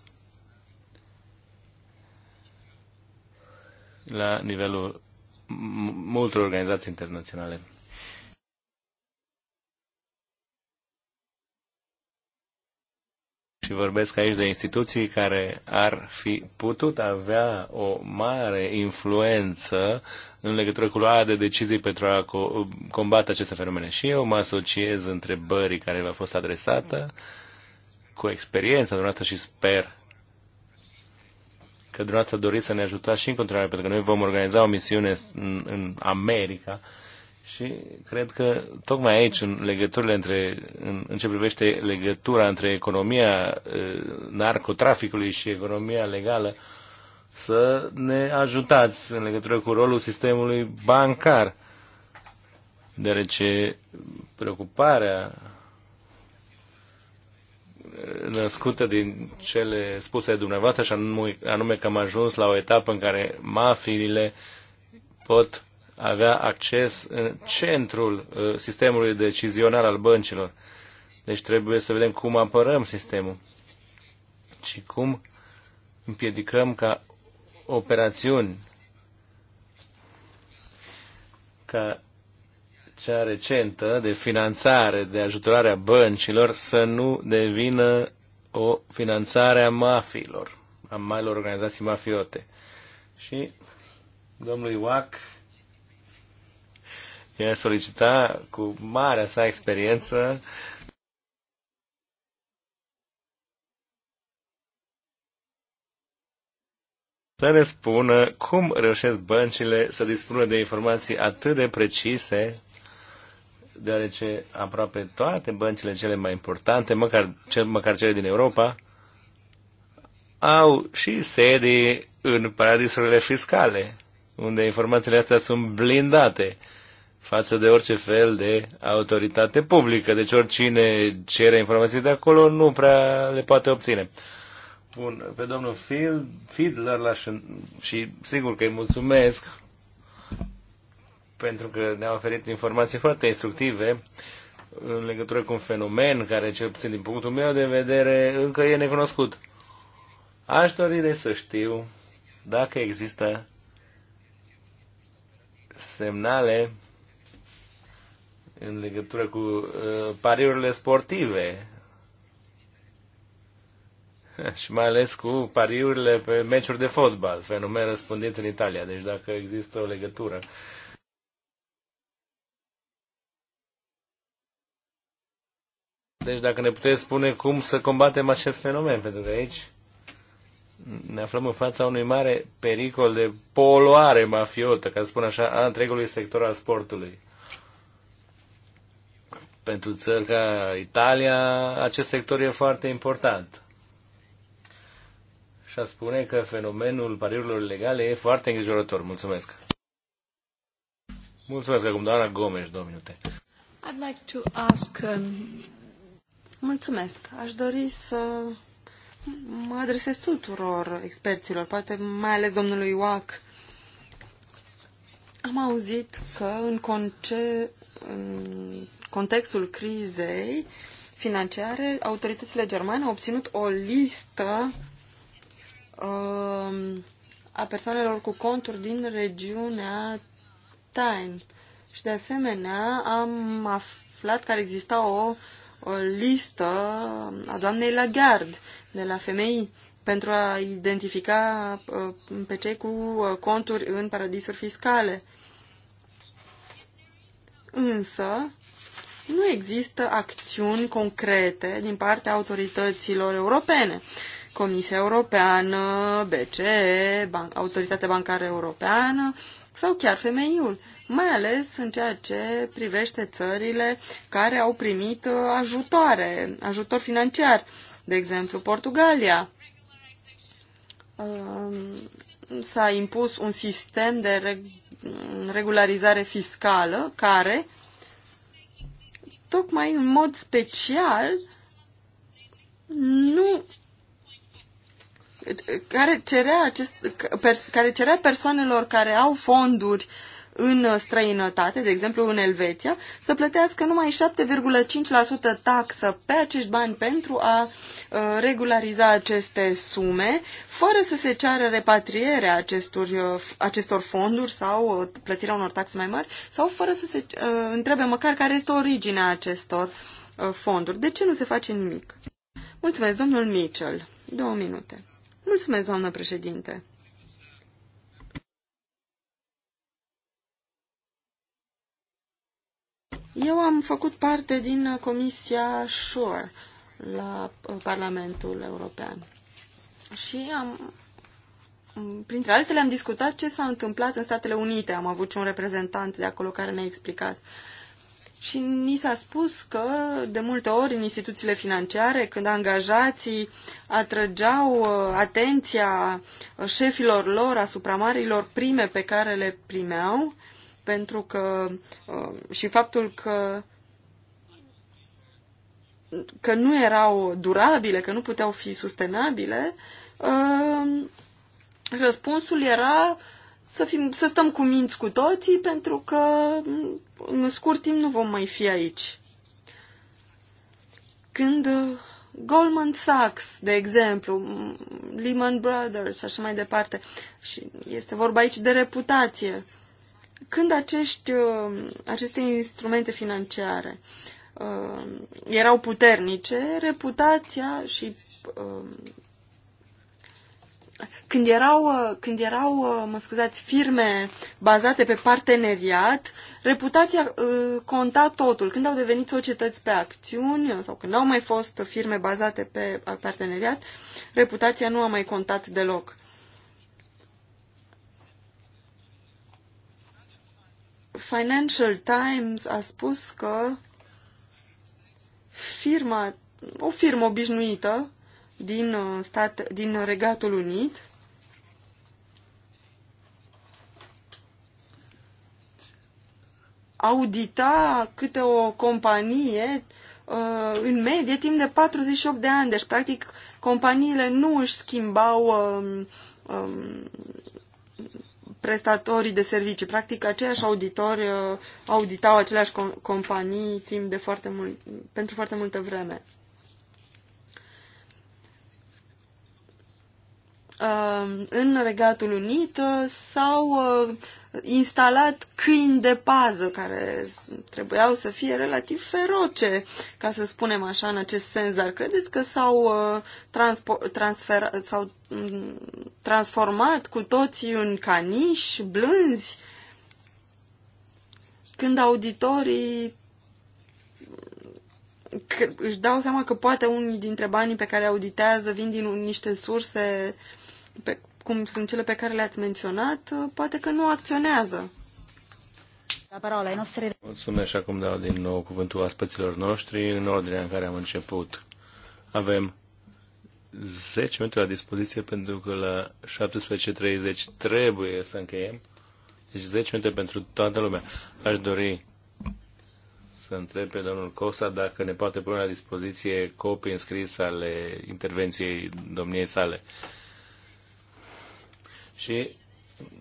la nivelul multor organizații internaționale. Și vorbesc aici de instituții care ar fi putut avea o mare influență în legătură cu luarea de decizii pentru a co- combate aceste fenomene. Și eu mă asociez întrebării care v-a fost adresată cu experiența dumneavoastră și sper că dumneavoastră doriți să ne ajutați și în continuare, pentru că noi vom organiza o misiune în, în America și cred că tocmai aici, în legăturile între, în, în ce privește legătura între economia narcotraficului și economia legală, să ne ajutați în legătură cu rolul sistemului bancar. Deoarece preocuparea născută din cele spuse de dumneavoastră, și anume, anume că am ajuns la o etapă în care mafiile pot avea acces în centrul uh, sistemului decizional al băncilor. Deci trebuie să vedem cum apărăm sistemul și cum împiedicăm ca operațiuni ca cea recentă de finanțare, de a băncilor să nu devină o finanțare a mafiilor, a marilor organizații mafiote. Și domnului Wack i-a solicitat cu marea sa experiență să ne spună cum reușesc băncile să dispună de informații atât de precise deoarece aproape toate băncile cele mai importante, măcar, cel, măcar cele din Europa, au și sedii în paradisurile fiscale, unde informațiile astea sunt blindate față de orice fel de autoritate publică. Deci oricine cere informații de acolo nu prea le poate obține. Bun, pe domnul Field, Fiedler și, și sigur că îi mulțumesc pentru că ne-a oferit informații foarte instructive în legătură cu un fenomen care, cel puțin din punctul meu de vedere, încă e necunoscut. Aș dori de să știu dacă există semnale în legătură cu uh, pariurile sportive și mai ales cu pariurile pe meciuri de fotbal, fenomen răspândit în Italia, deci dacă există o legătură. Uh, Deci dacă ne puteți spune cum să combatem acest fenomen, pentru că aici ne aflăm în fața unui mare pericol de poluare mafiotă, ca să spun așa, a întregului sector al sportului. Pentru țări ca Italia, acest sector e foarte important. Și a spune că fenomenul pariurilor legale e foarte îngrijorător. Mulțumesc! Mulțumesc acum, doamna Gomes, două minute.
I'd like to ask um, Mulțumesc. Aș dori să mă adresez tuturor experților, poate mai ales domnului Wack. Am auzit că în, conce... în contextul crizei financiare, autoritățile germane au obținut o listă uh, a persoanelor cu conturi din regiunea Tain Și de asemenea am aflat că ar exista o o listă a doamnei Lagarde de la FMI pentru a identifica uh, pe cei cu uh, conturi în paradisuri fiscale. Însă, nu există acțiuni concrete din partea autorităților europene. Comisia Europeană, BCE, Ban Autoritatea Bancară Europeană sau chiar femeiul, mai ales în ceea ce privește țările care au primit uh, ajutoare, ajutor financiar, de exemplu Portugalia. Um, s-a impus un sistem de regularizare fiscală care, tocmai în mod special, nu care cerea, acest, care cerea persoanelor care au fonduri în străinătate, de exemplu în Elveția, să plătească numai 7,5% taxă pe acești bani pentru a uh, regulariza aceste sume, fără să se ceară repatrierea acestor, uh, acestor fonduri sau uh, plătirea unor taxe mai mari, sau fără să se întrebe măcar care este originea acestor fonduri. De ce nu se face nimic? Mulțumesc, domnul Mitchell. Două minute. Mulțumesc, doamnă președinte. Eu am făcut parte din Comisia SURE la uh, Parlamentul European și am, mm, printre altele am discutat ce s-a întâmplat în Statele Unite. Am avut și un reprezentant de acolo care ne-a explicat uh, și ni s-a spus că, de multe ori, în instituțiile financiare, când angajații atrăgeau uh, atenția uh, șefilor lor asupra marilor prime pe care le primeau, pentru că uh, și faptul că că nu erau durabile, că nu puteau fi sustenabile, răspunsul era să, fim, să stăm cu minți cu toții, pentru că în scurt timp nu vom mai fi aici. Când uh, Goldman Sachs, de exemplu, Lehman Brothers și așa mai departe, și este vorba aici de reputație, când acești, uh, aceste instrumente financiare uh, erau puternice, reputația și când erau, uh, când erau, uh, mă scuzați, firme bazate pe parteneriat, reputația uh, conta totul. Când au devenit societăți pe acțiuni sau când au mai fost firme bazate pe parteneriat, reputația nu a mai contat deloc. Financial Times a spus că firma, o firmă obișnuită din, uh, stat, din Regatul Unit audita câte o companie uh, în medie timp de 48 de ani. Deci, practic, companiile nu își schimbau um, um, prestatorii de servicii. Practic, aceiași auditori uh, auditau aceleași com companii timp de foarte mult, pentru foarte multă vreme. Uh, în Regatul Unit uh, s-au uh, instalat câini de pază care trebuiau să fie relativ feroce, ca să spunem așa în acest sens, dar credeți că s-au, transfer, mm, transformat cu toții în caniși blânzi? Când auditorii își dau seama că poate unii dintre banii pe care auditează vin din niște surse uh, pe, cum sunt cele pe care le-ați menționat, uh, poate că nu acționează.
La parola, nostre... Mulțumesc
și acum dau din nou cuvântul aspeților noștri în ordinea în care am început. Avem 10 minute la dispoziție pentru că la 17.30 trebuie să încheiem. Deci 10 minute pentru toată lumea. Aș dori să întreb pe domnul Cosa dacă ne poate pune la dispoziție copii înscris ale intervenției domniei sale și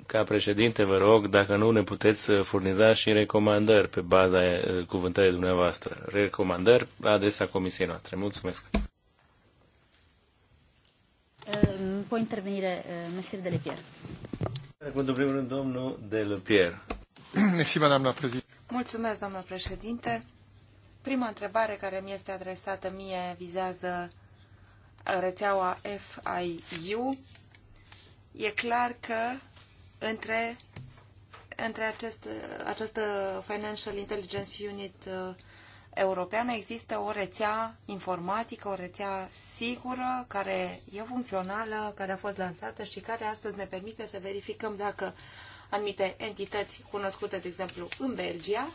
ca președinte vă rog dacă nu ne puteți uh, furniza și recomandări pe baza uh, cuvântării dumneavoastră. Recomandări la adresa comisiei noastre. Mulțumesc!
Può intervenire uh, Messier Delle Pier.
Cuvântul primul rând, domnul Delle Pier.
Mulțumesc, doamnă președinte. Prima întrebare care mi este adresată mie vizează rețeaua FIU, e clar că între, între acest, această Financial Intelligence Unit uh, europeană există o rețea informatică, o rețea sigură, care e funcțională, care a fost lansată și care astăzi ne permite să verificăm dacă anumite entități cunoscute, de exemplu, în Belgia,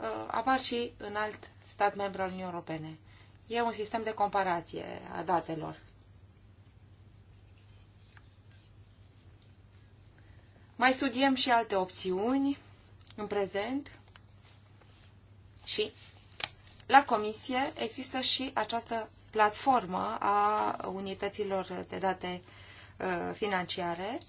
uh, apar și în alt stat membru al Uniunii Europene. E un sistem de comparație a datelor. Mai studiem și alte opțiuni în prezent și la comisie există și această platformă a unităților de date uh, financiare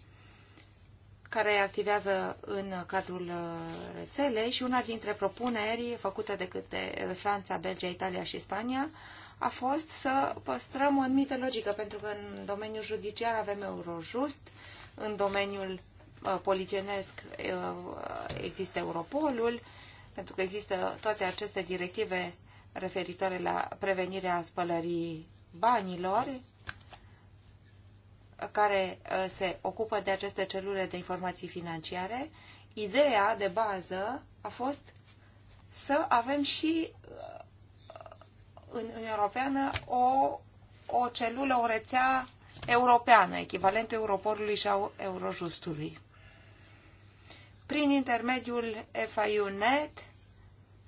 care activează în cadrul uh, rețelei și una dintre propuneri făcute de câte uh, Franța, Belgia, Italia și Spania a fost să păstrăm o anumită logică, pentru că în domeniul judiciar avem Eurojust, în domeniul Uh, polițienesc uh, există Europolul, pentru că există toate aceste directive referitoare la prevenirea spălării banilor, care uh, se ocupă de aceste celule de informații financiare. Ideea de bază a fost să avem și în Uniunea Europeană o, o celulă, o rețea europeană, echivalentul Europorului și a Eurojustului prin intermediul FIU-net,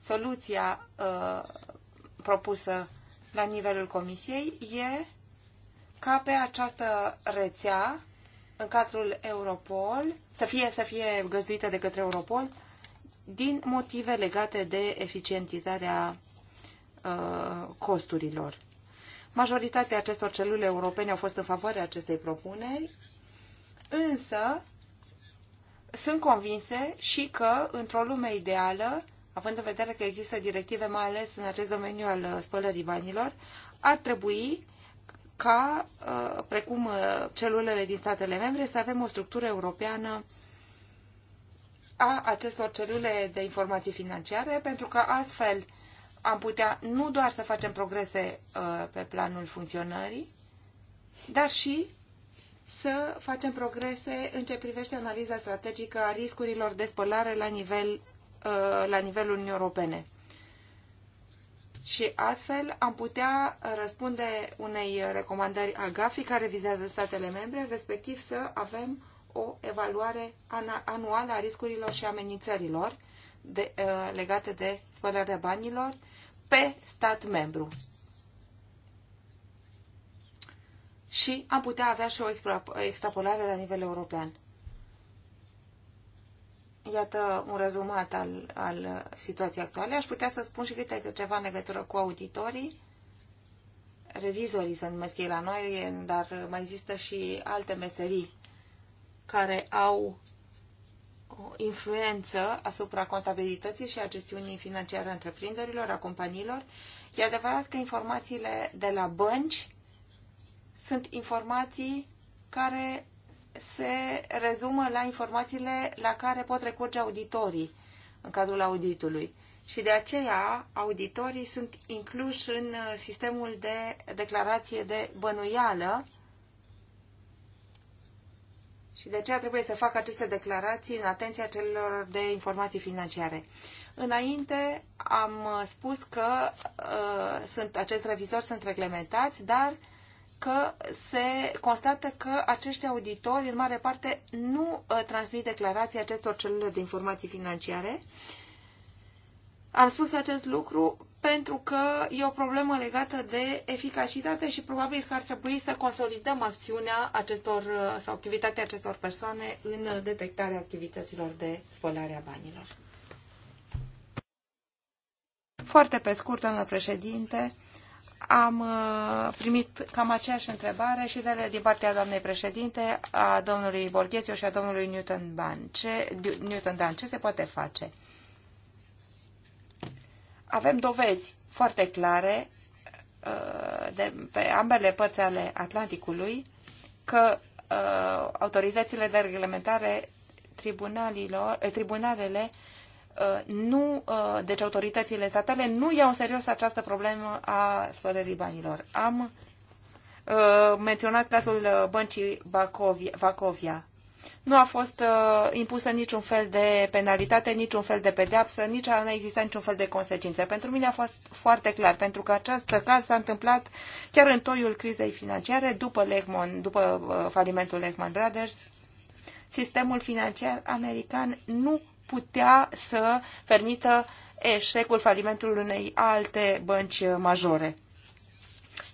soluția uh, propusă la nivelul Comisiei e ca pe această rețea, în cadrul Europol, să fie, să fie găzduită de către Europol, din motive legate de eficientizarea uh, costurilor. Majoritatea acestor celule europene au fost în favoarea acestei propuneri, însă sunt convinse și că, într-o lume ideală, având în vedere că există directive, mai ales în acest domeniu al uh, spălării banilor, ar trebui ca, uh, precum uh, celulele din statele membre, să avem o structură europeană a acestor celule de informații financiare, pentru că astfel am putea nu doar să facem progrese pe planul funcționării, dar și să facem progrese în ce privește analiza strategică a riscurilor de spălare la, nivel, uh, la nivelul Uniunii Europene. Și astfel am putea răspunde unei recomandări a GAFI care vizează statele membre, respectiv să avem o evaluare anuală a riscurilor și amenințărilor de, uh, legate de spălarea banilor pe stat membru. și am putea avea și o extrapolare la nivel european. Iată un rezumat al, al situației actuale. Aș putea să spun și câte ceva în legătură cu auditorii. Revizorii se numesc ei la noi, dar mai există și alte meserii care au o influență asupra contabilității și a gestiunii financiare a întreprinderilor, a companiilor. E adevărat că informațiile de la bănci sunt informații care se rezumă la informațiile la care pot recurge auditorii în cadrul auditului. Și de aceea auditorii sunt incluși în uh, sistemul de declarație de bănuială și de aceea trebuie să facă aceste declarații în atenția celor de informații financiare. Înainte am uh, spus că uh, sunt, acest revizor sunt reglementați, dar că se constată că acești auditori, în mare parte, nu ă, transmit declarații acestor celule de informații financiare. Am spus acest lucru pentru că e o problemă legată de eficacitate și probabil că ar trebui să consolidăm acțiunea acestor ă, sau activitatea acestor persoane în detectarea activităților de spălare a banilor. Foarte pe scurt, domnule președinte, am uh, primit cam aceeași întrebare și de, din partea doamnei președinte, a domnului Borghesiu și a domnului Newton Ban. Ce, Newton Dan, ce se poate face? Avem dovezi foarte clare uh, de, pe ambele părți ale Atlanticului că uh, autoritățile de reglementare eh, tribunalele Uh, nu, uh, deci autoritățile statale nu iau în serios această problemă a spălării banilor. Am uh, menționat cazul băncii Vacovia. Nu a fost impusă niciun fel de penalitate, niciun fel de pedeapsă, nici a, existat niciun fel de consecință. Pentru mine a fost foarte clar, pentru că acest caz s-a întâmplat chiar în toiul crizei financiare, după Lehman, după falimentul Lehman Brothers. Sistemul financiar american nu putea să permită eșecul falimentului unei alte bănci majore.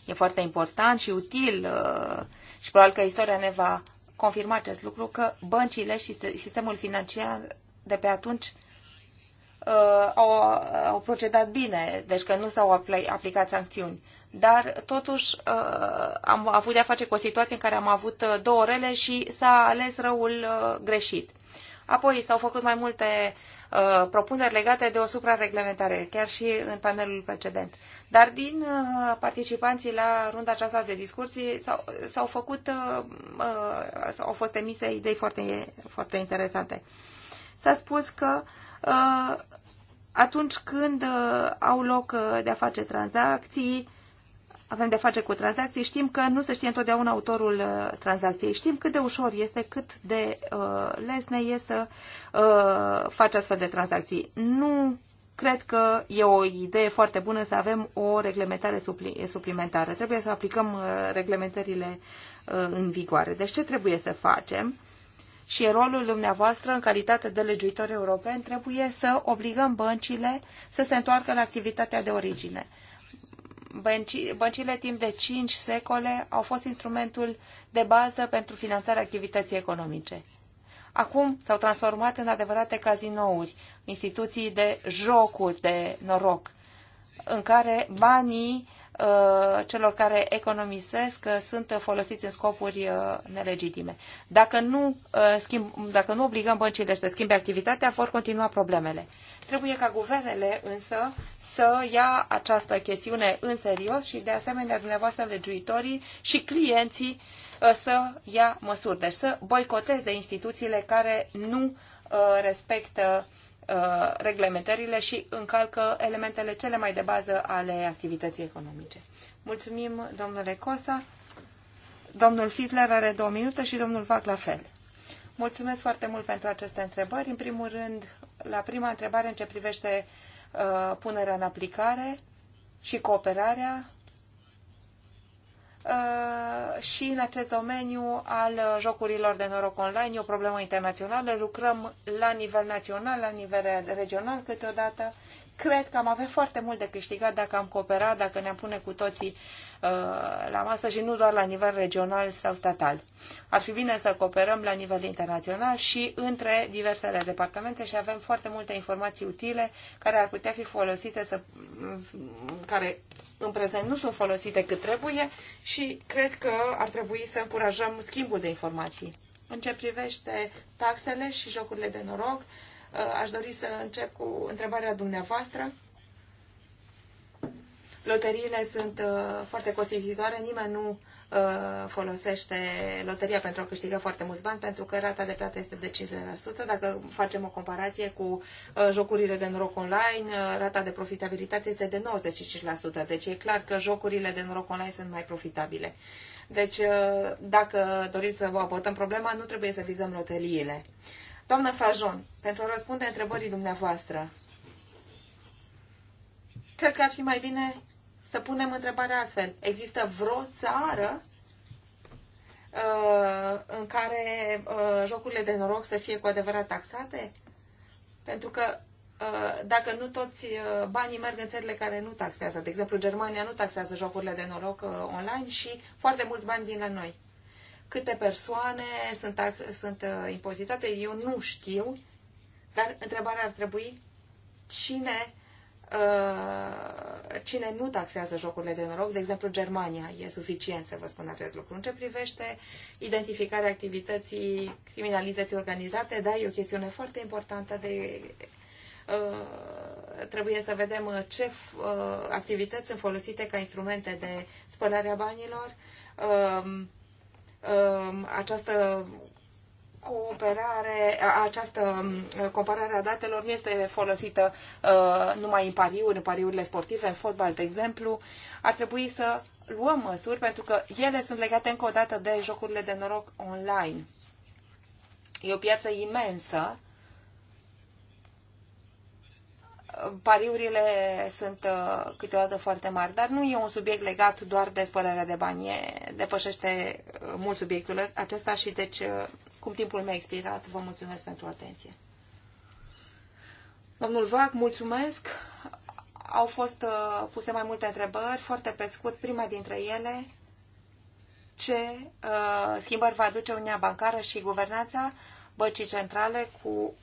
E foarte important și util uh, și probabil că istoria ne va confirma acest lucru că băncile și sistemul financiar de pe atunci uh, au, au procedat bine, deci că nu s-au apl- aplicat sancțiuni. Dar totuși uh, am avut de-a face cu o situație în care am avut două rele și s-a ales răul greșit. Apoi s-au făcut mai multe uh, propuneri legate de o suprareglementare, chiar și în panelul precedent. Dar din uh, participanții la runda aceasta de discuții s-au făcut, uh, uh, au fost emise idei foarte, foarte interesante. S-a spus că uh, atunci când uh, au loc uh, de a face tranzacții, avem de face cu tranzacții, știm că nu se știe întotdeauna autorul uh, tranzacției. Știm cât de ușor este, cât de uh, lesne e să uh, faci astfel de tranzacții. Nu cred că e o idee foarte bună să avem o reglementare supli suplimentară. Trebuie să aplicăm uh, reglementările uh, în vigoare. Deci ce trebuie să facem? și rolul dumneavoastră în calitate de legiuitor europeni trebuie să obligăm băncile să se întoarcă la activitatea de origine băncile timp de cinci secole au fost instrumentul de bază pentru finanțarea activității economice. Acum s-au transformat în adevărate cazinouri, instituții de jocuri de noroc, în care banii Uh, celor care economisesc uh, sunt folosiți în scopuri uh, nelegitime. Dacă nu, schimb, dacă nu obligăm băncile să schimbe activitatea, vor continua problemele. Trebuie ca guvernele însă să ia această chestiune în serios și de asemenea dumneavoastră legiuitorii și clienții să ia măsuri, deci să boicoteze instituțiile care nu respectă uh, Uh, reglementările și încalcă elementele cele mai de bază ale activității economice. Mulțumim, domnule Cosa. Domnul Fitler are două minute și domnul Vac la fel. Mulțumesc foarte mult pentru aceste întrebări. În primul rând, la prima întrebare în ce privește uh, punerea în aplicare și cooperarea, Uh, și în acest domeniu al jocurilor de noroc online. E o problemă internațională. Lucrăm la nivel național, la nivel regional câteodată. Cred că am avea foarte mult de câștigat dacă am cooperat, dacă ne-am pune cu toții Uh, la masă și nu doar la nivel regional sau statal. Ar fi bine să cooperăm la nivel internațional și între diversele departamente și avem foarte multe informații utile care ar putea fi folosite, să, care în prezent nu sunt folosite cât trebuie și cred că ar trebui să încurajăm schimbul de informații. În ce privește taxele și jocurile de noroc, uh, aș dori să încep cu întrebarea dumneavoastră. Loteriile sunt uh, foarte costisitoare, nimeni nu uh, folosește loteria pentru a câștiga foarte mulți bani, pentru că rata de plată este de 50%. Dacă facem o comparație cu uh, jocurile de noroc online, rata de profitabilitate este de 95%. Deci e clar că jocurile de noroc online sunt mai profitabile. Deci, dacă doriți să vă abordăm problema, nu trebuie să vizăm loteriile. Doamnă Fajon, pentru a răspunde întrebării dumneavoastră, cred că ar fi mai bine să punem întrebarea astfel. Există vreo țară uh, în care uh, jocurile de noroc să fie cu adevărat taxate? Pentru că uh, dacă nu toți banii merg în țările care nu taxează. De exemplu, Germania nu taxează jocurile de noroc online și foarte mulți bani vin la noi. Câte persoane sunt, sunt impozitate, eu nu știu, dar întrebarea ar trebui cine Uh, cine nu taxează jocurile de noroc, de exemplu Germania, e suficient să vă spun acest lucru. În ce privește identificarea activității criminalității organizate, da, e o chestiune foarte importantă de uh, trebuie să vedem uh, ce activități sunt folosite ca instrumente de spălare a banilor. Um, um, această cooperare, această mm, comparare a datelor nu este folosită uh, numai în pariuri, în pariurile sportive, în fotbal, de exemplu. Ar trebui să luăm măsuri pentru că ele sunt legate încă o dată de jocurile de noroc online. E o piață imensă. Pariurile sunt uh, câteodată foarte mari, dar nu e un subiect legat doar de spălarea de bani. E, depășește uh, mult subiectul acesta și deci uh, cum timpul mi-a expirat, vă mulțumesc pentru atenție. Domnul Vac, mulțumesc. Au fost uh, puse mai multe întrebări, foarte pe scurt, prima dintre ele, ce uh, schimbări va aduce Uniunea Bancară și guvernanța băcii centrale cu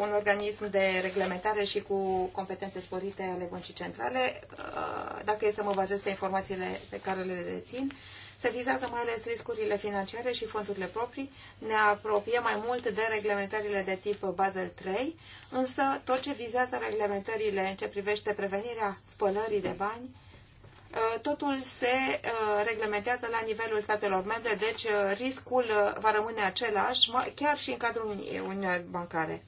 un organism de reglementare și cu competențe sporite ale băncii centrale, uh, dacă e să mă bazez pe informațiile pe care le dețin. Se vizează mai ales riscurile financiare și fondurile proprii. Ne apropiem mai mult de reglementările de tip Basel 3, însă tot ce vizează reglementările în ce privește prevenirea spălării de bani, uh, totul se uh, reglementează la nivelul statelor membre, deci uh, riscul va rămâne același, chiar și în cadrul Uniunii Bancare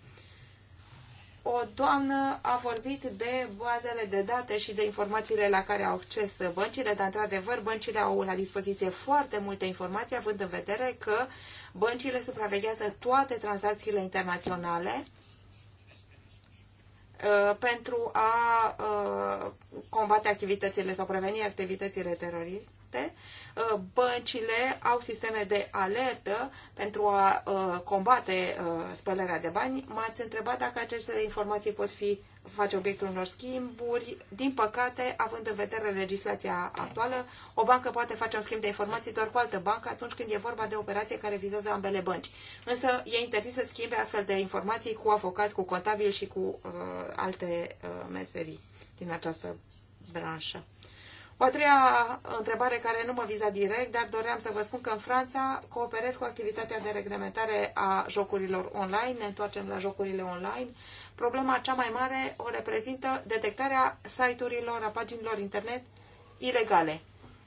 o doamnă a vorbit de bazele de date și de informațiile la care au acces băncile, dar într-adevăr băncile au la dispoziție foarte multe informații, având în vedere că băncile supraveghează toate tranzacțiile internaționale uh, pentru a uh, combate activitățile sau preveni activitățile teroriste Uh, băncile au sisteme de alertă pentru a uh, combate uh, spălarea de bani. M-ați întrebat dacă aceste informații pot fi face obiectul unor schimburi. Din păcate, având în vedere legislația actuală, o bancă poate face un schimb de informații doar cu altă bancă atunci când e vorba de operație care vizează ambele bănci. Însă e interzis să schimbe astfel de informații cu avocați, cu contabili și cu uh, alte uh, meserii din această branșă. O a treia întrebare care nu mă viza direct, dar doream să vă spun că în Franța cooperez cu activitatea de reglementare a jocurilor online, ne întoarcem la jocurile online. Problema cea mai mare o reprezintă detectarea site-urilor, a paginilor internet ilegale.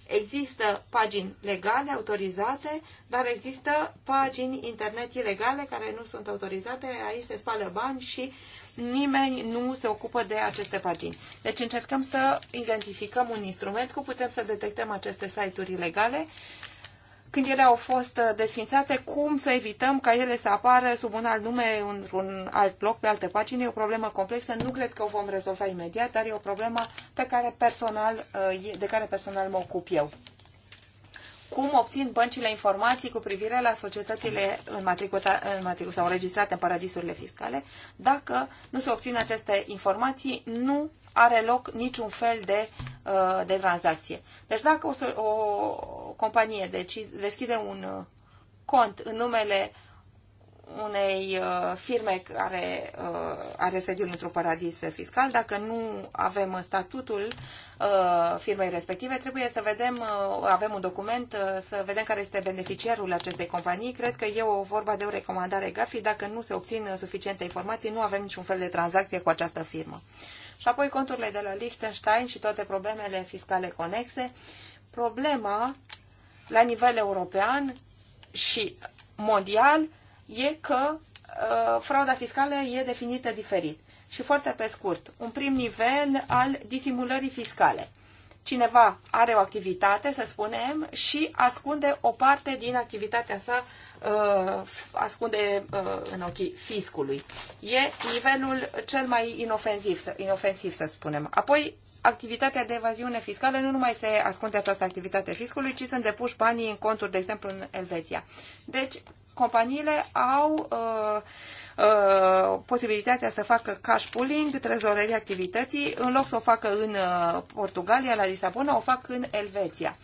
Există pagini legale, autorizate, dar există pagini internet ilegale care nu sunt autorizate, aici se spală bani și uh, nimeni nu se ocupă de aceste pagini. Deci încercăm să identificăm un instrument cu putem să detectăm aceste site-uri ilegale, când ele au fost uh, desfințate, cum să evităm ca ele să apară sub un alt nume, într-un alt bloc, pe alte pagini. E o problemă complexă, nu cred că o vom rezolva imediat, dar e o problemă pe care personal, uh, de care personal mă ocup eu cum obțin băncile informații cu privire la societățile înmatricu- sau înregistrate în paradisurile fiscale. Dacă nu se obțin aceste informații, nu are loc niciun fel de, uh, de tranzacție. Deci dacă o, o companie deci, deschide un uh, cont în numele unei uh, firme care uh, are sediul într-un paradis fiscal, dacă nu avem statutul uh, firmei respective, trebuie să vedem, avem un document, să vedem care este beneficiarul acestei companii. Cred că e o vorba de o recomandare GAFI, dacă nu se obțin suficiente informații, nu avem niciun fel de tranzacție cu această firmă. Și apoi conturile de la Liechtenstein și toate problemele fiscale conexe. Problema la nivel european și mondial e că uh, frauda fiscală e definită diferit. Și foarte pe scurt, un prim nivel al disimulării fiscale. Cineva are o activitate, să spunem, și ascunde o parte din activitatea sa, uh, ascunde uh, în ochii fiscului. E nivelul cel mai inofensiv, inofensiv să spunem. Apoi, activitatea de evaziune fiscală nu numai se ascunde această activitate fiscului, ci sunt depuși banii în conturi, de exemplu, în Elveția. Deci, companiile au uh, uh, posibilitatea să facă cash pooling, trezorerii activității, în loc să o facă în uh, Portugalia, la Lisabona, o fac în Elveția.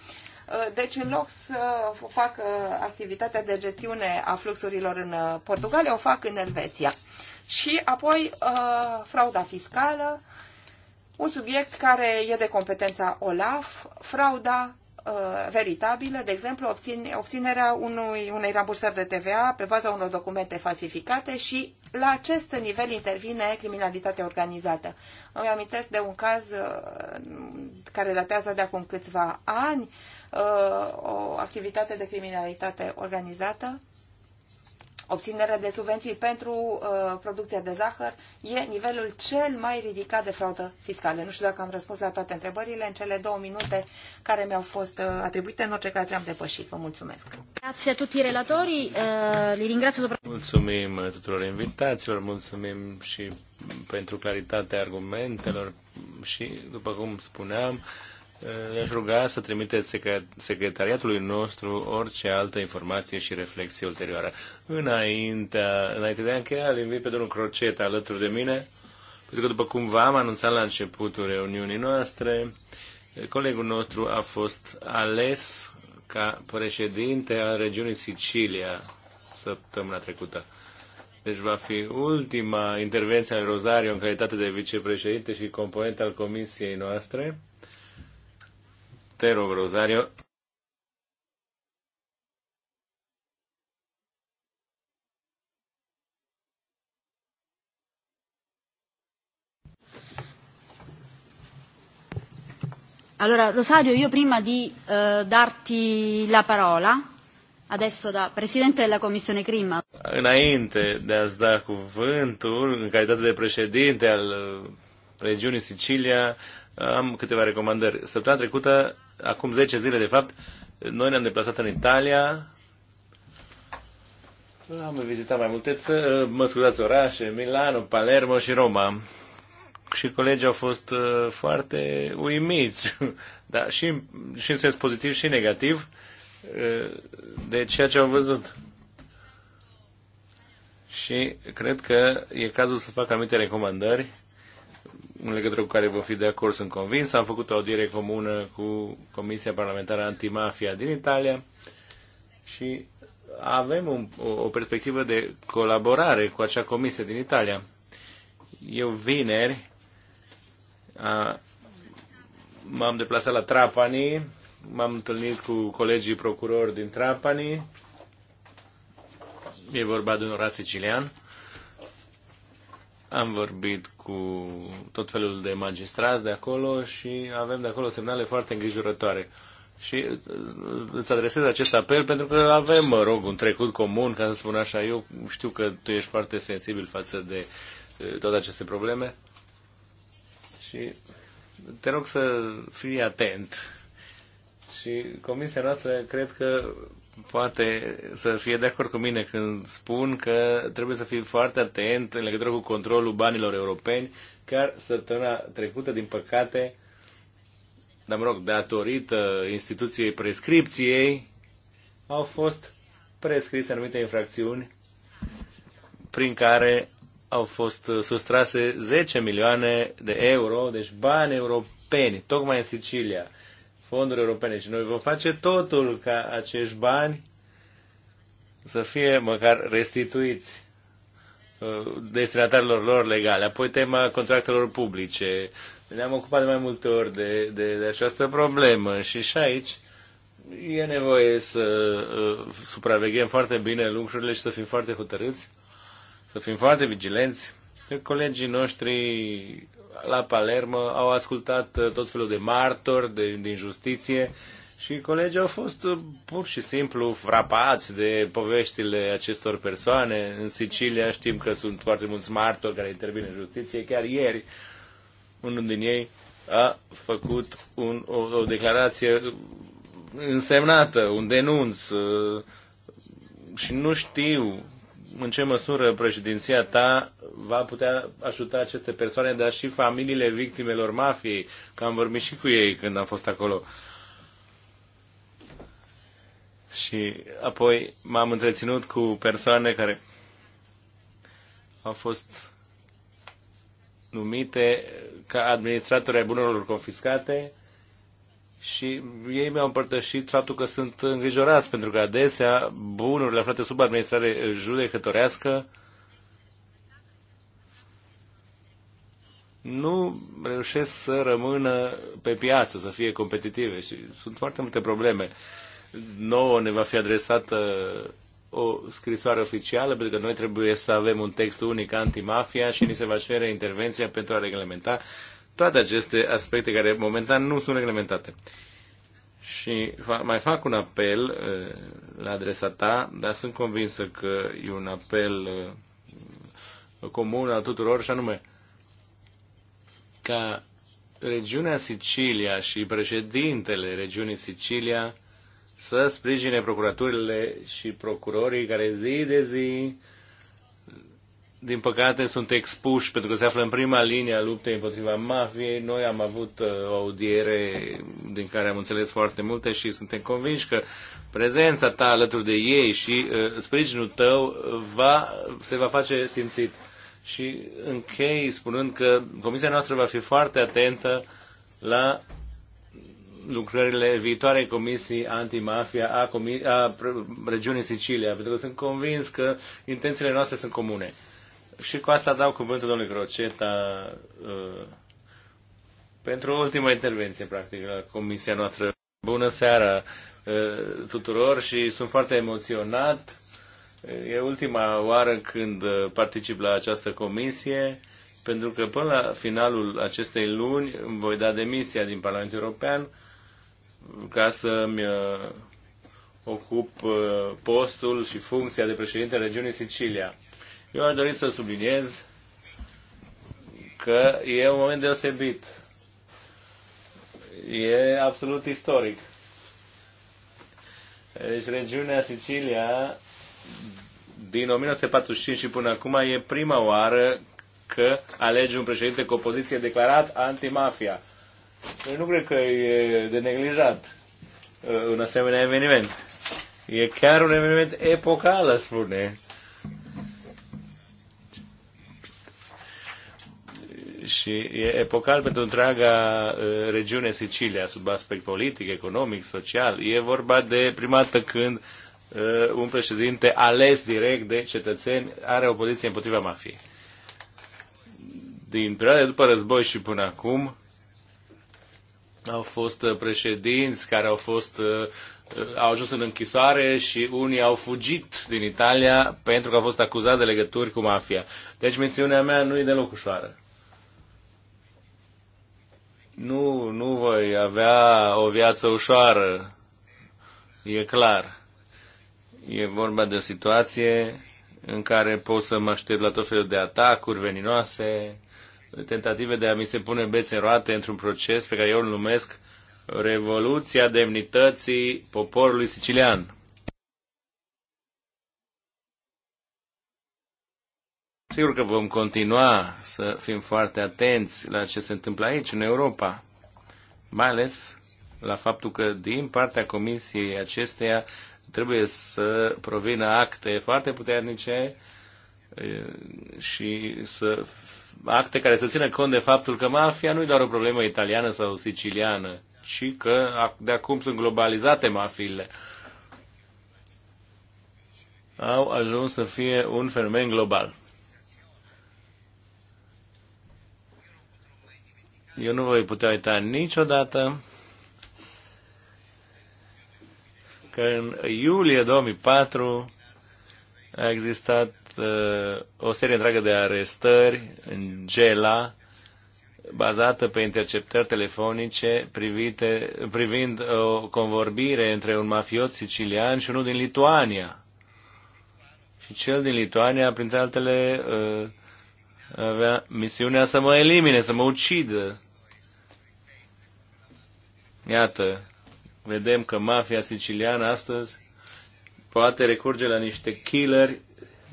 Uh, deci, în loc să fac activitatea de gestiune a fluxurilor în uh, Portugalia, o fac în Elveția. Și apoi, frauda fiscală, un subiect care e de competența OLAF, frauda Uh, veritabilă, de exemplu, obținerea unui, unei rambursări de TVA pe baza unor documente falsificate și la acest nivel intervine criminalitatea organizată. Îmi amintesc de un caz uh, care datează de acum câțiva ani, uh, o activitate de criminalitate organizată obținere de subvenții pentru uh, producția de zahăr e nivelul cel mai ridicat de fraudă fiscală. Nu știu dacă am răspuns la toate întrebările în cele două minute care mi-au fost uh, atribuite, în orice caz le-am depășit. Vă mulțumesc.
Grazie a tutti relatori, uh, li ringrazio
Mulțumim tuturor invitaților, mulțumim și pentru claritatea argumentelor și, după cum spuneam, Eh, le-aș ruga să trimiteți secretariatului nostru orice altă informație și reflexie ulterioară. Înainte, înainte de a încheia, îl invit pe domnul Crocet alături de mine, pentru că după cum v-am anunțat la începutul reuniunii noastre, eh, colegul nostru a fost ales ca președinte al regiunii Sicilia săptămâna trecută. Deci va fi ultima intervenție a Rosario în calitate de vicepreședinte și component al comisiei noastre rog, Rosario.
Allora, Rosario, io prima di eh, darti la parola, adesso da Presidente della Commissione Crima.
Înainte de a-ți da cuvântul, în calitate de președinte al eh, regiunii Sicilia, am câteva recomandări. Săptămâna trecută acum 10 zile, de fapt, noi ne-am deplasat în Italia, am vizitat mai multe țări, mă scuzați, orașe, Milano, Palermo și Roma. Și colegii au fost uh, foarte uimiți, dar și, și în sens pozitiv și negativ, uh, de ceea ce au văzut. Și cred că e cazul să fac anumite recomandări în legătură cu care vă fi de acord, sunt convins. Am făcut o audiere comună cu Comisia Parlamentară Antimafia din Italia și avem un, o, o perspectivă de colaborare cu acea comisie din Italia. Eu vineri m-am deplasat la Trapani, m-am întâlnit cu colegii procurori din Trapani, e vorba de un oraș sicilian, am vorbit cu tot felul de magistrați de acolo și avem de acolo semnale foarte îngrijorătoare. Și uh, îți adresez acest apel pentru că avem, mă rog, un trecut comun, ca să spun așa. Eu știu că tu ești foarte sensibil față de toate aceste probleme și te rog să fii atent. Și comisia noastră cred că poate să fie de acord cu mine când spun că trebuie să fim foarte atent în legătură cu controlul banilor europeni. Chiar săptămâna trecută, din păcate, dar mă rog, datorită instituției prescripției, au fost prescrise anumite infracțiuni prin care au fost sustrase 10 milioane de euro, deci bani europeni, tocmai în Sicilia fonduri europene și noi vom face totul ca acești bani să fie măcar restituiți uh, destinatarilor lor legale. Apoi tema contractelor publice. Ne-am ocupat de mai multe ori de, de, de această problemă și și aici e nevoie să uh, supraveghem foarte bine lucrurile și să fim foarte hotărâți, să fim foarte vigilenți. Colegii noștri la Palermo, au ascultat uh, tot felul de martori de, din justiție și colegii au fost uh, pur și simplu frapați de poveștile acestor persoane. În Sicilia știm că sunt foarte mulți martori care intervin în justiție. Chiar ieri, unul din ei a făcut un, o, o declarație însemnată, un denunț uh, și nu știu în ce măsură președinția ta va putea ajuta aceste persoane, dar și familiile victimelor mafiei, că am vorbit și cu ei când am fost acolo. Și apoi m-am întreținut cu persoane care au fost numite ca administratori ai bunurilor confiscate și ei mi-au împărtășit faptul că sunt îngrijorați pentru că adesea bunurile aflate sub administrare judecătorească nu reușesc să rămână pe piață, să fie competitive și sunt foarte multe probleme. Nouă ne va fi adresată o scrisoare oficială, pentru că noi trebuie să avem un text unic antimafia și ni se va cere intervenția pentru a reglementa toate aceste aspecte care momentan nu sunt reglementate. Și mai fac un apel uh, la adresa ta, dar sunt convinsă că e un apel uh, comun al tuturor, și anume ca regiunea Sicilia și președintele regiunii Sicilia să sprijine procuraturile și procurorii care zi de zi din păcate, sunt expuși pentru că se află în prima linie a luptei împotriva mafiei. Noi am avut uh, o audiere din care am înțeles foarte multe și suntem convinși că prezența ta alături de ei și uh, sprijinul tău va, se va face simțit. Și închei spunând că comisia noastră va fi foarte atentă la lucrările viitoarei comisii antimafia a, comi- a regiunii Sicilia, pentru că sunt convins că intențiile noastre sunt comune. Și cu asta dau cuvântul domnului Croceta uh, pentru ultima intervenție, practic, la comisia noastră. Bună seara uh, tuturor și sunt foarte emoționat. E ultima oară când uh, particip la această comisie, pentru că până la finalul acestei luni îmi voi da demisia din Parlamentul European ca să-mi ocup postul și funcția de președinte al regiunii Sicilia. Eu aș dori să subliniez că e un moment deosebit. E absolut istoric. Deci regiunea Sicilia din 1945 și până acum e prima oară că alege un președinte cu o poziție declarat antimafia. Eu deci nu cred că e de neglijat uh, un asemenea eveniment. E chiar un eveniment epocal, spune. și e epocal pentru întreaga regiune Sicilia, sub aspect politic, economic, social. E vorba de prima dată când un președinte ales direct de cetățeni are o poziție împotriva mafiei. Din perioada după război și până acum, au fost președinți care au fost au ajuns în închisoare și unii au fugit din Italia pentru că au fost acuzați de legături cu mafia. Deci misiunea mea nu e deloc ușoară. Nu, nu voi avea o viață ușoară, e clar. E vorba de o situație în care pot să mă aștept la tot felul de atacuri veninoase, tentative de a mi se pune bețe în roate într-un proces pe care eu îl numesc Revoluția Demnității Poporului Sicilian. Sigur că vom continua să fim foarte atenți la ce se întâmplă aici, în Europa, mai ales la faptul că din partea Comisiei acesteia trebuie să provină acte foarte puternice și să acte care să țină cont de faptul că mafia nu e doar o problemă italiană sau siciliană, ci că de acum sunt globalizate mafiile. Au ajuns să fie un fenomen global. Eu nu voi putea uita niciodată că în iulie 2004 a existat uh, o serie întreagă de arestări în Gela, bazată pe interceptări telefonice privite, privind o convorbire între un mafiot sicilian și unul din Lituania. Și cel din Lituania, printre altele, uh, avea misiunea să mă elimine, să mă ucidă. Iată, vedem că mafia siciliană astăzi poate recurge la niște killeri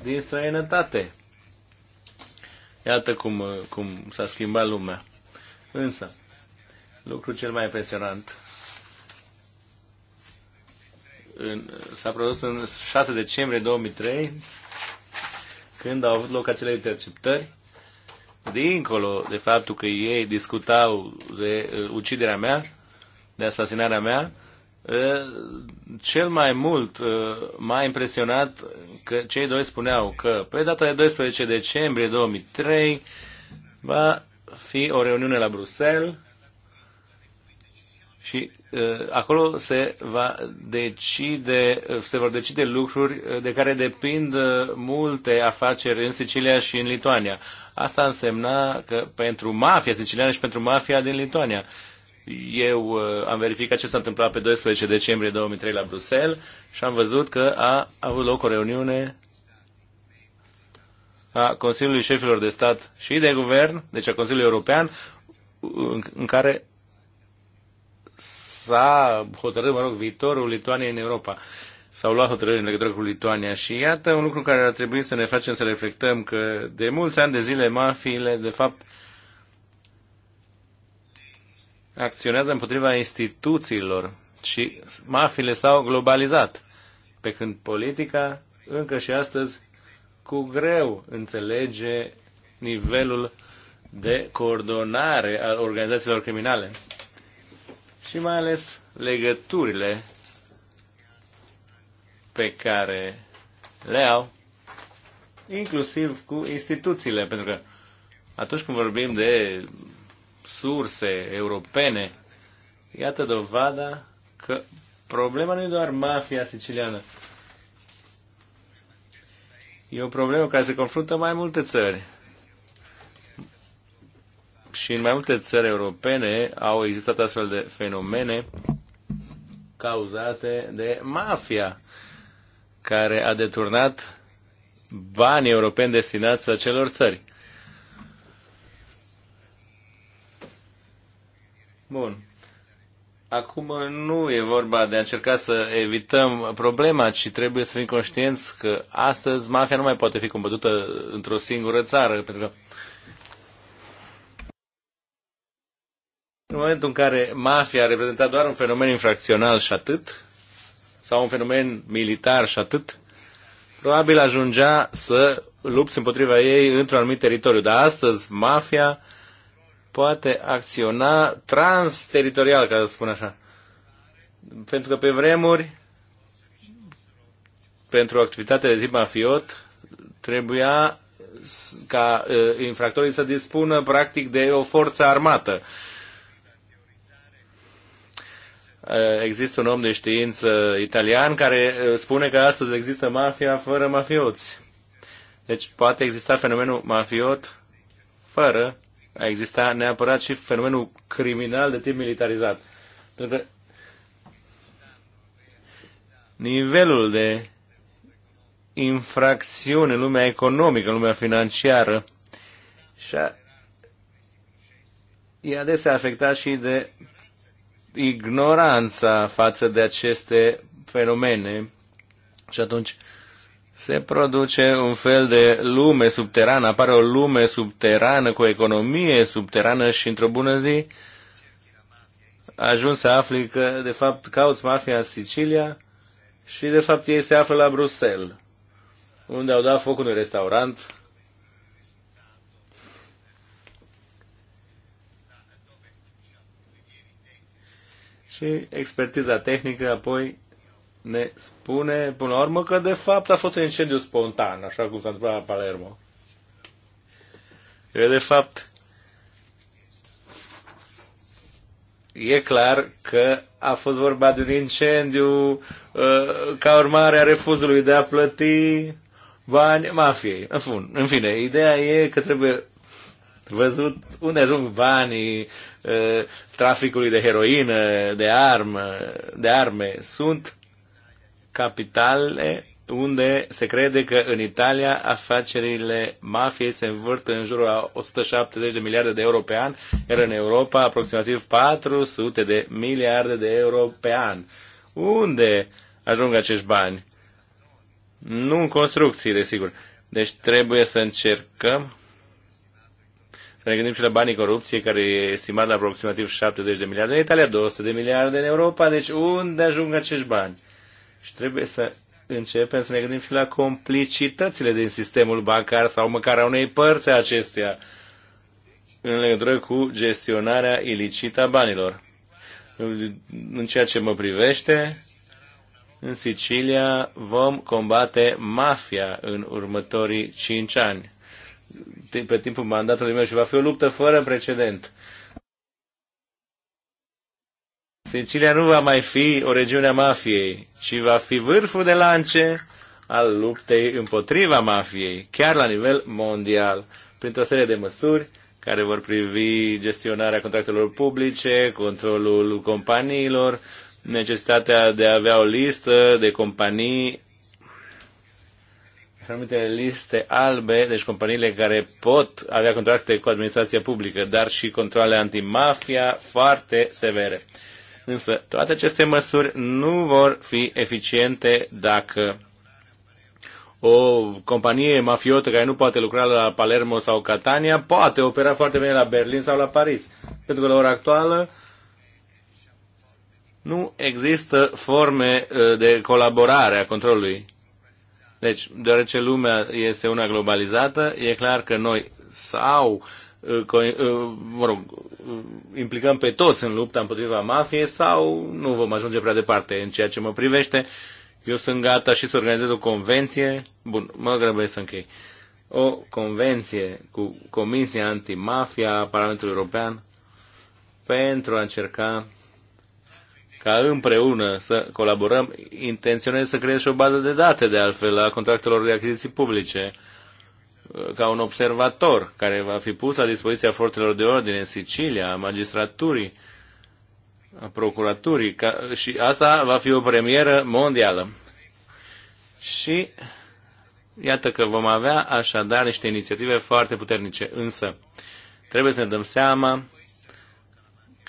din străinătate. Iată cum, cum s-a schimbat lumea. Însă, lucru cel mai impresionant, s-a produs în 6 decembrie 2003, când au avut loc acele interceptări dincolo de faptul că ei discutau de uh, uciderea mea, de asasinarea mea, uh, cel mai mult uh, m-a impresionat că cei doi spuneau că pe data de 12 decembrie 2003 va fi o reuniune la Bruxelles și uh, acolo se va decide, se vor decide lucruri uh, de care depind uh, multe afaceri în Sicilia și în Lituania. Asta însemna că pentru mafia siciliană și pentru mafia din Lituania. Eu uh, am verificat ce s-a întâmplat pe 12 decembrie 2003 la Bruxelles și am văzut că a avut loc o reuniune a Consiliului Șefilor de Stat și de Guvern, deci a Consiliului European, în care s-a hotărât, mă rog, viitorul Lituaniei în Europa. S-au luat hotărâri în legătură cu Lituania și iată un lucru care ar trebui să ne facem să reflectăm că de mulți ani de zile mafiile, de fapt, acționează împotriva instituțiilor și mafiile s-au globalizat, pe când politica încă și astăzi cu greu înțelege nivelul de coordonare al organizațiilor criminale și mai ales legăturile pe care le au, inclusiv cu instituțiile, pentru că atunci când vorbim de surse europene, iată dovada că problema nu e doar mafia siciliană. E o problemă care se confruntă mai multe țări și în mai multe țări europene au existat astfel de fenomene cauzate de mafia, care a deturnat banii europeni destinați acelor țări. Bun. Acum nu e vorba de a încerca să evităm problema, ci trebuie să fim conștienți că astăzi mafia nu mai poate fi combătută într-o singură țară, pentru că În momentul în care mafia a reprezentat doar un fenomen infracțional și atât, sau un fenomen militar și atât, probabil ajungea să lupți împotriva ei într-un anumit teritoriu. Dar astăzi mafia poate acționa transteritorial, ca să spun așa. Pentru că pe vremuri, pentru o activitate de tip mafiot, trebuia ca uh, infractorii să dispună practic de o forță armată. Uh, Eh, există un om de știință italian care eh, spune că astăzi există mafia fără mafioți. Deci poate exista fenomenul mafiot fără a exista neapărat și fenomenul criminal de tip militarizat. Pentru că nivelul de infracțiune în lumea economică, în lumea financiară și a, e adesea afectat și de ignoranța față de aceste fenomene și atunci se produce un fel de lume subterană, apare o lume subterană cu o economie subterană și într-o bună zi ajung să afli că de fapt cauți mafia în Sicilia și de fapt ei se află la Bruxelles, unde au dat foc unui restaurant Și expertiza tehnică apoi ne spune, până la urmă, că de fapt a fost un incendiu spontan, așa cum s-a întâmplat la Palermo. E de fapt, e clar că a fost vorba de un incendiu uh, ca urmare a refuzului de a plăti bani mafiei. În, fun, în fine, ideea e că trebuie văzut unde ajung banii traficului de heroină, de, armă, de arme. Sunt capitale unde se crede că în Italia afacerile mafiei se învârt în jurul a 170 de miliarde de euro pe an, iar în Europa aproximativ 400 de miliarde de euro pe an. Unde ajung acești bani? Nu în construcții, desigur. Deci trebuie să încercăm să ne gândim și la banii corupției, care e estimat la aproximativ 70 de miliarde în Italia, 200 de miliarde în Europa. Deci unde ajung acești bani? Și trebuie să începem să ne gândim și la complicitățile din sistemul bancar sau măcar a unei părți a acestuia în legătură cu gestionarea ilicită a banilor. În ceea ce mă privește, în Sicilia vom combate mafia în următorii cinci ani pe timpul mandatului meu și va fi o luptă fără precedent. Sicilia nu va mai fi o regiune a mafiei, ci va fi vârful de lance al luptei împotriva mafiei, chiar la nivel mondial, printr-o serie de măsuri care vor privi gestionarea contractelor publice, controlul companiilor, necesitatea de a avea o listă de companii anumite liste albe, deci companiile care pot avea contracte cu administrația publică, dar și controle antimafia foarte severe. Însă, toate aceste măsuri nu vor fi eficiente dacă o companie mafiotă care nu poate lucra la Palermo sau Catania poate opera foarte bine la Berlin sau la Paris. Pentru că la ora actuală nu există forme eh, de colaborare a controlului. Deci, deoarece lumea este una globalizată, e clar că noi sau uh, uh, mă rog, uh, implicăm pe toți în lupta împotriva mafiei sau nu vom ajunge prea departe în ceea ce mă privește. Eu sunt gata și să organizez o convenție, bun, mă grăbesc să închei, o convenție cu Comisia Antimafia a Parlamentului European pentru a încerca ca împreună să colaborăm, intenționez să creez și o bază de date, de altfel, a contractelor de achiziții publice, uh, ca un observator care va fi pus la dispoziția forțelor de ordine în Sicilia, a magistraturii, a procuraturii, ca, și asta va fi o premieră mondială. Și iată că vom avea așadar niște inițiative foarte puternice, însă trebuie să ne dăm seama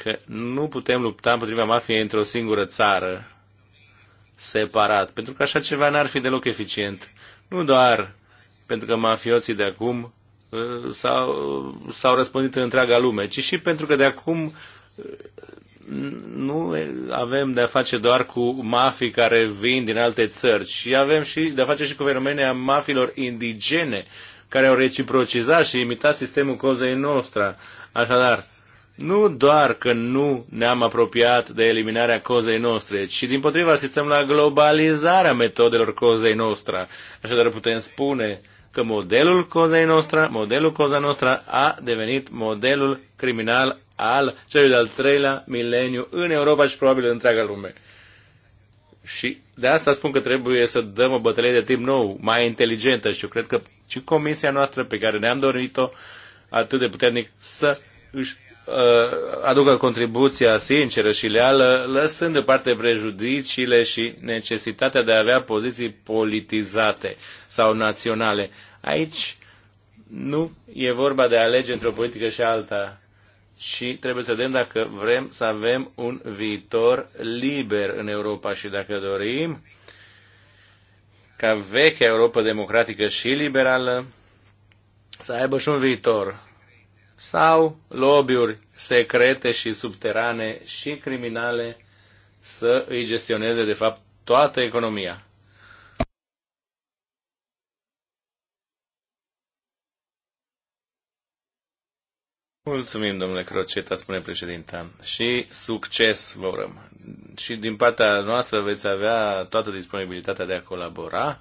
că nu putem lupta împotriva mafiei într-o singură țară, separat, pentru că așa ceva n-ar fi deloc eficient. Nu doar pentru că mafioții de acum uh, s-au, s-au răspândit în întreaga lume, ci și pentru că de acum uh, nu avem de-a face doar cu mafii care vin din alte țări, ci avem și de-a face și cu fenomenea mafilor indigene care au reciprocizat și imitat sistemul cozei nostra. Așadar, nu doar că nu ne-am apropiat de eliminarea cozei noastre, ci din potriva asistăm la globalizarea metodelor cozei noastre. Așadar putem spune că modelul cozei noastre, modelul coza noastră a devenit modelul criminal al celui de-al treilea mileniu în Europa și probabil în întreaga lume. Și de asta spun că trebuie să dăm o bătălie de timp nou, mai inteligentă și eu cred că și comisia noastră pe care ne-am dorit-o atât de puternic să își Uh, aducă contribuția sinceră și leală, lăsând deoparte prejudiciile și necesitatea de a avea poziții politizate sau naționale. Aici nu e vorba de a alege între o politică și alta, și trebuie să vedem dacă vrem să avem un viitor liber în Europa și dacă dorim ca vechea Europa democratică și liberală să aibă și un viitor sau lobby-uri secrete și subterane și criminale să îi gestioneze, de fapt, toată economia. Mulțumim, domnule Croceta, spune președinta, și succes vă urăm. Și din partea noastră veți avea toată disponibilitatea de a colabora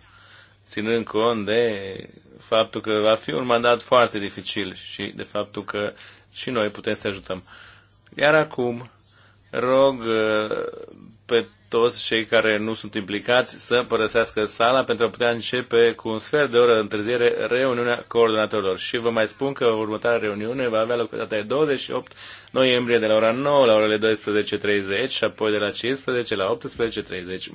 ținând cont de faptul că va fi un mandat foarte dificil și de faptul că și noi putem să ajutăm. Iar acum rog uh, pe toți cei care nu sunt implicați să părăsească sala pentru a putea începe cu un sfert de oră de întârziere reuniunea coordonatorilor. Și vă mai spun că următoarea reuniune va avea loc pe data de 28 noiembrie de la ora 9 la orele 12.30 și apoi de la 15 la 18.30.